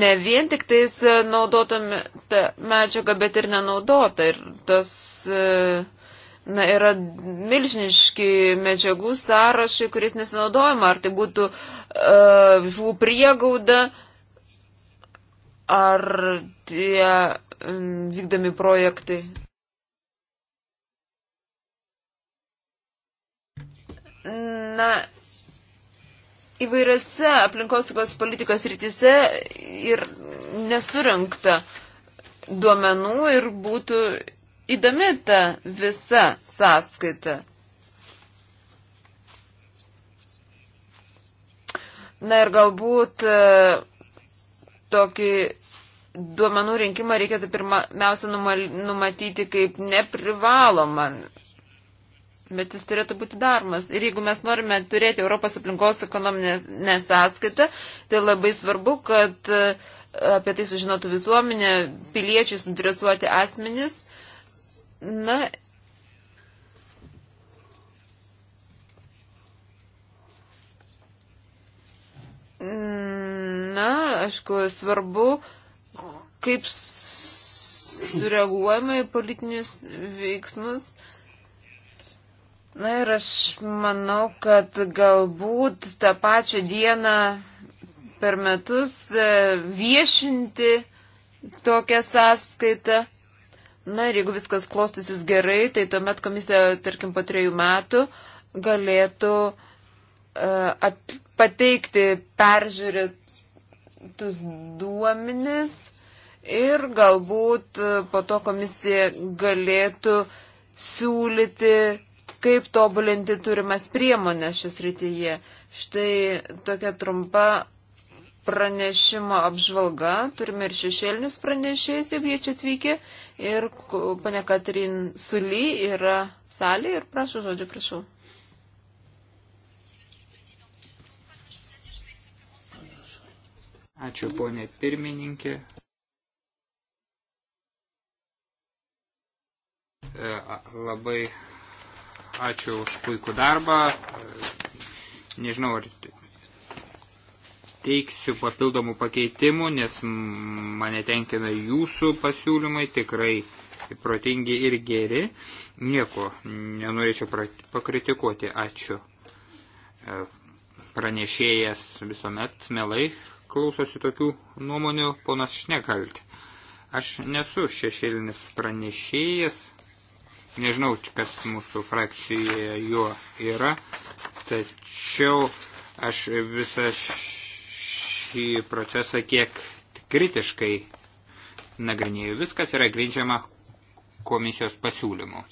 ne vien tik tais e, naudotą medžiagą, bet ir nenaudotą. Ir tas e, na, yra milžiniški medžiagų sąrašai, kuris nesinaudojama, ar tai būtų uh, žuvų priegauda, uh, ar tie vykdomi projektai. Na, įvairiose aplinkosaugos politikos rytise ir nesurinkta duomenų ir būtų įdomi ta visa sąskaita. Na ir galbūt tokį duomenų rinkimą reikėtų pirmiausia numatyti kaip neprivalomą. Bet jis turėtų būti daromas. Ir jeigu mes norime turėti Europos aplinkos ekonominę sąskaitą, tai labai svarbu, kad e, apie tai sužinotų visuomenė, piliečiai suinteresuoti asmenys. Na Na, aišku, svarbu, kaip sureaguojama į politinius veiksmus. Na ir aš manau, kad galbūt tą pačią dieną per metus e, viešinti tokią sąskaitą. Na ir jeigu viskas klostysis gerai, tai tuomet komisija, tarkim, po trejų metų galėtų uh, at, pateikti peržiūrėtus duomenis ir galbūt e, po to komisija galėtų siūlyti, kaip tobulinti turimas priemonės šis rytyje. Štai tokia trumpa pranešimo apžvalga. Turime ir šešėlinius pranešėjus, jeigu jie čia atvykė. Ir ponia Katrin Suly yra salė ir prašau žodžiu, prašau. Ačiū ponė pirmininkė. E, labai ačiū už puikų darbą. E, nežinau, ar teiksiu papildomų pakeitimų, nes mane tenkina jūsų pasiūlymai, tikrai protingi ir geri. Nieko nenorėčiau pakritikuoti, ačiū. E, pranešėjas visuomet melai klausosi tokių nuomonių ponas Šnekalt. Aš nesu šešėlinis pranešėjas, nežinau, kas mūsų frakcijoje juo yra, tačiau aš visą šį procesą kiek kritiškai nagrinėjau. Viskas yra grindžiama komisijos pasiūlymu.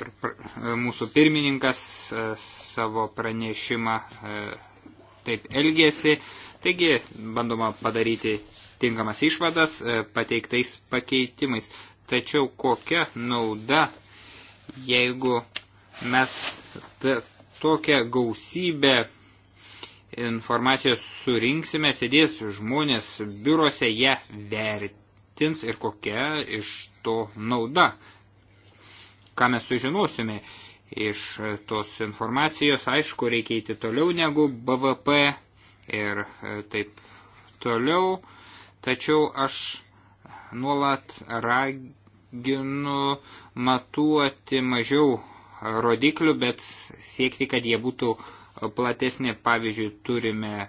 Ir mūsų pirmininkas e, savo pranešimą e, taip elgėsi, Taigi, bandoma padaryti tinkamas išvadas e, pateiktais pakeitimais. Tačiau kokia nauda, jeigu mes tokią gausybę informacijos surinksime, sėdės žmonės biurose, ją vertins ir kokia iš to nauda, ką mes sužinosime iš tos informacijos, aišku, reikia eiti toliau negu BVP ir e, taip toliau. Tačiau aš nuolat raginu matuoti mažiau rodiklių, bet siekti, kad jie būtų platesnė. Pavyzdžiui, turime e,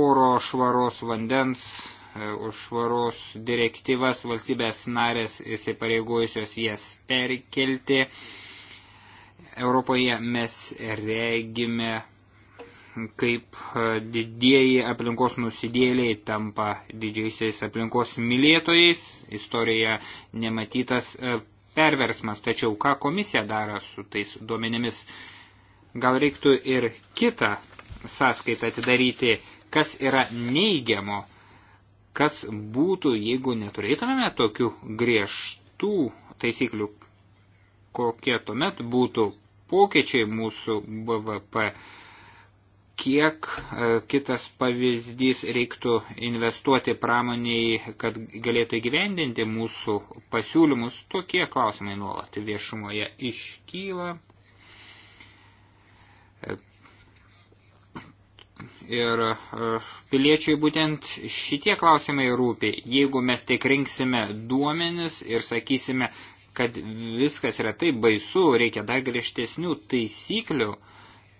oro švaros vandens e, švaros direktyvas valstybės narės įsipareigojusios jas perkelti. Europoje mes regime kaip e, didieji aplinkos nusidėliai tampa didžiaisiais aplinkos mylėtojais, istorija nematytas e, perversmas, tačiau ką komisija daro su tais duomenimis, gal reiktų ir kitą sąskaitą atidaryti, kas yra neigiamo, kas būtų, jeigu neturėtumėme tokių griežtų taisyklių, kokie tuomet būtų pokyčiai mūsų BVP kiek e, kitas pavyzdys reiktų investuoti pramoniai, kad galėtų įgyvendinti mūsų pasiūlymus, tokie klausimai nuolat viešumoje iškyla. Ir e, piliečiai būtent šitie klausimai rūpi. Jeigu mes tik rinksime duomenis ir sakysime, kad viskas yra taip baisu, reikia dar griežtesnių taisyklių, uh,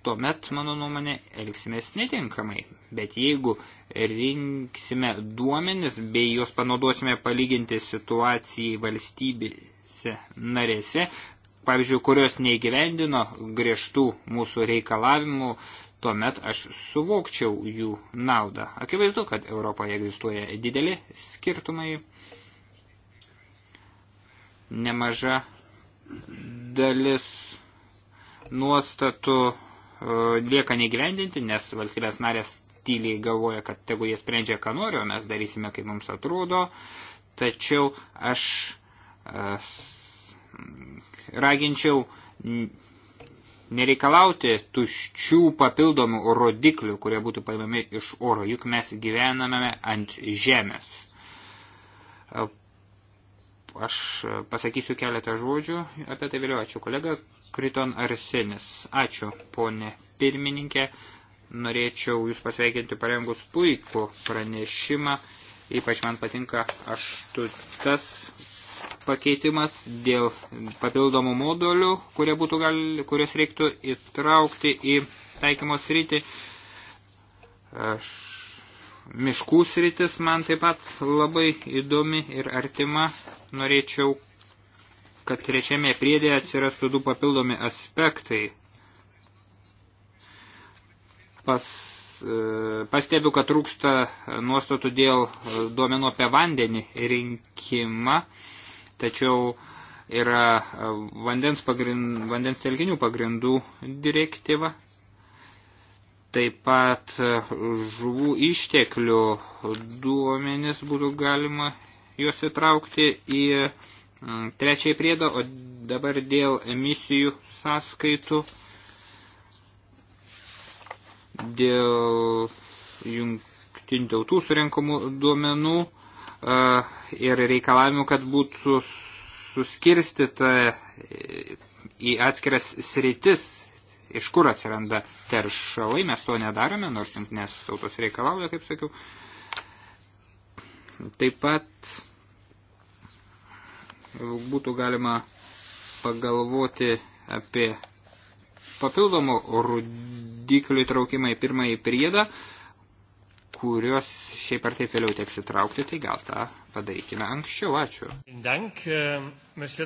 tuomet, mano nuomonė, elgsimės netinkamai. Bet jeigu rinksime duomenis bei juos panaudosime palyginti situacijai valstybėse narėse, pavyzdžiui, kurios neįgyvendino griežtų mūsų reikalavimų, tuomet aš suvokčiau jų naudą. Akivaizdu, kad Europoje egzistuoja dideli skirtumai. Nemaža dalis nuostatų E, lieka negyvendinti, nes valstybės narės tyliai galvoja, kad tegu jie sprendžia, ką nori, o mes darysime, kaip mums atrodo. Tačiau aš e, raginčiau nereikalauti tuščių papildomų rodiklių, kurie būtų paimami iš oro, juk mes gyvename ant žemės e, Aš pasakysiu keletą žodžių apie tai vėliau. Ačiū kolega Kriton Arsenis. Ačiū ponė pirmininkė. Norėčiau Jūs pasveikinti parengus puikų pranešimą. Ypač man patinka aštutas pakeitimas dėl papildomų modulių, kurie būtų gal, kurios reiktų įtraukti į taikymos rytį. Aš miškų sritis man taip pat labai įdomi ir artima. Norėčiau, kad trečiame priedė atsirastų du papildomi aspektai. Pas, e, pastebiu, kad trūksta nuostatų dėl duomenų apie vandenį rinkimą, tačiau yra vandens, pagrind, vandens telginių pagrindų direktyva. Taip pat e, žuvų išteklių duomenis būtų galima juos įtraukti į e, trečiąjį priedą, o dabar dėl emisijų sąskaitų, dėl jungtinių tautų surinkamų duomenų e, ir reikalavimų, kad būtų suskirstita į atskiras sritis iš kur atsiranda teršalai, mes to nedarome, nors jungtinės tautos reikalauja, kaip sakiau. Taip pat būtų galima pagalvoti apie papildomų rudiklių įtraukimą į pirmąjį priedą, kurios šiaip ar taip vėliau teks įtraukti, tai gal tą padarykime anksčiau. Ačiū. Äh,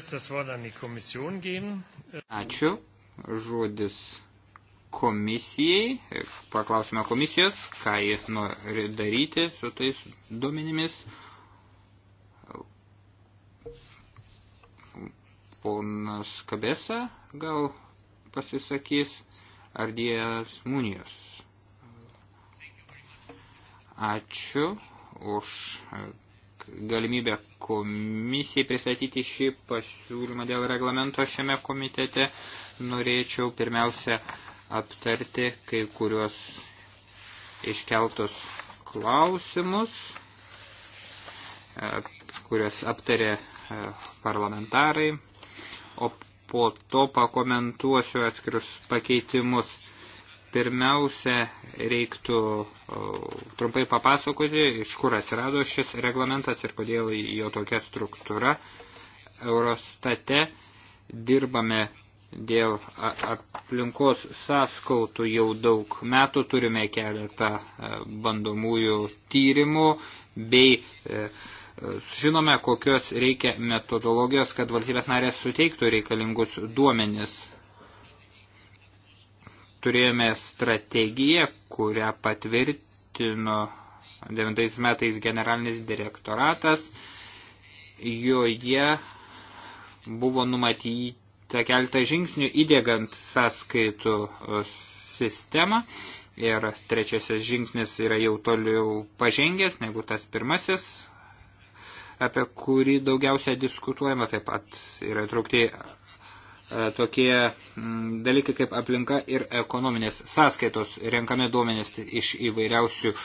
Ačiū žodis komisijai. Paklausime komisijos, ką jis nori daryti su tais duomenimis. Ponas Kabesa gal pasisakys, ar Dijas Munijos. Ačiū už galimybę komisijai pristatyti šį pasiūlymą dėl reglamento šiame komitete norėčiau pirmiausia aptarti kai kuriuos iškeltus klausimus, e, kuriuos aptarė e, parlamentarai, o po to pakomentuosiu atskirius pakeitimus. Pirmiausia, reiktų e, trumpai papasakoti, iš kur atsirado šis reglamentas ir kodėl jo tokia struktūra. Eurostate dirbame dėl aplinkos sąskautų jau daug metų turime keletą e, bandomųjų tyrimų bei e, žinome, kokios reikia metodologijos, kad valstybės narės suteiktų reikalingus duomenis. Turėjome strategiją, kurią patvirtino 9 metais generalinis direktoratas. Joje buvo numatyti žengta keltą žingsnių įdėgant sąskaitų e, sistemą ir trečiasis žingsnis yra jau toliau pažengęs negu tas pirmasis, apie kurį daugiausia diskutuojama, taip pat yra traukti e, tokie dalykai kaip aplinka ir ekonominės sąskaitos renkami duomenės iš įvairiausių e,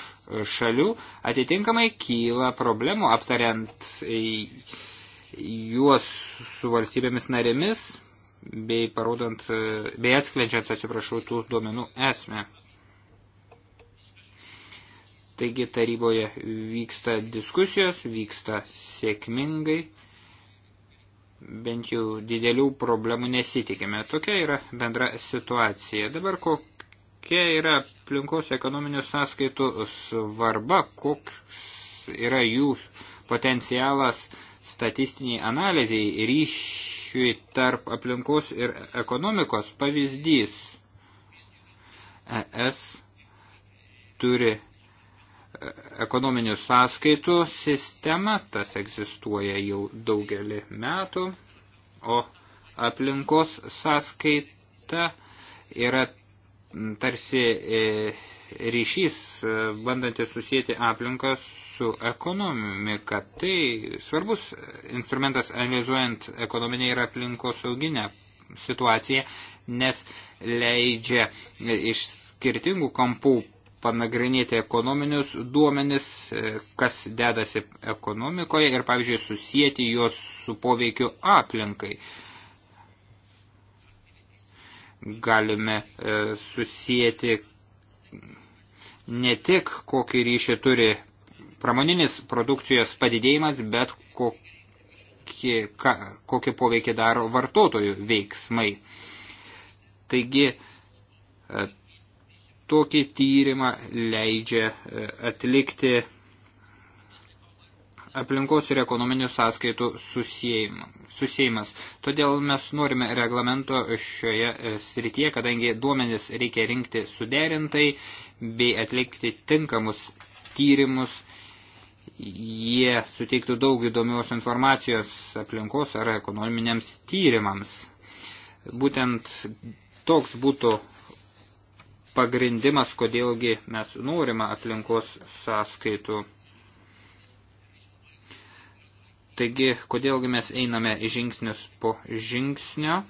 šalių, atitinkamai kyla problemų aptariant juos su valstybėmis narėmis, bei parodant, e, bei atskleidžiant, atsiprašau, tų duomenų esmę. Taigi taryboje vyksta diskusijos, vyksta sėkmingai, bent jau didelių problemų nesitikime. Tokia yra bendra situacija. Dabar kokia yra aplinkos ekonominių sąskaitų svarba, koks yra jų potencialas statistiniai analizai ryšiui tarp aplinkos ir ekonomikos pavyzdys. ES turi e, ekonominių sąskaitų sistema, tas egzistuoja jau daugelį metų, o aplinkos sąskaita yra tarsi e, ryšys, e, bandantis susijęti aplinką su ekonomika. Tai svarbus instrumentas analizuojant ekonominę ir aplinkosauginę situaciją, nes leidžia iš skirtingų kampų panagrinėti ekonominius duomenis, kas dedasi ekonomikoje ir, pavyzdžiui, susijęti juos su poveikiu aplinkai. Galime e, susijęti ne tik kokį ryšį turi pramoninis produkcijos padidėjimas, bet kokį, ka, kokį poveikį daro vartotojų veiksmai. Taigi, e, tokį tyrimą leidžia e, atlikti aplinkos ir ekonominių sąskaitų susėjimas. Todėl mes norime reglamento šioje e, srityje, kadangi duomenis reikia rinkti suderintai bei atlikti tinkamus tyrimus jie suteiktų daug įdomios informacijos aplinkos ar ekonominiams tyrimams. Būtent toks būtų pagrindimas, kodėlgi mes norime aplinkos sąskaitų. Taigi, kodėlgi mes einame žingsnius po žingsnio,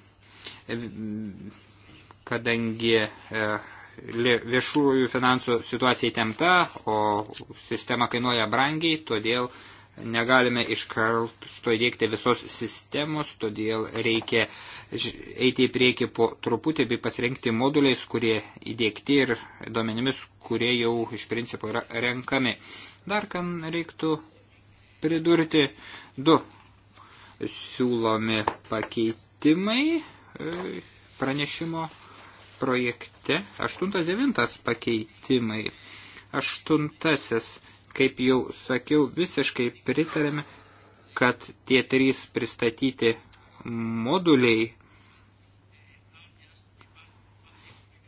kadangi e, viešųjų finansų situacija įtempta, o sistema kainuoja brangiai, todėl negalime iškarto įdėkti visos sistemos, todėl reikia eiti į priekį po truputį bei pasirinkti moduliais, kurie įdėkti ir duomenimis, kurie jau iš principo yra renkami. Dar kam reiktų pridurti du siūlomi pakeitimai e, pranešimo projekte pakeisti. 8-9 pakeitimai. 8. Kaip jau sakiau, visiškai pritarėme, kad tie trys pristatyti moduliai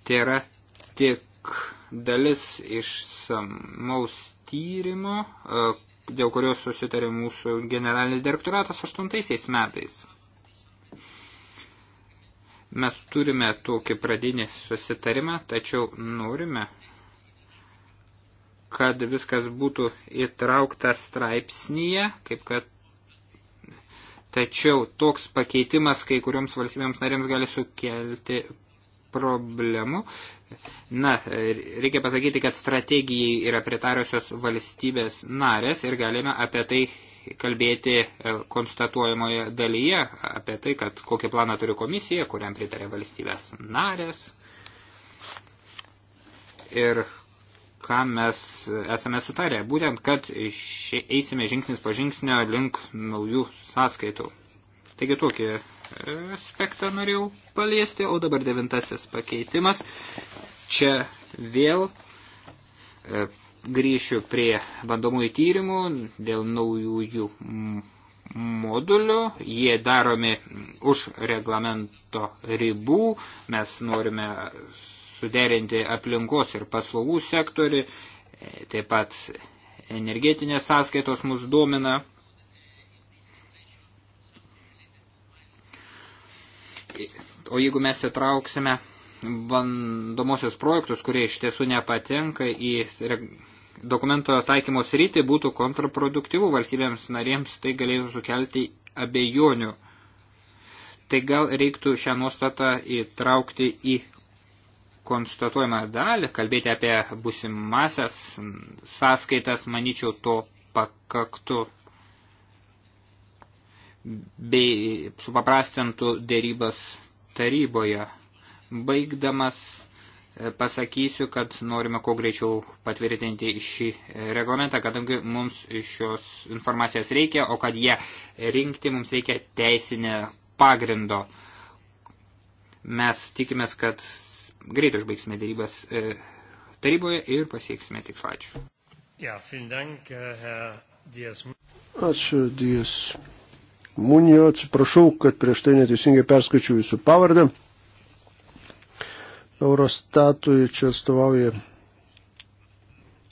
tai yra tik dalis išsamaus tyrimo, e, dėl kurios susitarė mūsų generalinis direktoratas 8 metais. Mes turime tokį pradinį susitarimą, tačiau norime, kad viskas būtų įtraukta straipsnyje, kaip kad Tačiau toks pakeitimas kai kurioms valstybėms narėms gali sukelti problemų. Na, reikia pasakyti, kad strategijai yra pritariusios valstybės narės ir galime apie tai kalbėti e, konstatuojamoje dalyje apie tai, kad kokį planą turi komisija, kuriam pritarė valstybės narės ir ką mes esame sutarę. Būtent, kad ši, eisime žingsnis po žingsnio link naujų sąskaitų. Taigi tokį e, aspektą norėjau paliesti, o dabar devintasis pakeitimas. Čia vėl e, grįšiu prie bandomųjų tyrimų dėl naujųjų modulių. Jie daromi už reglamento ribų. Mes norime suderinti aplinkos ir paslaugų sektorių. Taip pat energetinės sąskaitos mus domina. O jeigu mes įtrauksime bandomosios projektus, kurie iš tiesų nepatenka į dokumento taikymo sritį, būtų kontraproduktyvų valstybėms narėms, tai galėtų sukelti abejonių. Tai gal reiktų šią nuostatą įtraukti į konstatuojamą dalį, kalbėti apie busimasias sąskaitas, manyčiau, to pakaktų bei supaprastintų dėrybas taryboje. Baigdamas e, pasakysiu, kad norime kuo greičiau patvirtinti šį e, reglamentą, kadangi mums šios informacijos reikia, o kad ją rinkti mums reikia teisinę pagrindo. Mes tikimės, kad greit užbaigsime dėrybas e, taryboje ir pasieksime tikslą. Ačiū. Ja, dank, äh, Dies. Ačiū, Dijas. Munio, atsiprašau, kad prieš tai neteisingai perskaičiu jūsų pavardę. Eurostatui čia atstovauja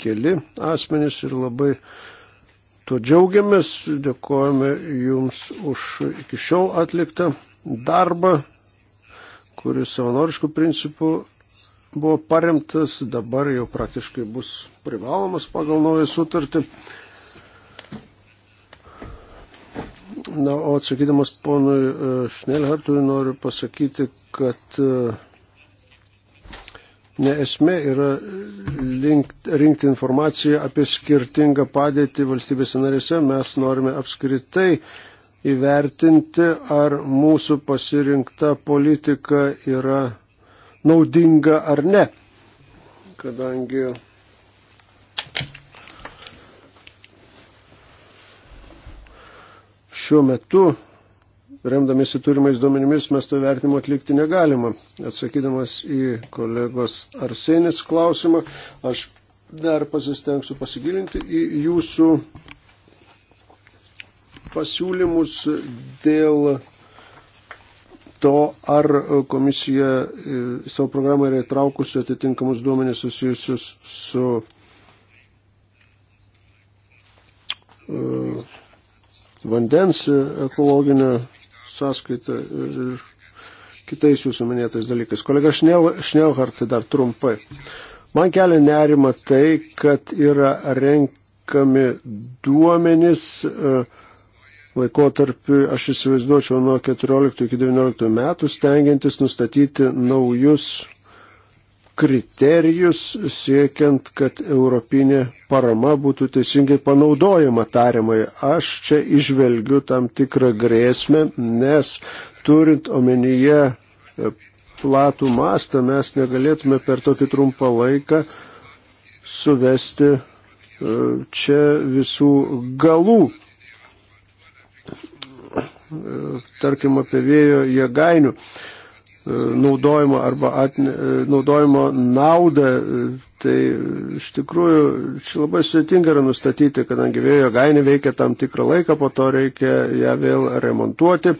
keli asmenys ir labai tuo džiaugiamės, dėkojame Jums už iki šiol atliktą darbą, kuris savanoriškų principų buvo paremtas, dabar jau praktiškai bus privalomas pagal naują sutartį. Na, o atsakydamas ponui Šnelhartui e, noriu pasakyti, kad uh, Ne esmė yra linkt, rinkti informaciją apie skirtingą padėtį valstybėse narėse. Mes norime apskritai įvertinti, ar mūsų pasirinkta politika yra naudinga ar ne. Kadangi šiuo metu remdamėsi turimais duomenimis mes to vertinimo atlikti negalima. Atsakydamas į kolegos Arsenis klausimą, aš dar pasistengsiu pasigilinti į jūsų pasiūlymus dėl to, ar komisija į e, savo programą yra įtraukusi atitinkamus duomenys susijusius su uh, vandens ekologinio sąskaitą ir kitais jūsų minėtais dalykais. Kolega Šnelhartai dar trumpai. Man kelia nerima tai, kad yra renkami duomenys e, laikotarpiu, aš įsivaizduočiau, nuo 14 iki 19 metų, stengiantis nustatyti naujus kriterijus siekiant, kad europinė parama būtų teisingai panaudojama tariamai. Aš čia išvelgiu tam tikrą grėsmę, nes turint omenyje e, platų mastą mes negalėtume per tokį trumpą laiką suvesti e, čia visų galų. E, tarkim, apie vėjo jėgainių E, naudojimo arba atne, e, naudojimo naudą, e, tai iš tikrųjų čia labai sudėtinga yra nustatyti, kadangi vėjo gainė veikia tam tikrą laiką, po to reikia ją vėl remontuoti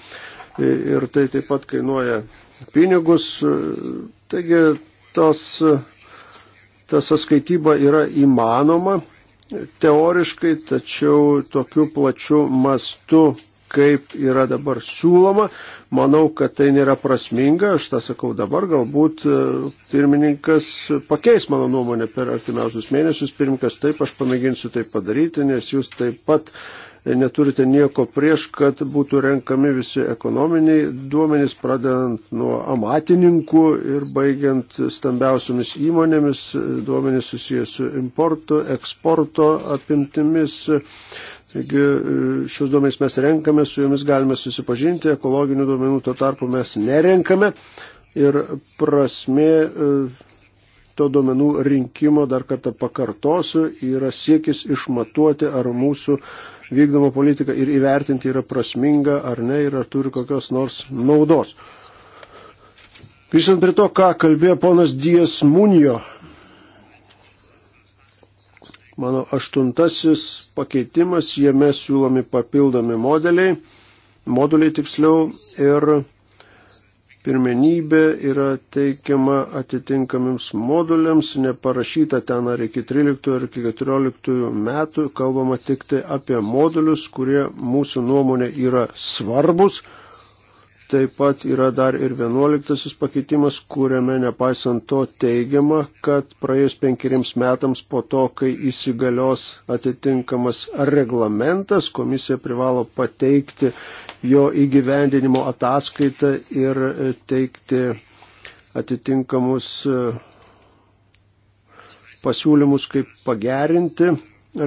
ir tai taip pat kainuoja pinigus. Taigi tos, ta saskaityba yra įmanoma teoriškai, tačiau tokiu plačiu mastu kaip yra dabar siūloma, Manau, kad tai nėra prasminga, aš tą sakau dabar, galbūt e, pirmininkas pakeis mano nuomonę per artimiausius mėnesius, pirmininkas taip, aš pamėginsiu tai padaryti, nes jūs taip pat neturite nieko prieš, kad būtų renkami visi ekonominiai duomenys, pradedant nuo amatininkų ir baigiant stambiausiamis įmonėmis, duomenys susijęs su importu, eksporto apimtimis, Taigi e, šios duomenys mes renkame, su jomis galime susipažinti, ekologinių duomenų tuo tarpu mes nerenkame ir prasme e, to duomenų rinkimo, dar kartą pakartosiu, yra siekis išmatuoti, ar mūsų vykdoma politika ir įvertinti yra prasminga ar ne ir ar turi kokios nors naudos. Grįžtant prie to, ką kalbėjo ponas Dijas Munjo Mano aštuntasis pakeitimas, jame siūlomi papildomi modeliai, moduliai tiksliau, ir pirmenybė yra teikiama atitinkamiems moduliams, neparašyta ten ar iki 13 ar iki 14 metų, kalbama tik tai apie modulius, kurie mūsų nuomonė yra svarbus Taip pat yra dar ir vienuoliktasis pakeitimas, kuriame nepaisant to teigiama, kad praėjus penkeriems metams po to, kai įsigalios atitinkamas reglamentas, komisija privalo pateikti jo įgyvendinimo ataskaitą ir teikti atitinkamus e, pasiūlymus, kaip pagerinti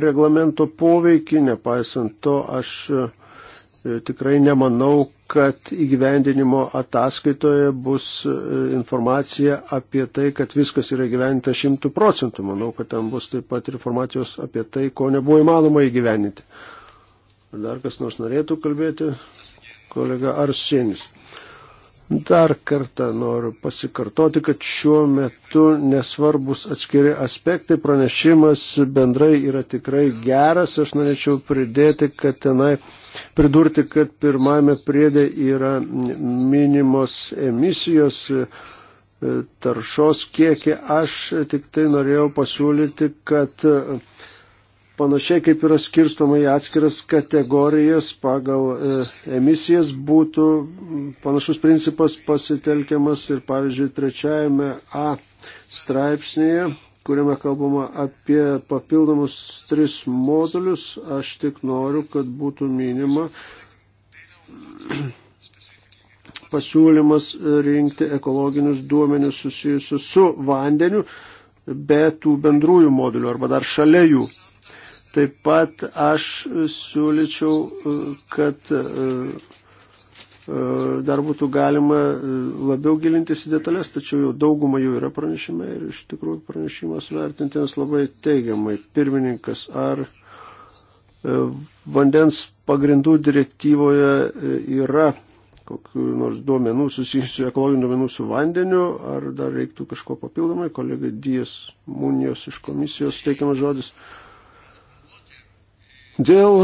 reglamento poveikį. Nepaisant to, aš e, E, tikrai nemanau, kad įgyvendinimo ataskaitoje bus e, informacija apie tai, kad viskas yra įgyvendinta šimtų procentų. Manau, kad ten bus taip pat informacijos apie tai, ko nebuvo įmanoma įgyvendinti. Ar dar kas nors norėtų kalbėti? Kolega Arsenis. Dar kartą noriu pasikartoti, kad šiuo metu nesvarbus atskiri aspektai, pranešimas bendrai yra tikrai geras. Aš norėčiau pridėti, kad tenai pridurti, kad pirmame priedė yra minimos emisijos e, taršos kiekį. Aš tik tai norėjau pasiūlyti, kad panašiai kaip yra skirstoma į atskiras kategorijas pagal e, emisijas, būtų panašus principas pasitelkiamas ir, pavyzdžiui, trečiajame A straipsnėje, kuriame kalbama apie papildomus tris modulius. Aš tik noriu, kad būtų minima pasiūlymas rinkti ekologinius duomenius susijusius su vandeniu be tų bendrųjų modulių arba dar šalia jų. Taip pat aš siūlyčiau, e, kad e, e, dar būtų galima labiau gilintis į detalės, tačiau jau dauguma jų yra pranešime ir iš tikrųjų pranešimas vertintinas labai teigiamai. Pirmininkas, ar vandens pagrindų direktyvoje yra kokiu nors duomenų susijusių ekologinių duomenų su vandeniu, ar dar reiktų kažko papildomai, kolega Dijas Munijos iš komisijos teikiamas žodis. Uh, Dėl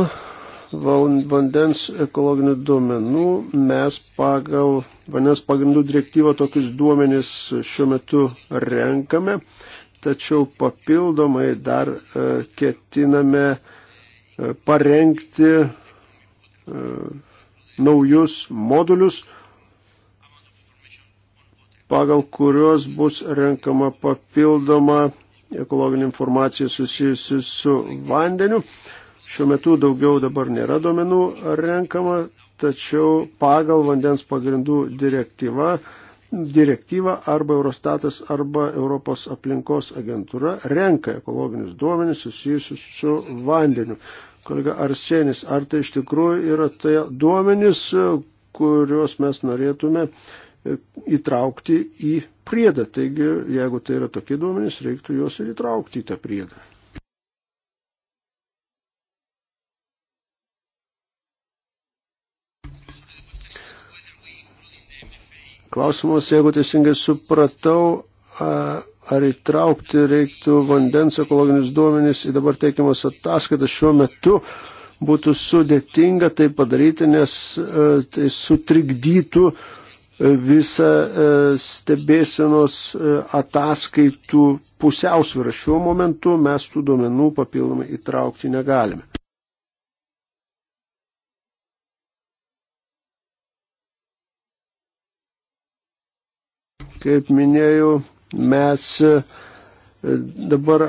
vandens ekologinių duomenų mes pagal vandens pagrindų direktyvą tokius duomenys šiuo metu renkame, tačiau papildomai dar e, ketiname e, parengti e, naujus modulius, pagal kuriuos bus renkama papildoma ekologinė informacija susijusi su vandeniu. Šiuo metu daugiau dabar nėra duomenų renkama, tačiau pagal vandens pagrindų direktyvą, direktyvą arba Eurostatas arba Europos aplinkos agentūra renka ekologinius duomenis susijusius su vandeniu. Kolega Arsenis, ar tai iš tikrųjų yra tai duomenis, kuriuos mes norėtume įtraukti į priedą. Taigi, jeigu tai yra tokie duomenys, reiktų juos ir įtraukti į tą priedą. Klausimas, jeigu teisingai supratau, ar įtraukti reiktų vandens ekologinius duomenys į dabar teikiamas ataskaitas šiuo metu būtų sudėtinga tai padaryti, nes tai sutrikdytų visą stebėsenos ataskaitų pusiausvyrą. Šiuo momentu mes tų duomenų papildomai įtraukti negalime. Kaip minėjau, mes e, dabar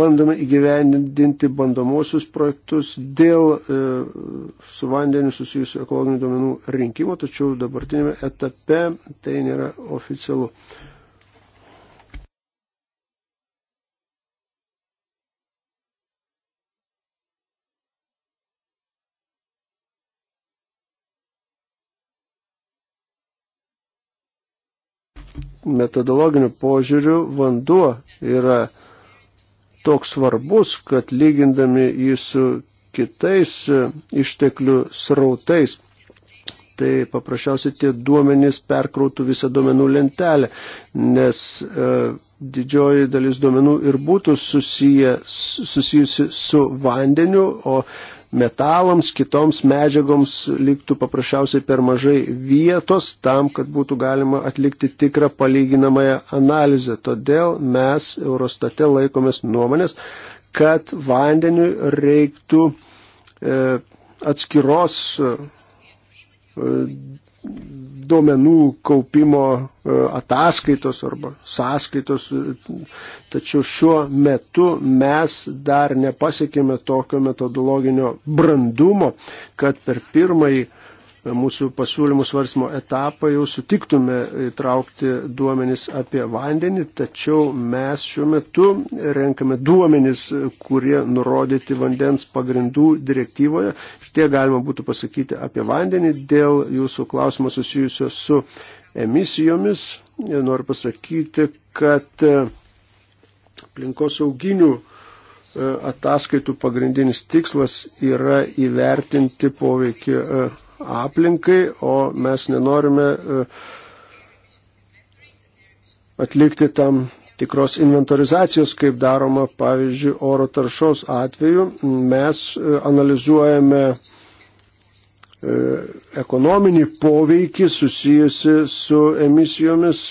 bandome įgyvendinti bandomosius projektus dėl e, su vandeniu susijusių ekologinių duomenų rinkimo, tačiau dabartinėme etape tai nėra oficialu. metodologiniu požiūriu vanduo yra toks svarbus, kad lygindami jį su kitais e, išteklių srautais, tai paprasčiausiai tie duomenys perkrautų visą duomenų lentelę, nes e, didžioji dalis duomenų ir būtų susiję, susijusi su vandeniu, o metalams, kitoms medžiagoms liktų paprasčiausiai per mažai vietos tam, kad būtų galima atlikti tikrą palyginamąją analizę. Todėl mes Eurostate laikomės nuomonės, kad vandeniu reiktų e, atskiros e, duomenų kaupimo e, ataskaitos arba sąskaitos, tačiau šiuo metu mes dar nepasiekėme tokio metodologinio brandumo, kad per pirmąjį mūsų pasiūlymų svarstymo etapą jau sutiktume įtraukti duomenis apie vandenį, tačiau mes šiuo metu renkame duomenis, kurie nurodyti vandens pagrindų direktyvoje. Tie galima būtų pasakyti apie vandenį dėl jūsų klausimo susijusio su emisijomis. Noriu pasakyti, kad aplinkosauginių e, ataskaitų pagrindinis tikslas yra įvertinti poveikį e, aplinkai, o mes nenorime e, atlikti tam tikros inventorizacijos, kaip daroma, pavyzdžiui, oro taršos atveju. Mes e, analizuojame e, ekonominį poveikį susijusi su emisijomis,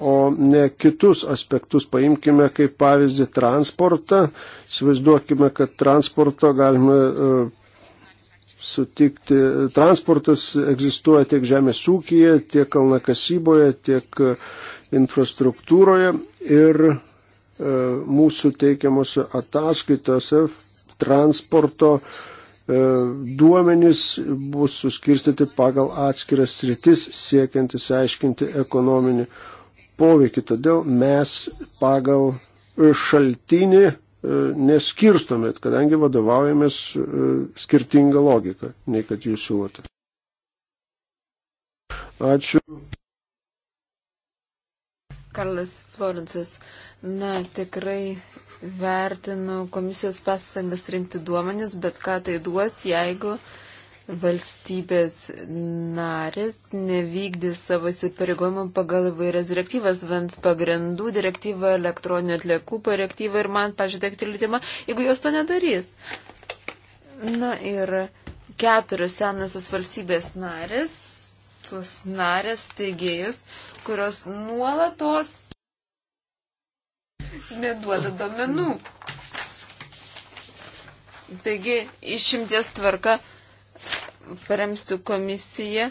o ne kitus aspektus. Paimkime kaip pavyzdį transportą. Įsivaizduokime, kad transporto galime sutikti. Transportas egzistuoja tiek žemės ūkyje, tiek kalnakasyboje, tiek e, infrastruktūroje ir e, mūsų teikiamose ataskaitose transporto e, duomenys bus suskirstyti pagal atskiras sritis siekiant įsiaiškinti ekonominį poveikį. Todėl mes pagal šaltinį E, neskirstumėt, kadangi vadovaujamės e, skirtingą logiką, nei kad jūs siūlote. Ačiū. Karlas Florencas. Na, tikrai vertinu komisijos pasangas rinkti duomenis, bet ką tai duos, jeigu uh, valstybės narės nevykdys savo įsipareigojimų pagal įvairias direktyvas, vans pagrindų direktyvą, elektroninių atliekų direktyvą ir man, pažiūrėk, tai tiltimą, jeigu jos to nedarys. Na ir keturios senosios valstybės narės, tos narės steigėjus, kurios nuolatos neduoda domenų. Taigi, išimties tvarka paremsiu komisiją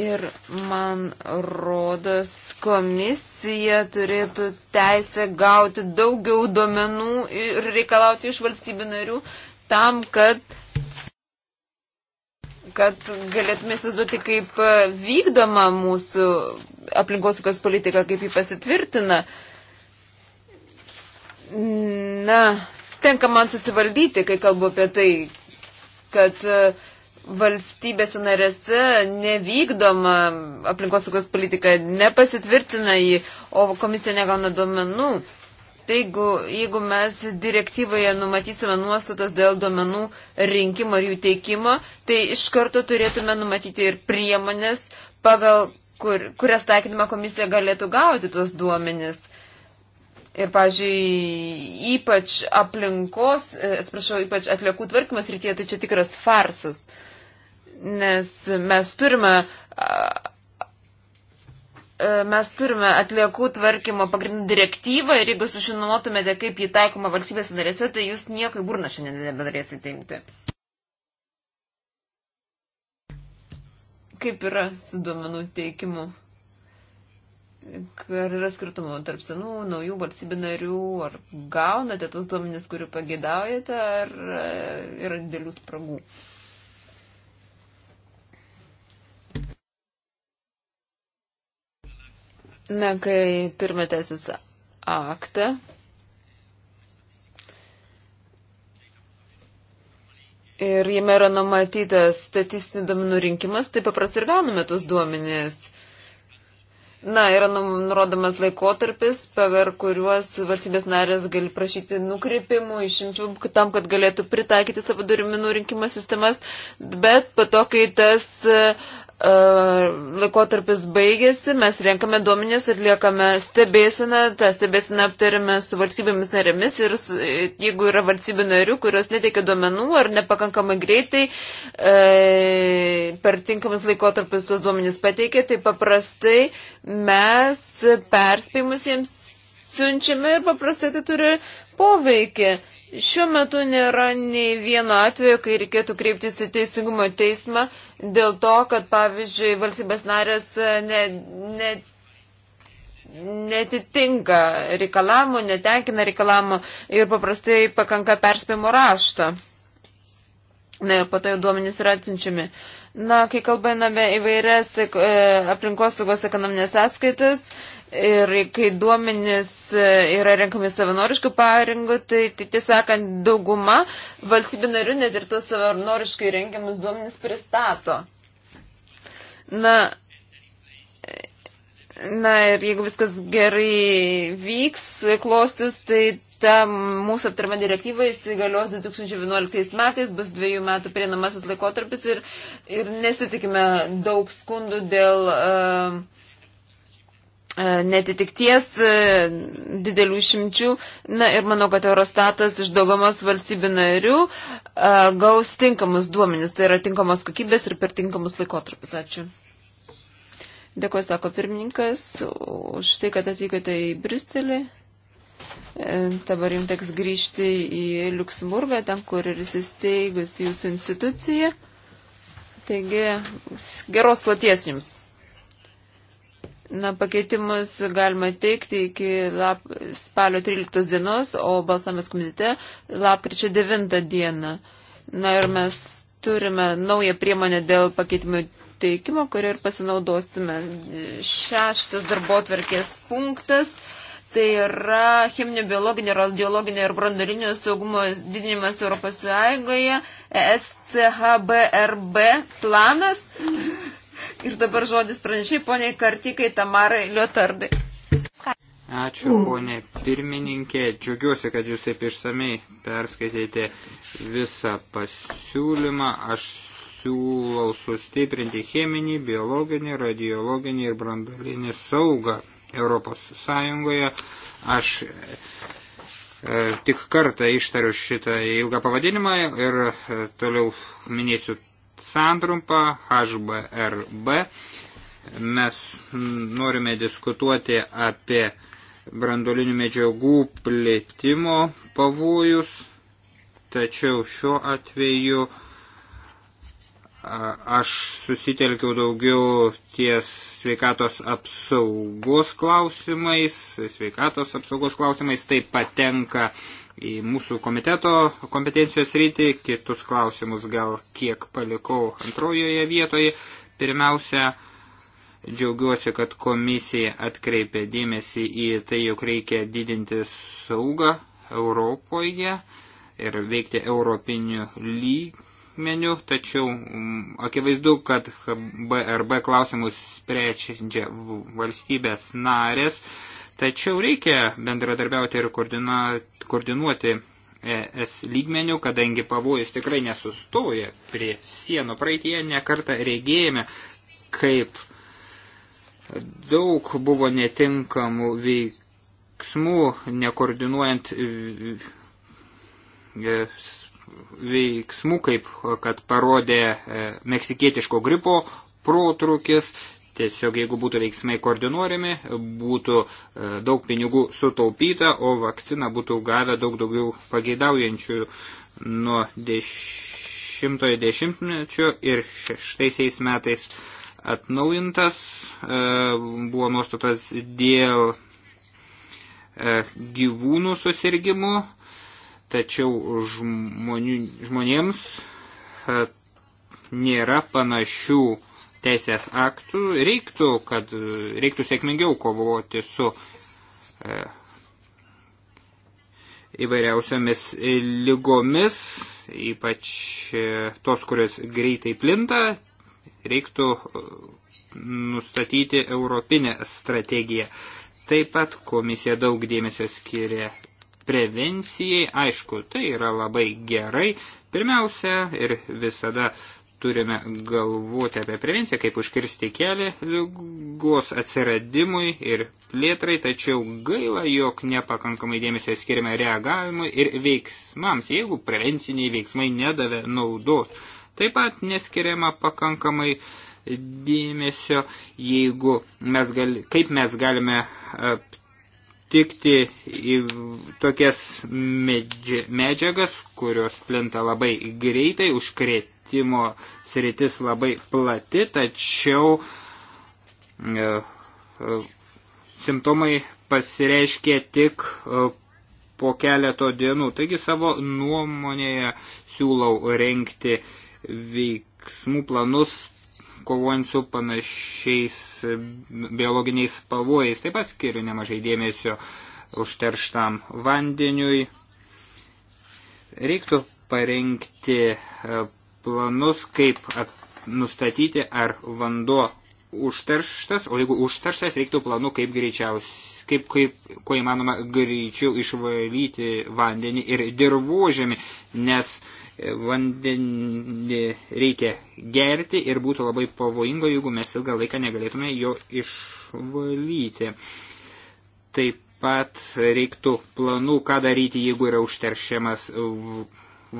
ir man rodos komisija turėtų teisę gauti daugiau duomenų ir reikalauti iš valstybių narių tam, kad kad galėtume įsivaizduoti, kaip vykdoma mūsų aplinkosaugos politika, kaip jį pasitvirtina. Na, tenka man susivaldyti, kai kalbu apie tai, kad uh, valstybėse narėse nevykdoma aplinkosaugos politika, nepasitvirtina jį, o komisija negauna duomenų. Tai jeigu, jeigu mes direktyvoje numatysime nuostatas dėl duomenų rinkimo ir jų teikimo, tai iš karto turėtume numatyti ir priemonės, pagal kur, kurias taikinimą komisija galėtų gauti tuos duomenis. Ir, pažiūrėjau, ypač aplinkos, e, atsiprašau, ypač atliekų tvarkymas rytyje, tai čia tikras farsas. Uh, nes mes turime. Mes turime atliekų tvarkymo pagrindų direktyvą ir jeigu sužinotumėte, kaip jį taikoma valstybės narėse, tai jūs nieko į burną šiandien nebenorėsite imti. Kaip yra su duomenų teikimu? Ar yra skirtumų tarp senų, naujų valstybių narių, ar gaunate tuos duomenis, kurių pagėdaujate, ar e, yra didelių spragų? Uh, Na, kai turime teisės aktą, ir jame yra numatytas statistinių duomenų rinkimas, tai paprastai ir gauname tuos duomenys. Na, yra nurodomas laikotarpis, per kuriuos valstybės narės gali prašyti nukreipimų, išimčių tam, kad galėtų pritaikyti savo duomenų rinkimo sistemas, bet po to, kai tas uh, E, laikotarpis baigėsi, mes renkame duomenės ir liekame stebėsiną, tą stebėsiną aptarėme su valstybėmis narėmis ir e, jeigu yra valstybių narių, kurios neteikia duomenų ar nepakankamai greitai e, per tinkamas laikotarpis tuos duomenys pateikia, tai paprastai mes perspėjimus jiems siunčiame ir paprastai tai turi poveikį. Šiuo metu nėra nei vieno atveju, kai reikėtų kreiptis į teisingumo teismą dėl to, kad, pavyzdžiui, valstybės narės e, ne, ne, netitinka reikalamų, netenkina reikalamų ir paprastai pakanka perspėjimo rašto. Na ir po to jau duomenys yra atsinčiami. Na, kai kalbame įvairias e, aplinkosaugos ekonominės sąskaitas, e, Ir kai duomenys e, yra renkami savanoriškų paringų, tai, tai tiesąkant dauguma valstybių narių net ir tuos savanoriškai renkiamus duomenys pristato. Na, na ir jeigu viskas gerai vyks, klostis, tai ta mūsų aptarma direktyva įsigalios 2011 metais, bus dviejų metų prieinamasis laikotarpis ir, ir nesitikime daug skundų dėl. Uh, E, netitikties, e, didelių šimčių. Na ir manau, kad Eurostatas iš daugumos valstybių narių e, gaus tinkamus duomenis, tai yra tinkamos kokybės ir per tinkamus laikotarpius. Ačiū. Dėkuoju, sako pirmininkas, už tai, kad atvykote į Bristelį. Dabar jums teks grįžti į Luksemburgą, ten, kur ir įsisteigusi jūsų institucija. Taigi, geros platies jums. Na, pakeitimus galima teikti iki lap, spalio 13 dienos, o balsavimas komitete lapkričio 9 dieną. Na ir mes turime naują priemonę dėl pakeitimų teikimo, kurią ir pasinaudosime. Šeštas darbo tvarkės punktas. Tai yra cheminio, biologinio, radiologinio ir brandarinio saugumo didinimas Europos Sąjungoje, e SCHBRB planas. Ir dabar žodis pranešiai poniai Kartikai Tamarai Liotardai. Ačiū, ponė pirmininkė. Džiaugiuosi, kad jūs taip išsamei perskaitėte visą pasiūlymą. Aš siūlau sustiprinti cheminį, biologinį, radiologinį ir brandalinį saugą Europos Sąjungoje. Aš e, tik kartą ištariu šitą ilgą pavadinimą ir e, toliau minėsiu santrumpą HBRB. Mes norime diskutuoti apie brandolinių medžiagų plėtimo pavojus, tačiau šiuo atveju aš susitelkiau daugiau ties sveikatos apsaugos klausimais, sveikatos apsaugos klausimais tai patenka į mūsų komiteto kompetencijos rytį, kitus klausimus gal kiek palikau antrojoje vietoje. Pirmiausia, džiaugiuosi, kad komisija atkreipė dėmesį į tai, jog reikia didinti saugą Europoje ir veikti europiniu lygmeniu, tačiau akivaizdu, kad BRB klausimus sprečia valstybės narės Tačiau reikia bendradarbiauti ir koordinuoti ES lygmenių, kadangi pavojus tikrai nesustoja prie sienų. Praeitie nekartą regėjome, kaip daug buvo netinkamų veiksmų, nekoordinuojant veiksmų, kaip kad parodė e, meksikietiško gripo protrukis Tiesiog jeigu būtų veiksmai koordinuojami, būtų e, daug pinigų sutaupyta, o vakciną būtų gavę daug daugiau pageidaujančių nuo dešimtojo dešimtmečio ir šeštaisiais metais atnaujintas e, buvo nuostatas dėl e, gyvūnų susirgymų, tačiau žmonių, žmonėms nėra panašių teisės aktų reiktų, kad reiktų sėkmingiau kovoti su e, įvairiausiamis lygomis, ypač e, tos, kurios greitai plinta, reiktų e, nustatyti europinę strategiją. Taip pat komisija daug dėmesio skiria prevencijai, aišku, tai yra labai gerai, pirmiausia ir visada turime galvoti apie prevenciją, kaip užkirsti kelią lygos atsiradimui ir plėtrai, tačiau gaila, jog nepakankamai dėmesio skiriame reagavimui ir veiksmams, jeigu prevenciniai veiksmai nedavė naudos. Taip pat neskiriama pakankamai dėmesio, jeigu mes gali, kaip mes galime e, aptikti į tokias medžiagas, kurios plinta labai greitai, užkrėti paplitimo sritis labai plati, tačiau e, e, simptomai pasireiškia tik e, po keleto dienų. Taigi savo nuomonėje siūlau renkti veiksmų planus kovojant su panašiais biologiniais pavojais. Taip pat skiriu nemažai dėmesio užterštam vandeniui. Reiktų parengti e, planus, kaip nustatyti, ar vanduo užterštas, o jeigu užterštas, reiktų planų, kaip greičiausiai, kaip, kaip, kuo įmanoma, greičiau išvalyti vandenį ir dirbožėmį, nes e, vandenį reikia gerti ir būtų labai pavojingo, jeigu mes ilgą laiką negalėtume jo išvalyti. Taip pat reiktų planų, ką daryti, jeigu yra užteršiamas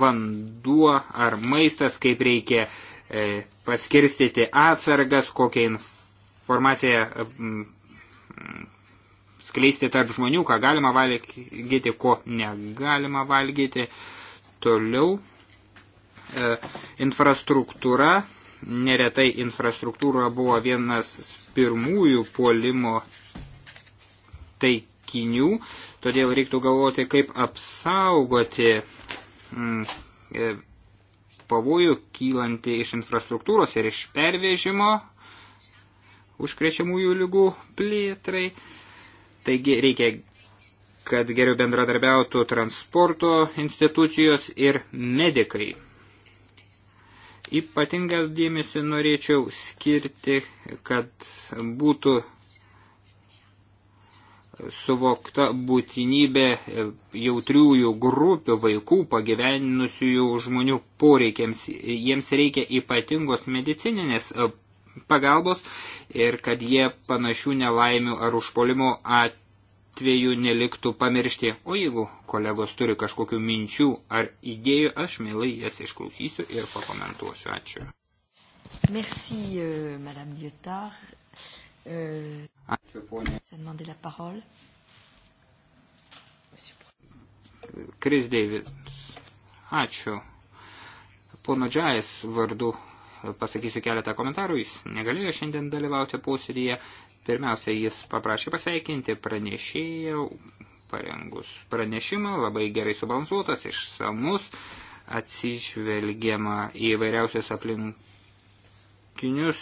vanduo ar maistas, kaip reikia e, paskirstyti atsargas, kokią informaciją e, skleisti tarp žmonių, ką galima valgyti, ko negalima valgyti. Toliau e, infrastruktūra. Neretai infrastruktūra buvo vienas pirmųjų puolimo taikinių, todėl reiktų galvoti, kaip apsaugoti Mm, e, pavojų kylanti iš infrastruktūros ir iš pervežimo užkrečiamųjų lygų plėtrai. Taigi reikia, kad geriau bendradarbiautų transporto institucijos ir medikai. Ypatingą dėmesį norėčiau skirti, kad būtų suvokta būtinybė jautriųjų grupių vaikų pagyveninusiųjų žmonių poreikiams. Jiems reikia ypatingos medicininės e, pagalbos ir kad jie panašių nelaimių ar užpolimo atveju neliktų pamiršti. O jeigu kolegos turi kažkokių minčių ar idėjų, aš mielai jas išklausysiu ir pakomentuosiu. Ačiū. Merci, euh, Madame Lyotard. Ačiū, ponė. Kris Deivids. Ačiū. Pono Džais vardu pasakysiu keletą komentarų. Jis negalėjo šiandien dalyvauti posėdėje. Pirmiausia, jis paprašė pasveikinti pranešėją, parengus pranešimą, labai gerai subalansuotas, išsamus, atsižvelgiama į vairiausius aplinkinius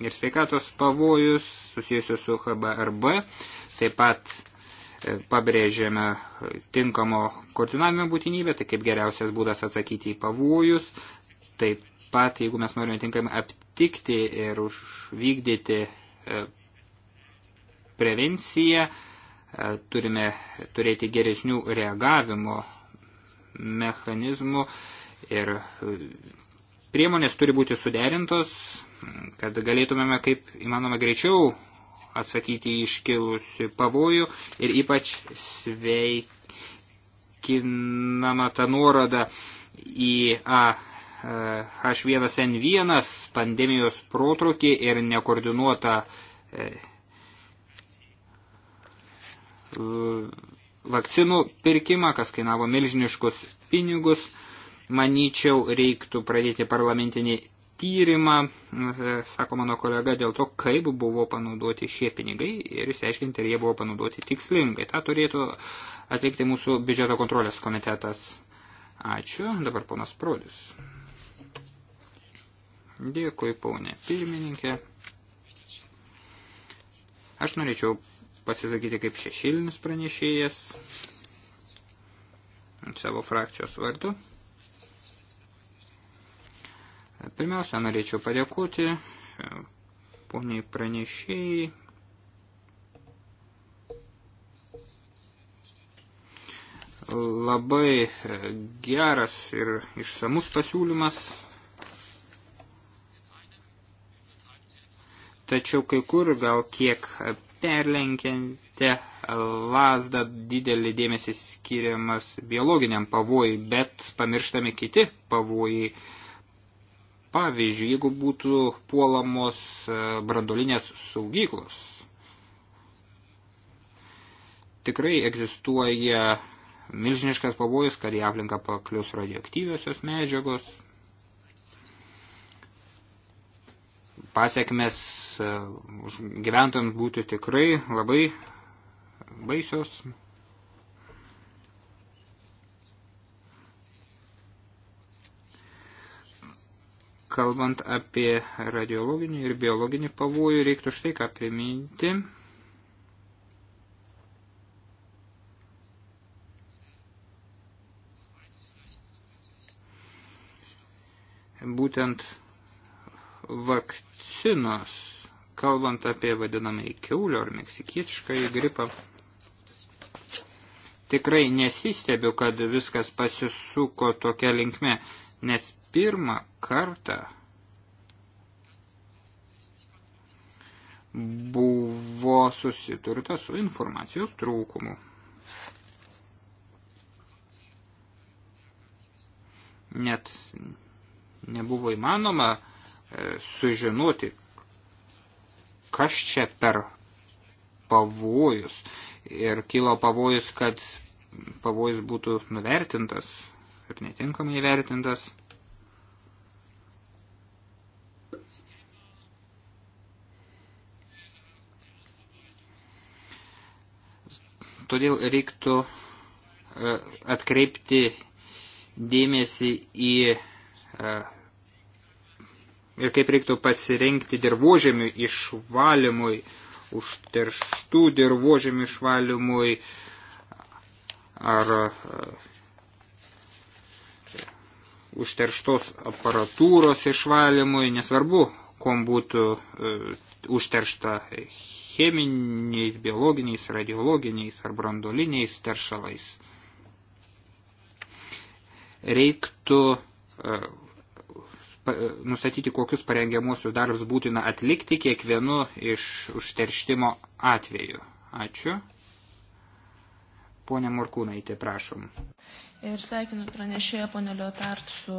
ir sveikatos pavojus susijusius su HBRB. Taip pat e, pabrėžėme e, tinkamo koordinavimo būtinybę, tai kaip geriausias būdas atsakyti į pavojus. Taip pat, jeigu mes norime tinkamai aptikti ir užvykdyti e, prevenciją, turime turėti geresnių reagavimo mechanizmų ir priemonės turi būti suderintos, kad galėtumėme kaip įmanoma greičiau atsakyti iškilusi pavojų ir ypač sveikinama ta nuoroda į H1N1 pandemijos protrukį ir nekoordinuotą e, vakcinų pirkimą, kas kainavo milžiniškus pinigus. Manyčiau, reiktų pradėti parlamentinį tyrimą, e, sako mano kolega, dėl to, kaip buvo panaudoti šie pinigai ir išsiaiškinti, ar jie buvo panaudoti tikslingai. Ta turėtų atlikti mūsų biudžeto kontrolės komitetas. Ačiū. Dabar ponas Prodis. Dėkui, paunė pirmininkė. Aš norėčiau pasisakyti kaip šešilinis pranešėjas savo frakcijos vardu. Pirmiausia, norėčiau padėkoti e, poniai pranešėjai. Labai e, geras ir išsamus pasiūlymas. Tačiau kai kur gal kiek perlenkiante lasdą didelį dėmesį skiriamas biologiniam pavojui, bet pamirštami kiti pavojai. Uh, Pavyzdžiui, jeigu būtų puolamos e, brandolinės saugyklos, tikrai egzistuoja milžiniškas pavojus, kad į aplinką paklius radioaktyviosios medžiagos. Pasiekmes e, gyventojams būtų tikrai labai baisios. Kalbant apie radiologinį ir biologinį pavojų, reiktų štai ką priminti. Būtent vakcinos, kalbant apie vadinamąjį kiaulio ar meksikiečką į gripą, tikrai nesistebiu, kad viskas pasisuko tokia linkme, nes pirmą kartą buvo susiturta su informacijos trūkumu. Net nebuvo įmanoma e, sužinoti, kas čia per pavojus. Ir kilo pavojus, kad pavojus būtų nuvertintas ir netinkamai vertintas. Todėl reiktų e, atkreipti dėmesį į e, ir kaip reiktų pasirinkti dirbožėmių išvalymui, užterštų dirbožėmių išvalymui ar e, užterštos aparatūros išvalymui, nesvarbu, kom būtų užteršta cheminiais, biologiniais, radiologiniais ar brandoliniais teršalais. Reiktų e, nustatyti, kokius parengiamuosius darbus būtina atlikti kiekvienu iš užterštimo atveju. Ačiū. Pone Morkūnaitė, prašom. Ir sveikinu pranešėją ponelio Tart su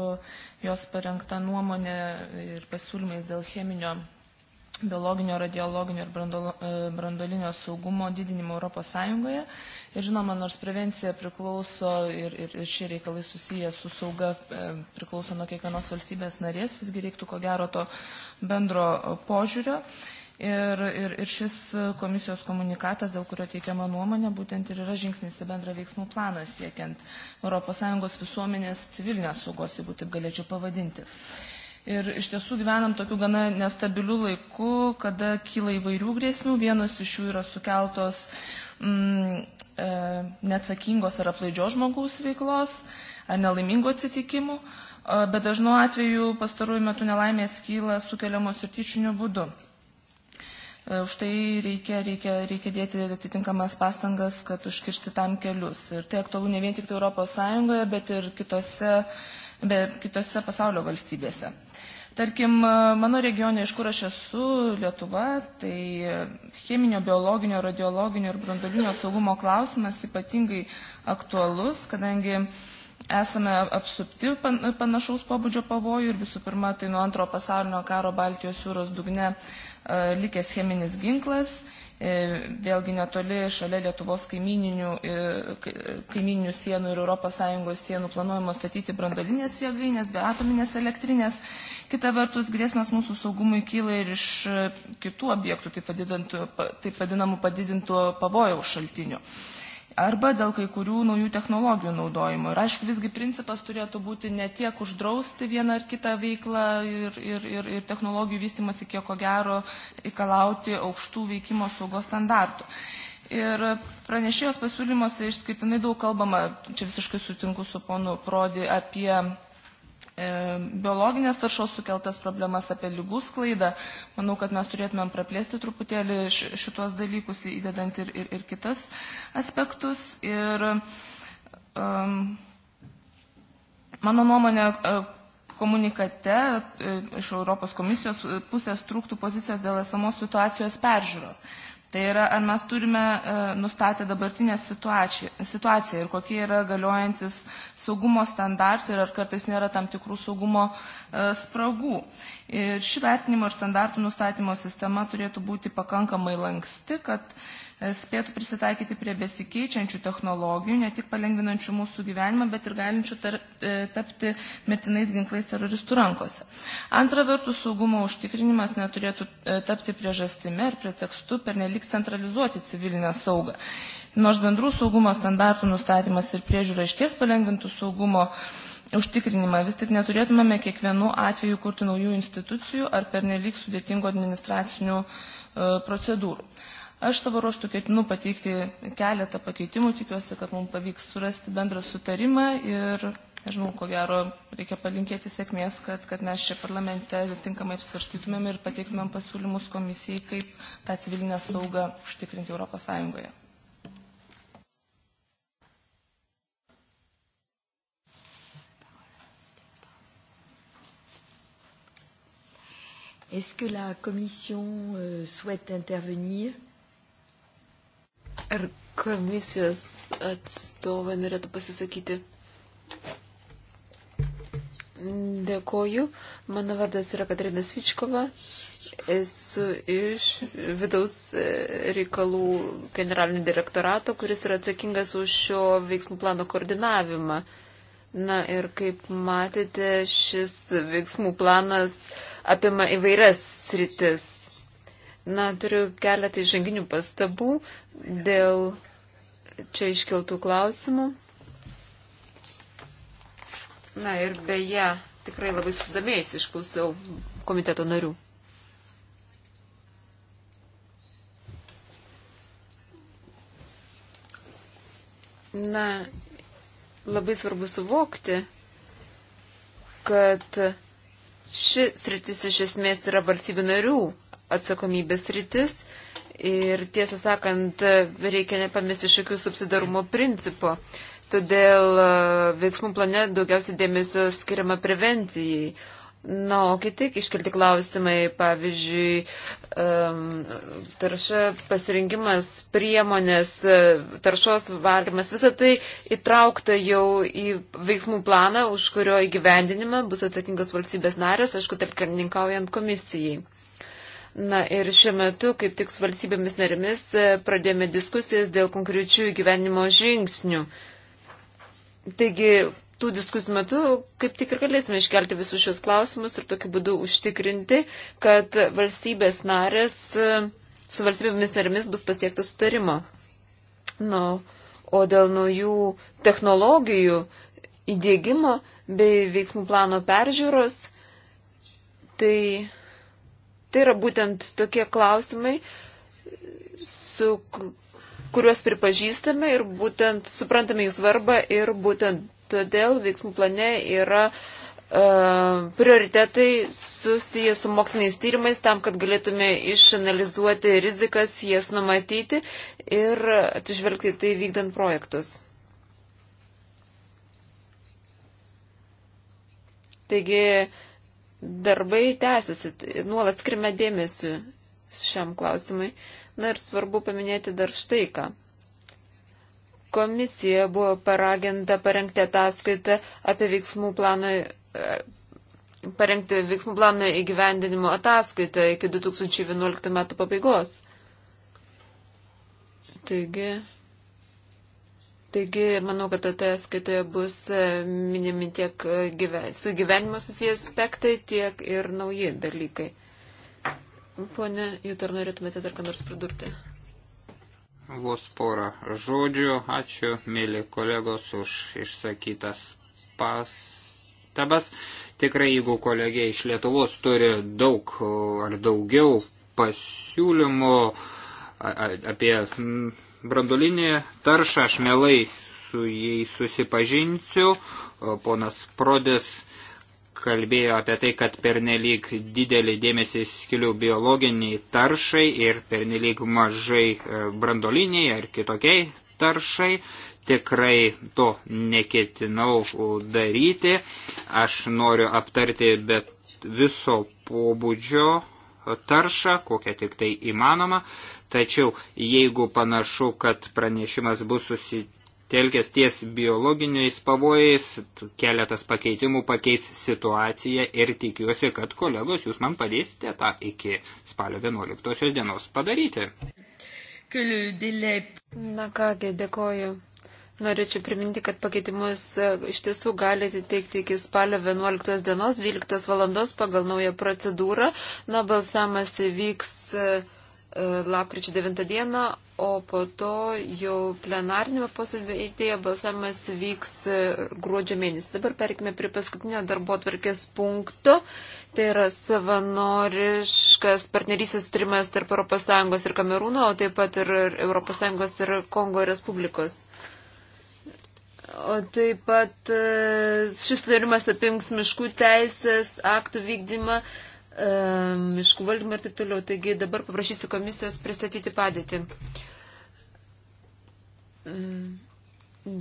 jos parengta nuomonė ir pasiūlymais dėl cheminio biologinio, radiologinio ir brandolinio e, saugumo didinimo Europos Sąjungoje. Ir žinoma, nors prevencija priklauso ir, ir, ir šie reikalai susiję su sauga e, priklauso nuo kiekvienos valstybės narės, visgi reiktų ko gero to bendro požiūrio. Ir, ir, ir šis komisijos komunikatas, dėl kurio teikiama nuomonė, būtent ir yra žingsnis į bendrą veiksmų planą siekiant ES visuomenės civilinės saugos, jeigu taip galėčiau pavadinti ir iš tiesų gyvenam tokiu gana nestabiliu laiku, kada kyla įvairių grėsmių. Vienos iš jų yra sukeltos mm, e, neatsakingos ar aplaidžio žmogaus veiklos ar nelaimingų atsitikimų, e, bet dažnu atveju pastaruoju metu nelaimės kyla sukeliamos ir tyčiniu būdu. E, už tai reikia, reikia, reikia dėti atitinkamas pastangas, kad užkirsti tam kelius. Ir tai aktualu ne vien tik tai ES, bet ir kitose, be, kitose pasaulio valstybėse. Tarkim, e, mano regione, iš kur aš esu, Lietuva, tai cheminio, biologinio, radiologinio ir brandolinio saugumo klausimas ypatingai aktualus, kadangi esame apsupti panašaus pobūdžio pavojų ir visų pirma, tai nuo antrojo pasaulinio karo Baltijos jūros dugne e, likęs cheminis ginklas E, vėlgi netoli šalia Lietuvos kaimininių, e, kaimininių sienų ir ES sienų planuojamos statyti brandolinės jėgainės, be atominės elektrinės. Kita vertus, grėsmės mūsų saugumui kyla ir iš e, kitų objektų, taip, taip vadinamų padidintų pavojaus šaltinių arba dėl kai kurių naujų technologijų naudojimo. Ir aišku, visgi principas turėtų būti ne tiek uždrausti vieną ar kitą veiklą ir, ir, ir, ir technologijų vystimasi, kiek ko gero reikalauti aukštų veikimo saugos standartų. Ir pranešėjos pasiūlymuose išskirtinai daug kalbama, čia visiškai sutinku su ponu Prodi, apie E, biologinės taršos sukeltas problemas, apie lygų sklaidą. Manau, kad mes turėtumėm praplėsti truputėlį šitos dalykus, įdedant ir, ir, ir kitas aspektus. Ir um, mano nuomonė, e, komunikate e, iš Europos komisijos pusės trūktų pozicijos dėl esamos situacijos peržiūros. Tai yra, ar mes turime e, nustatę dabartinę situaciją ir kokie yra galiojantis saugumo standartai ir ar kartais nėra tam tikrų saugumo e, spragų. Ir ši vertinimo ir standartų nustatymo sistema turėtų būti pakankamai lanksti, kad E, spėtų prisitaikyti prie besikeičiančių technologijų, ne tik palengvinančių mūsų gyvenimą, bet ir galinčių tar, e, tapti metinais ginklais teroristų rankose. Antra vertus, saugumo užtikrinimas neturėtų e, tapti priežastimi ir pretekstu per nelik centralizuoti civilinę saugą. Nors bendrų saugumo standartų nustatymas ir priežiūra išties palengvintų saugumo užtikrinimą. Vis tik neturėtumėme kiekvienu atveju kurti naujų institucijų ar pernelyg sudėtingų administracinių e, procedūrų. Aš savo ruoštų ketinu pateikti keletą pakeitimų, tikiuosi, kad mums pavyks surasti bendrą sutarimą ir, nežinau, ko gero, reikia palinkėti sėkmės, kad, kad mes čia parlamente tinkamai apsvarstytumėm ir pateiktumėm pasiūlymus komisijai, kaip tą civilinę saugą užtikrinti Europos Sąjungoje. Est-ce que la Commission euh, souhaite intervenir Ar komisijos atstovai norėtų pasisakyti? Dėkoju. Mano vardas yra Katarina Svičkova. Esu iš vidaus e, reikalų generalinio direktorato, kuris yra atsakingas už šio veiksmų plano koordinavimą. Na ir kaip matėte, šis veiksmų planas apima įvairias sritis. Na, turiu keletą įžanginių pastabų dėl čia iškeltų klausimų. Na ir beje, tikrai labai susidomėjusi išklausiau komiteto narių. Na, labai svarbu suvokti, kad ši sritis iš esmės yra valstybių narių atsakomybės rytis. Ir tiesą sakant, reikia nepamesti iš akių subsidarumo principo. Todėl e, veiksmų plane daugiausiai dėmesio skiriama prevencijai. Na, o kiti iškelti klausimai, pavyzdžiui, tarša pasirinkimas, priemonės, e, taršos valymas, visą tai įtraukta jau į veiksmų planą, už kurio įgyvendinimą bus atsakingas valstybės narės, aišku, tarpininkaujant komisijai. Na ir šiuo metu, kaip tik su valstybėmis narimis, e, pradėjome diskusijas dėl konkrečių gyvenimo žingsnių. Taigi, tų diskusijų metu kaip tik ir galėsime iškelti visus šios klausimus ir tokiu būdu užtikrinti, kad valstybės narės e, su valstybėmis narėmis bus pasiektas sutarimo. Nu, o dėl naujų technologijų įdėgymo bei veiksmų plano peržiūros, tai Tai yra būtent tokie klausimai, su kuriuos pripažįstame ir būtent suprantame jų svarbą ir būtent todėl veiksmų plane yra uh, prioritetai susiję su moksliniais tyrimais tam, kad galėtume išanalizuoti rizikas, jas numatyti ir atsižvelgti tai vykdant projektus. Taigi, uh, darbai tęsiasi, nuolat skirime dėmesį šiam klausimui. Na ir svarbu paminėti dar štai ką. Komisija buvo paraginta parengti ataskaitą apie veiksmų plano e, parengti veiksmų plano įgyvendinimo ataskaitą iki 2011 metų pabaigos. Taigi, Taigi, manau, kad toje skaitoje bus e, minimi tiek e, gyven, su gyvenimo susijęs aspektai, tiek ir nauji dalykai. Pone, jūs dar norėtumėte dar ką nors pridurti? Vos porą žodžių. Ačiū, mėly kolegos, už išsakytas pastabas. Tikrai, jeigu kolegė iš Lietuvos turi daug ar daugiau pasiūlymų, apie brandolinė tarša, aš mielai su jais susipažinsiu. Ponas Prodės kalbėjo apie tai, kad pernelyg didelį dėmesį skiliu biologiniai taršai ir pernelyg mažai e, brandoliniai ar kitokiai taršai. Tikrai to neketinau daryti. Aš noriu aptarti bet viso pobūdžio taršą, kokią tik tai įmanoma. Tačiau jeigu panašu, kad pranešimas bus susitelkęs ties biologiniais pavojais, keletas pakeitimų pakeis situaciją ir tikiuosi, kad kolegos jūs man padėsite tą iki spalio 11 dienos padaryti. Na kągi, dėkoju Norėčiau priminti, kad pakeitimus e, iš tiesų galite teikti iki spalio 11 dienos, 12 valandos pagal naują procedūrą. Na, balsamas vyks e, e, lapkričio 9 dieną, o po to jau plenarnėme posėdėje balsamas vyks gruodžio mėnesį. Dabar perkime prie paskutinio darbo tvarkės punkto. Tai yra savanoriškas partnerysės trimas tarp ES ir Kamerūno, o taip pat ir ES ir Kongo Respublikos. O taip pat e, šis sutarimas apims miškų teisės, aktų vykdymą, e, miškų valdymą ir taip toliau. Taigi dabar paprašysiu komisijos pristatyti padėtį. E,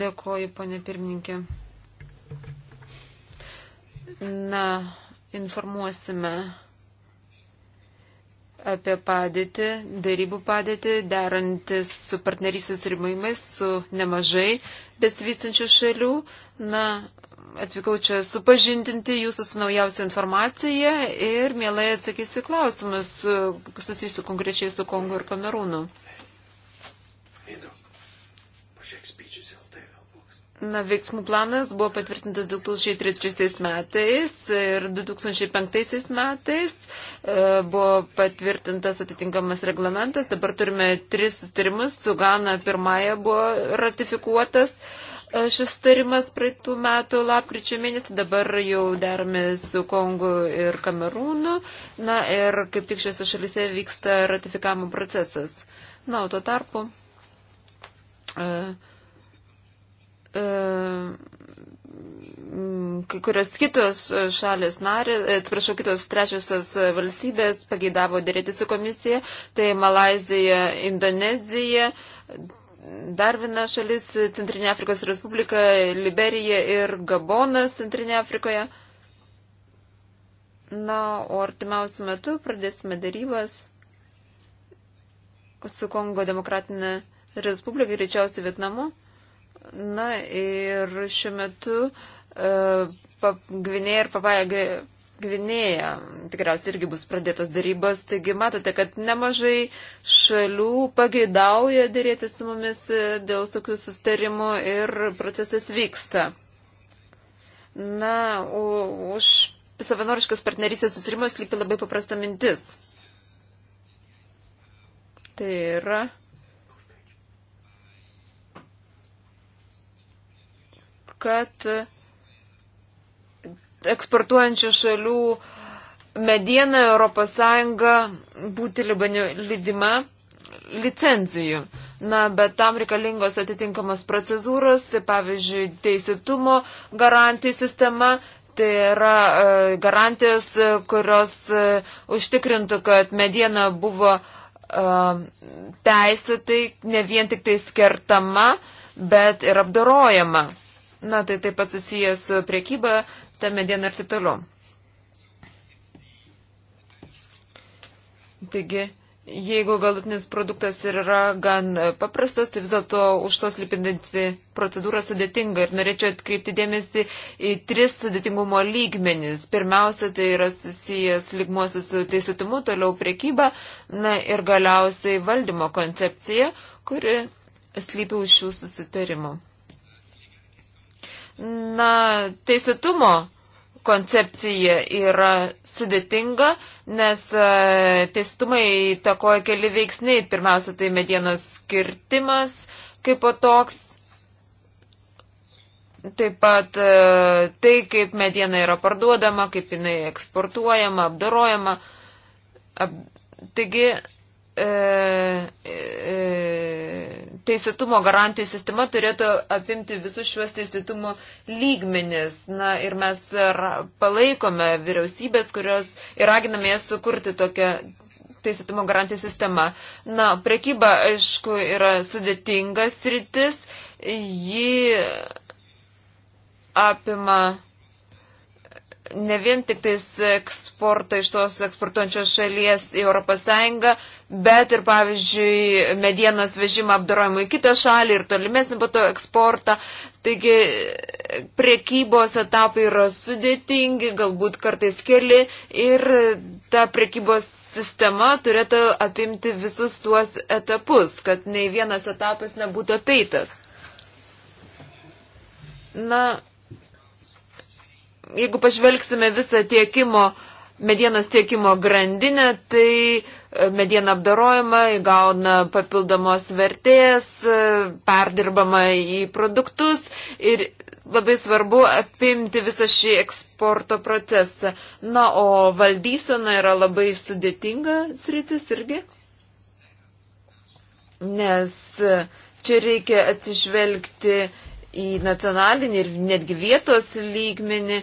dėkoju, ponė pirmininkė. Na, informuosime apie padėtį, darybų padėtį, derantis su partnerysis rimimais, su nemažai besivystančių šalių. Na, atvykau čia supažindinti jūsų su naujausia informacija ir mielai atsakysiu klausimus susijusiu konkrečiai su Kongo ir Kamerūnu. Na, veiksmų planas buvo patvirtintas 2003 metais ir 2005 metais e, buvo patvirtintas atitinkamas reglamentas. Dabar turime tris sustarimus. Su Gana pirmąją buvo ratifikuotas e, šis sustarimas praeitų metų lapkričio mėnesį. Dabar jau derame su Kongu ir Kamerūnu. Na ir kaip tik šiuose šalise vyksta ratifikavimo procesas. Na, o tuo tarpu. Uh, E, kai kurios kitos šalis narės, e, atsiprašau, kitos trečiosios valstybės pageidavo dėrėti su komisija, tai Malazija, Indonezija, dar viena šalis, Centrinė Afrikos Respublika, Liberija ir Gabonas Centrinė Afrikoje. Na, o artimiausiu metu pradėsime darybas su Kongo Demokratinė Respublika, greičiausiai Vietnamu. Na ir šiuo metu uh, Gvinėja ir Papaja Gvinėja tikriausiai irgi bus pradėtos darybos, taigi matote, kad nemažai šalių pageidauja dėrėti su mumis e, dėl tokių sustarimų ir procesas vyksta. Na, u, už savanoriškas partnerystės susirimas lypi labai paprasta mintis. Tai yra. kad eksportuojančių šalių mediena ES būti lydima licencijų. Na, bet tam reikalingos atitinkamos procedūros, tai pavyzdžiui, teisėtumo garantijų sistema, tai yra e, garantijos, e, kurios e, užtikrintų, kad mediena buvo e, teisėtai ne vien tik tai skertama, bet ir apdarojama. Na, tai taip pat susijęs su priekyba, ta mediena ir taip toliau. Taigi, jeigu galutinis produktas yra gan paprastas, tai vis dėlto už to slipinanti procedūra sudėtinga. Ir norėčiau atkreipti dėmesį į tris sudėtingumo lygmenis. Pirmiausia, tai yra susijęs lygmuosius su teisėtumu, toliau priekyba, na ir galiausiai valdymo koncepcija, kuri slypi už šių susitarimų. Na, teisėtumo koncepcija yra sudėtinga, nes e, teistumai įtakoja keli veiksniai. Pirmiausia, tai medienos skirtimas kaip po toks. Taip pat e, tai, kaip mediena yra parduodama, kaip jinai eksportuojama, apdorojama. Ap... Taigi E, e, teisėtumo garantijų sistema turėtų apimti visus šiuos teisėtumo lygmenis. Na ir mes palaikome vyriausybės, kurios ir raginame jas sukurti tokią teisėtumo garantijų sistemą. Na, prekyba, aišku, yra sudėtingas rytis. Ji apima ne vien tik tais eksportą iš tos eksportuojančios šalies į ES, bet ir, pavyzdžiui, medienos vežimą apdarojimą į kitą šalį ir tolimesnį pato eksportą. Taigi prekybos etapai yra sudėtingi, galbūt kartais keli ir ta prekybos sistema turėtų apimti visus tuos etapus, kad nei vienas etapas nebūtų apeitas. Na, jeigu pažvelgsime visą tiekimo, medienos tiekimo grandinę, tai uh, mediena apdarojama, įgauna papildomos vertės, perdirbama į produktus ir labai svarbu apimti visą šį eksporto procesą. Na, o valdysena yra labai sudėtinga sritis irgi, nes čia reikia atsižvelgti į nacionalinį ir netgi vietos lygmenį.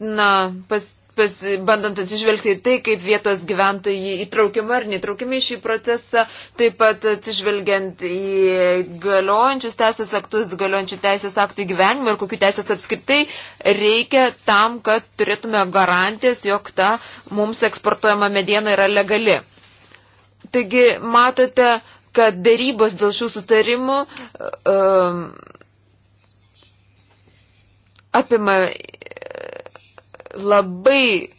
Na, pas, pas, bandant atsižvelgti į tai, kaip vietos gyventojai įtraukiami ar netraukiami į šį procesą, taip pat atsižvelgiant į galiojančius teisės aktus, galiojančių teisės aktų gyvenimą ir kokiu teisės apskritai reikia tam, kad turėtume garantijas, jog ta mums eksportuojama mediena yra legali. Taigi matote, kad dėrybos dėl šių sustarimų um, apima labai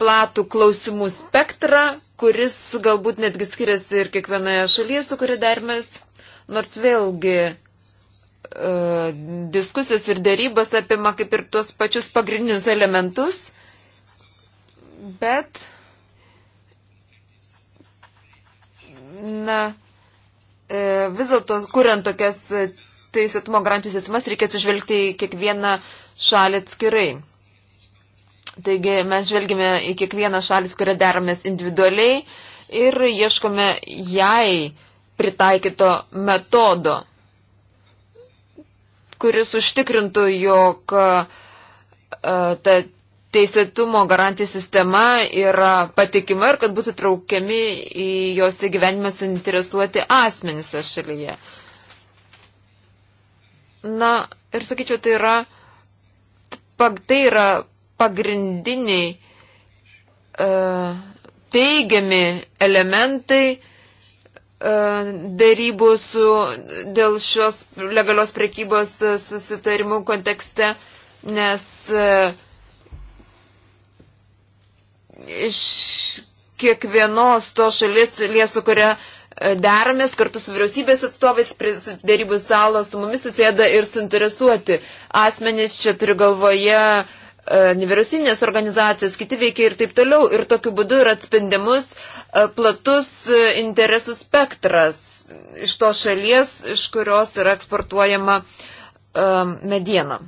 platų klausimų spektrą, kuris galbūt netgi skiriasi ir kiekvienoje šalyje, su kuria dermės. Nors vėlgi e, diskusijos ir dėrybos apima kaip ir tuos pačius pagrindinius elementus, bet, na, e, vis dėlto, kuriant tokias teisėtumo garantijų sistemas, reikia atsižvelgti į kiekvieną šalį atskirai. Taigi mes žvelgime į kiekvieną šalis, kurią deramės individualiai ir ieškome jai pritaikyto metodo, kuris užtikrintų, jog e, ta teisėtumo garantijų sistema yra patikima ir kad būtų traukiami į jos įgyvenimą suinteresuoti asmenys šalyje. Na, ir sakyčiau, tai yra, tai yra pagrindiniai uh, teigiami elementai uh, darybų su dėl šios legalios prekybos e, susitarimų kontekste, nes uh, iš kiekvienos to šalis, su kuria deramės kartu su vyriausybės atstovais, dėrybų salo su mumis susėda ir suinteresuoti asmenys, čia turiu galvoje E, nevyriausybinės organizacijos, kiti veikia ir taip toliau. Ir tokiu būdu yra atspindimus e, platus e, interesų spektras iš tos šalies, iš kurios yra eksportuojama mediena.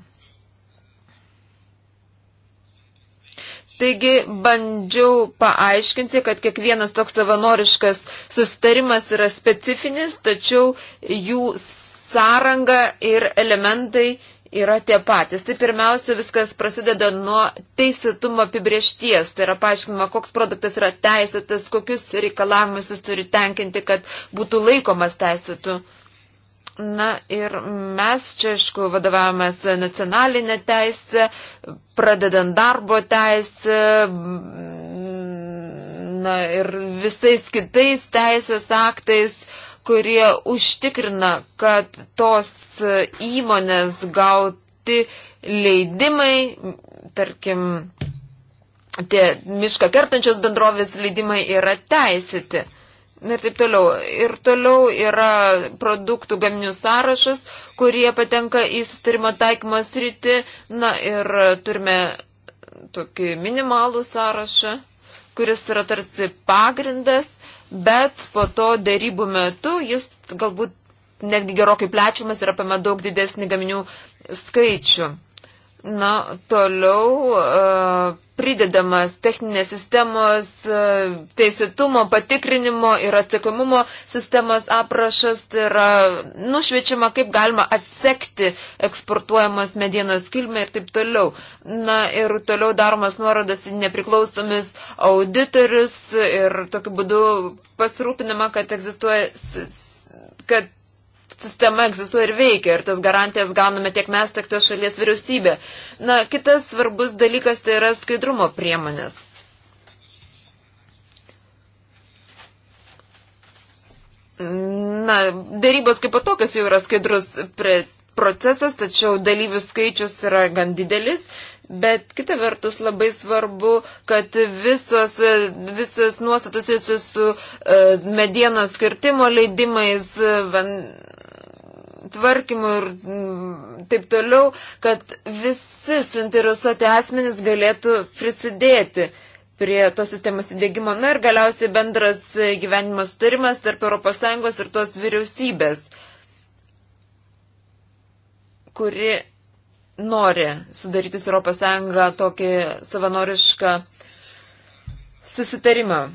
Taigi bandžiau paaiškinti, kad kiekvienas toks savanoriškas sustarimas yra specifinis, tačiau jų sąranga ir elementai yra tie patys. Tai pirmiausia, viskas prasideda nuo teisėtumo apibriešties. Tai yra paaiškinama, koks produktas yra teisėtas, kokius reikalavimus jis turi tenkinti, kad būtų laikomas teisėtų. Na ir mes čia, aišku, vadovavomės nacionalinę teisę, pradedant darbo teisę, na ir visais kitais teisės aktais. Uh, kurie užtikrina, kad tos įmonės gauti leidimai, tarkim, tie mišką kertančios bendrovės leidimai yra teisėti. Ir taip toliau. Ir toliau yra produktų gaminių sąrašas, kurie patenka į sustarimo taikymą sritį. Na ir turime tokį minimalų sąrašą, kuris yra tarsi pagrindas bet po to dėrybų metu jis galbūt netgi gerokai plečiamas ir apima daug didesnį gaminių skaičių. Na, toliau uh, pridedamas techninės sistemos, uh, teisėtumo, patikrinimo ir atsakomumo sistemos aprašas, tai yra nušviečiama, kaip galima atsekti eksportuojamas medienos kilmę ir taip toliau. Na ir toliau daromas nuorodas į nepriklausomis auditorius ir tokiu būdu pasirūpinama, kad egzistuoja, kad sistema egzistuoja ir veikia, ir tas garantijas gauname tiek mes, tiek tos šalies vyriausybė. Na, kitas svarbus dalykas tai yra skaidrumo priemonės. Na, dėrybos kaip patokas jau yra skaidrus procesas, tačiau dalyvių skaičius yra gan didelis. Bet kita vertus labai svarbu, kad visos, visas nuostatos su e, medienos skirtimo leidimais, e, van, tvarkymu ir mm, taip toliau, kad visi suinteresuoti asmenys galėtų prisidėti prie tos sistemos įdėgymo. Na ir galiausiai bendras gyvenimo sutarimas tarp ES ir tos vyriausybės, kuri nori sudaryti su ES tokį savanorišką susitarimą.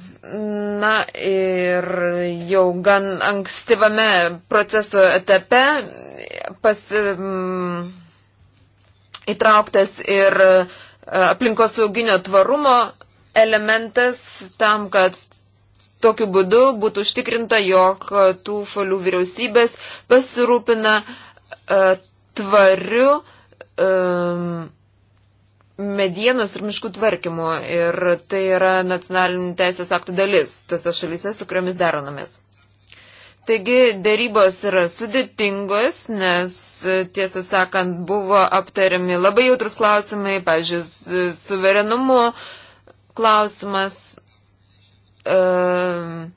Na ir jau gan ankstyvame proceso etape pas, m, mm, įtrauktas ir e, aplinkosauginio tvarumo elementas tam, kad tokiu būdu būtų užtikrinta, jog tų šalių vyriausybės pasirūpina e, tvariu um, medienos ir miškų tvarkymo ir tai yra nacionalinių teisės aktų dalis tose šalyse, su kuriomis deronomės. Taigi dėrybos yra sudėtingos, nes tiesą sakant buvo aptariami labai jautrus klausimai, pavyzdžiui, suverenumo klausimas, um,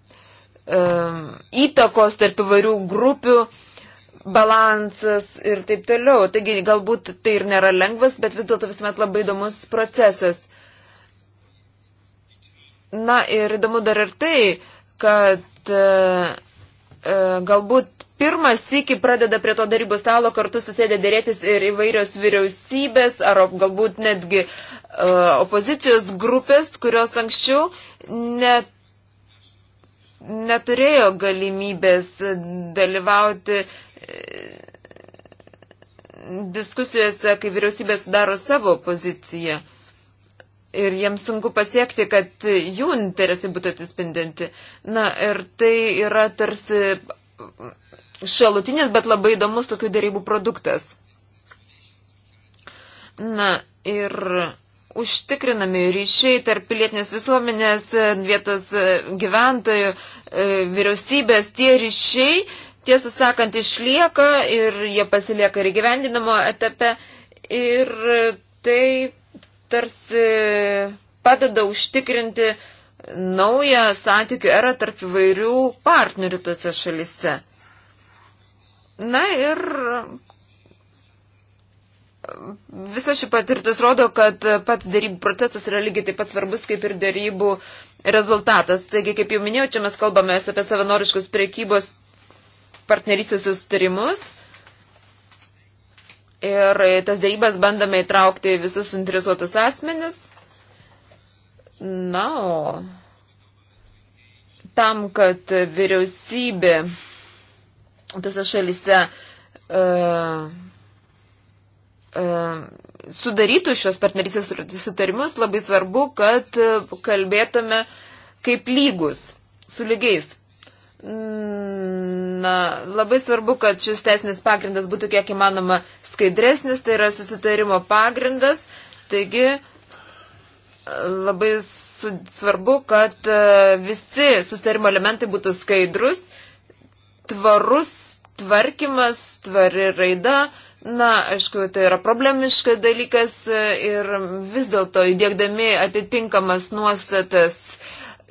um, įtakos tarp įvairių grupių uh, balansas ir taip toliau. Taigi galbūt tai ir nėra lengvas, bet vis dėlto visuomet labai įdomus procesas. Na ir įdomu dar ir tai, kad e, e, galbūt pirmas iki pradeda prie to darybų stalo kartu susėdė dėrėtis ir įvairios vyriausybės ar galbūt netgi e, opozicijos grupės, kurios anksčiau net neturėjo galimybės dalyvauti diskusijose, kai vyriausybės daro savo poziciją ir jiems sunku pasiekti, kad jų interesai būtų atsispindinti. Na ir tai yra tarsi šalutinis, bet labai įdomus tokių dėrybų produktas. Na ir užtikrinami ryšiai tarp pilietinės visuomenės, vietos gyventojų, e, vyriausybės, tie ryšiai tiesą sakant, išlieka ir jie pasilieka ir gyvendinamo etape. Ir tai tarsi padeda užtikrinti naują santykių erą tarp įvairių partnerių tose šalise. Na ir visa ši patirtis rodo, kad pats dėrybų procesas yra lygiai taip pat svarbus kaip ir dėrybų rezultatas. Taigi, kaip jau minėjau, čia mes kalbame apie savanoriškus priekybos partnerystės sustarimus. Ir tas darybas bandome įtraukti visus interesuotus asmenis. Na, o tam, kad vyriausybė tose šalise uh, e, uh, e, sudarytų šios partnerysės sutarimus, labai svarbu, kad kalbėtume kaip lygus, su lygiais Na, labai svarbu, kad šis teisinis pagrindas būtų kiek įmanoma skaidresnis, tai yra susitarimo pagrindas. Taigi, labai svarbu, kad e, visi susitarimo elementai būtų skaidrus, tvarus tvarkymas, tvari raida. Na, aišku, tai yra problemiška dalykas e, ir vis dėlto įdėkdami atitinkamas nuostatas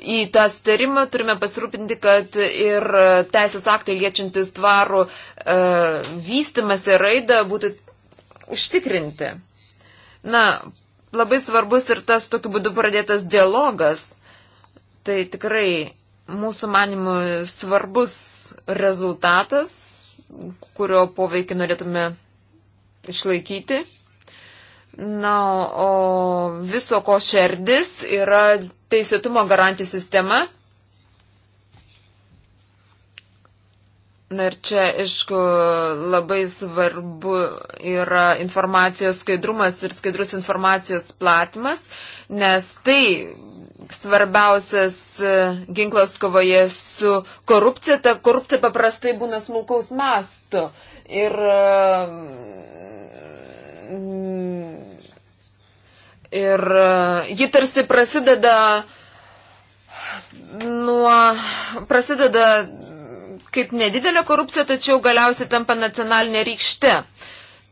į tą starimą turime pasirūpinti, kad ir teisės aktai liečiantis tvarų e, vystimas ir raidą būtų užtikrinti. Na, labai svarbus ir tas tokiu būdu pradėtas dialogas. Tai tikrai mūsų manimų svarbus rezultatas, kurio poveikį norėtume išlaikyti. Na, o viso ko šerdis yra teisėtumo garantijų sistema. Na ir čia, aišku, labai svarbu yra informacijos skaidrumas ir skaidrus informacijos platimas, nes tai svarbiausias e, ginklas kovoje su korupcija. Ta korupcija paprastai būna smulkaus masto. Ir e, Mm. Ir e, ji tarsi prasideda nuo, prasideda kaip nedidelė korupcija, tačiau galiausiai tampa nacionalinė rykšte.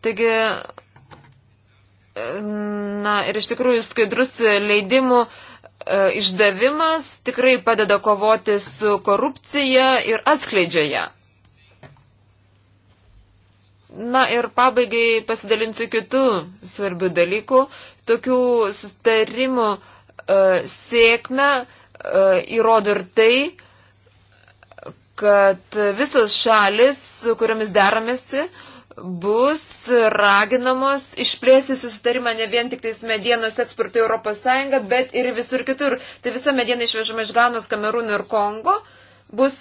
Taigi, e, na ir iš tikrųjų skaidrus leidimų e, išdavimas tikrai padeda kovoti su korupcija ir atskleidžia ją. Na ir pabaigai pasidalinsiu kitų svarbių dalykų. Tokių sustarimų uh, sėkmę uh, įrodo ir tai, kad visos šalis, su kuriamis deramėsi, bus raginamos išplėsti susitarimą ne vien tik tais medienos eksportui Europos Sąjungą, bet ir visur kitur. Tai visa mediena išvežama iš Ganos, Kamerūno ir Kongo bus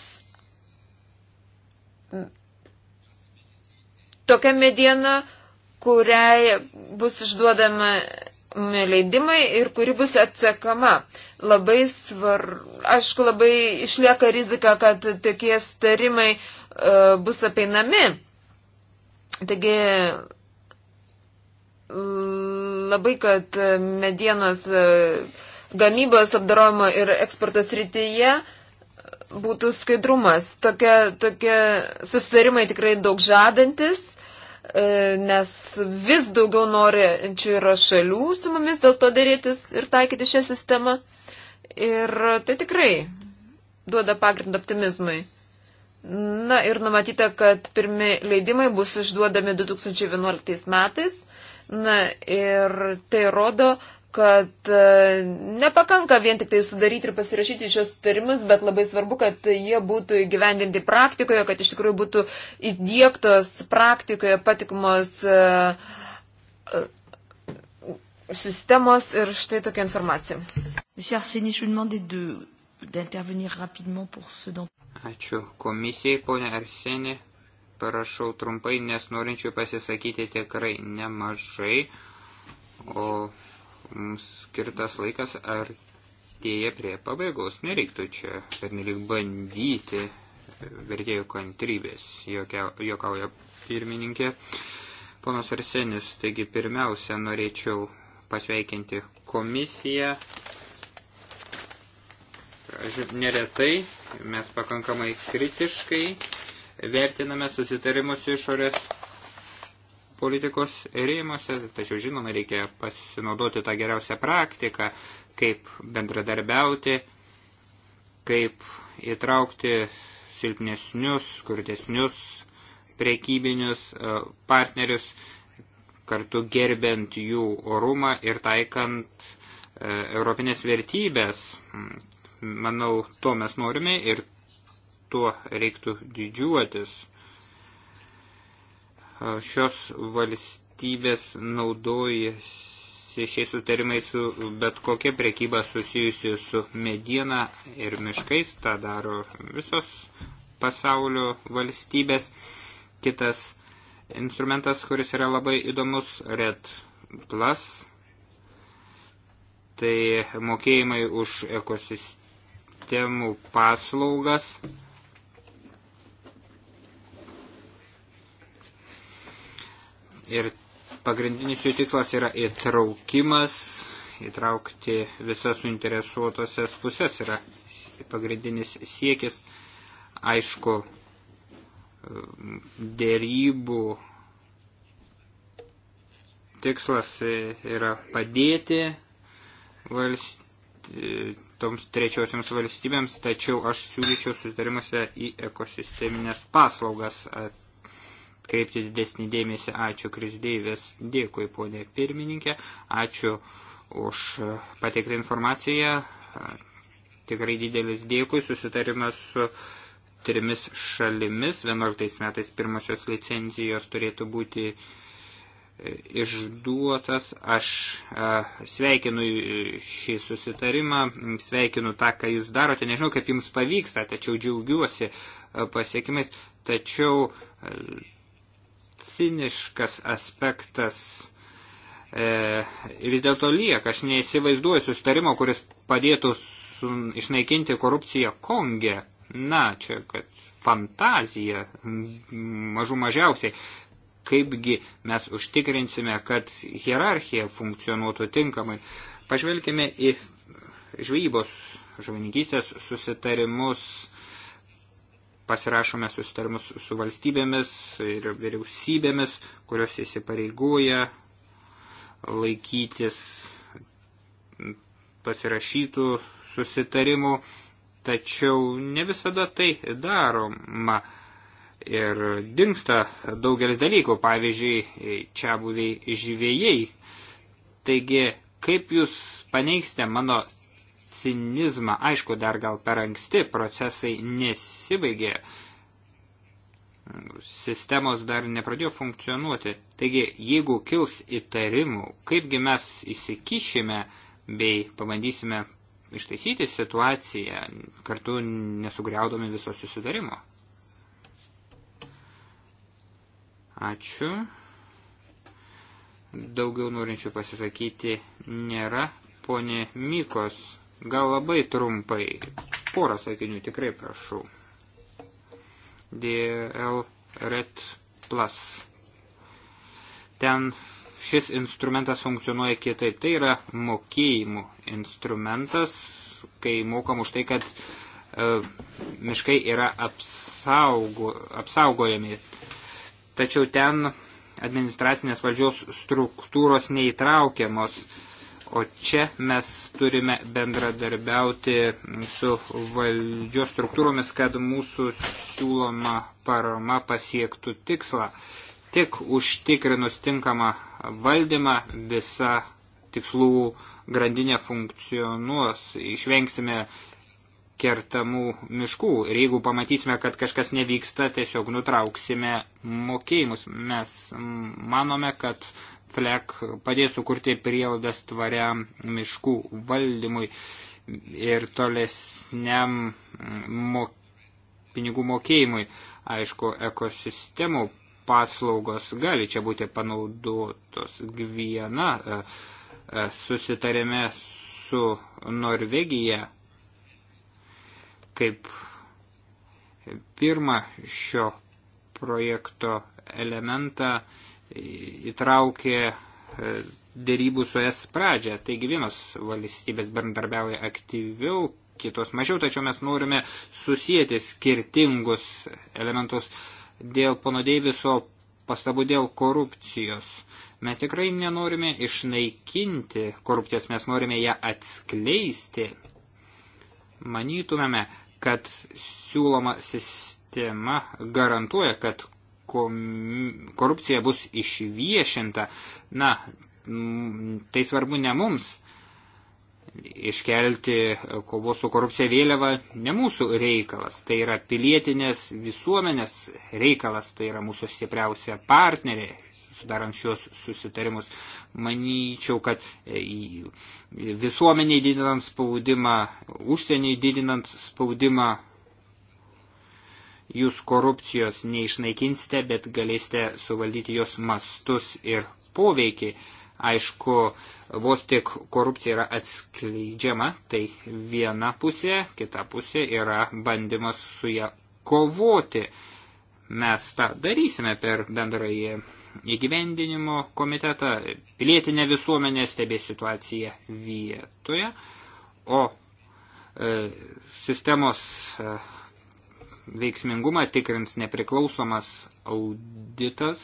tokia mediena, kuriai bus išduodama leidimai ir kuri bus atsakama. Labai svar, aišku, labai išlieka rizika, kad tokie starimai uh, e, bus apeinami. Taigi labai, kad medienos e, gamybos apdaromo ir eksporto srityje būtų skaidrumas. Tokie, tokie susitarimai tikrai daug žadantis E, nes vis daugiau norinčių yra šalių su mumis dėl to darytis ir taikyti šią sistemą. Ir tai tikrai duoda pagrindą optimizmui. Na ir numatyta, kad pirmi leidimai bus išduodami 2011 metais. Na ir tai rodo, kad e, nepakanka vien tik tai sudaryti ir pasirašyti šios sutarimus, bet labai svarbu, kad jie būtų įgyvendinti praktikoje, kad iš tikrųjų būtų įdėktos praktikoje patikimos e, e, sistemos ir štai tokia informacija. Ačiū komisijai, ponia Arsenė. Parašau trumpai, nes norinčių pasisakyti tikrai nemažai. O mums skirtas laikas artėja prie pabaigos. Nereiktų čia pernelyg bandyti vertėjų kantrybės, jokauja pirmininkė. Ponas Arsenis, taigi pirmiausia norėčiau pasveikinti komisiją. Neretai mes pakankamai kritiškai vertiname susitarimus išorės politikos rėmose, tačiau žinoma reikia pasinaudoti tą geriausią praktiką, kaip bendradarbiauti, kaip įtraukti silpnesnius, skurdesnius prekybinius e, partnerius, kartu gerbent jų orumą ir taikant e, europinės vertybės. Manau, to mes norime ir tuo reiktų didžiuotis šios valstybės naudojasi šiais sutarimais su bet kokia prekyba susijusi su mediena ir miškais, tą daro visos pasaulio valstybės. Kitas instrumentas, kuris yra labai įdomus, Red Plus, tai mokėjimai už ekosistemų paslaugas. ir pagrindinis jų tikslas yra įtraukimas, įtraukti visas suinteresuotosias pusės yra pagrindinis siekis. Aišku, dėrybų tikslas yra padėti valst... toms trečiosiams valstybėms, tačiau aš siūlyčiau susitarimuose į ekosisteminės paslaugas at kreipti didesnį dėmesį. Ačiū Krisdėvės, dėkui ponė pirmininkė, ačiū už pateiktą informaciją. Tikrai didelis dėkui, susitarimas su trimis šalimis. 11 metais pirmosios licenzijos turėtų būti e, išduotas. Aš e, sveikinu šį susitarimą, sveikinu tą, ką jūs darote. Nežinau, kaip jums pavyksta, tačiau džiaugiuosi e, pasiekimais. Tačiau ciniškas aspektas e, vis dėlto lieka. Aš neįsivaizduoju sustarimo, kuris padėtų su, išnaikinti korupciją Konge. Na, čia kad fantazija mažų mažiausiai. Kaipgi mes užtikrinsime, kad hierarchija funkcionuotų tinkamai. Pažvelkime į žvejybos žuvininkystės susitarimus pasirašome susitarimus su valstybėmis ir vyriausybėmis, kurios įsipareigoja laikytis pasirašytų susitarimų, tačiau ne visada tai daroma ir dinksta daugelis dalykų, pavyzdžiui, čia buviai žvėjai. Taigi, kaip jūs paneigsite mano cinizmą. Aišku, dar gal per anksti procesai nesibaigė, sistemos dar nepradėjo funkcionuoti. Taigi, jeigu kils įtarimų, kaipgi mes įsikišime bei pabandysime ištaisyti situaciją, kartu nesugriaudomi viso susidarimo. Ačiū. Daugiau norinčių pasisakyti nėra. Pone Mykos Gal labai trumpai. Porą sakinių tikrai prašau. DL Red Plus. Ten šis instrumentas funkcionuoja kitaip. Tai yra mokėjimų instrumentas, kai mokam už tai, kad e, miškai yra apsaugo, apsaugojami. Tačiau ten administracinės valdžios struktūros neįtraukiamos. E, O čia mes turime bendradarbiauti su valdžios struktūromis, kad mūsų siūloma parama pasiektų tikslą. Tik užtikrinus tinkamą valdymą visa tikslų grandinė funkcionuos, išvengsime kertamų miškų ir jeigu pamatysime, kad kažkas nevyksta, tiesiog nutrauksime mokėjimus. Mes manome, kad flek padės sukurti prielaidas tvariam miškų valdymui ir tolesniam mm, mok pinigų mokėjimui. Aišku, ekosistemų paslaugos gali čia būti panaudotos. Viena e, e, susitarėme su Norvegija kaip pirmą šio projekto elementą įtraukė e, dėrybų su es pradžią. Taigi vienos valstybės bendarbiauja aktyviau, kitos mažiau, tačiau mes norime susijęti skirtingus elementus dėl pono Deiviso pastabų dėl korupcijos. Mes tikrai nenorime išnaikinti korupcijos, mes norime ją atskleisti. Manytumėme, kad siūloma sistema garantuoja, kad korupcija bus išviešinta, na, tai svarbu ne mums. Iškelti kovos su korupcija vėliava ne mūsų reikalas, tai yra pilietinės visuomenės reikalas, tai yra mūsų stipriausia partnerė, sudarant šios susitarimus. Manyčiau, kad e, visuomeniai didinant spaudimą, užsieniai didinant spaudimą, jūs korupcijos neišnaikinsite, bet galėsite suvaldyti jos mastus ir poveikį. Aišku, vos tik korupcija yra atskleidžiama, tai viena pusė, kita pusė yra bandymas su ją kovoti. Mes tą darysime per bendrąjį įgyvendinimo komitetą, pilietinę visuomenę stebės situaciją vietoje, o e, sistemos e, veiksmingumą tikrins nepriklausomas auditas,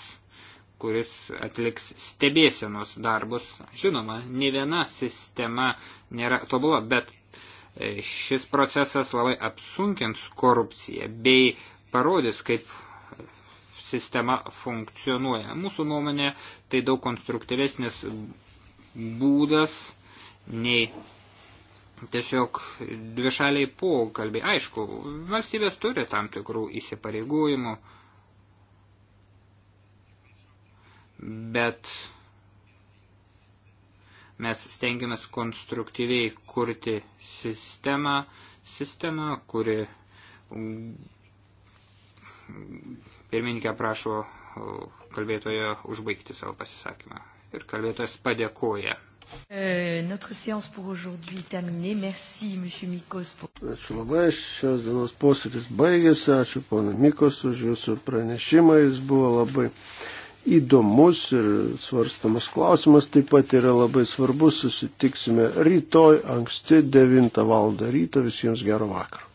kuris atliks stebėsenos darbus. Žinoma, ne viena sistema nėra tobula, bet e, šis procesas labai apsunkins korupciją bei parodys, kaip sistema funkcionuoja. Mūsų nuomonė tai daug konstruktyvesnis būdas nei tiesiog dvišaliai pokalbiai. Aišku, valstybės turi tam tikrų įsipareigojimų, bet mes stengiamės konstruktyviai kurti sistemą, sistemą, kuri pirmininkė prašo kalbėtojo užbaigti savo pasisakymą. Ir kalbėtojas padėkoja Euh, notre séance pour aujourd'hui terminée. Merci, monsieur Mikos. Ačiū labai, šios dienos posėdis baigėsi. Ačiū, pana Mikos, už jūsų pranešimą. Jis buvo labai įdomus ir svarstamas klausimas taip pat yra labai svarbus. Susitiksime rytoj anksti 9 val. ryto. Visiems gero vakaro.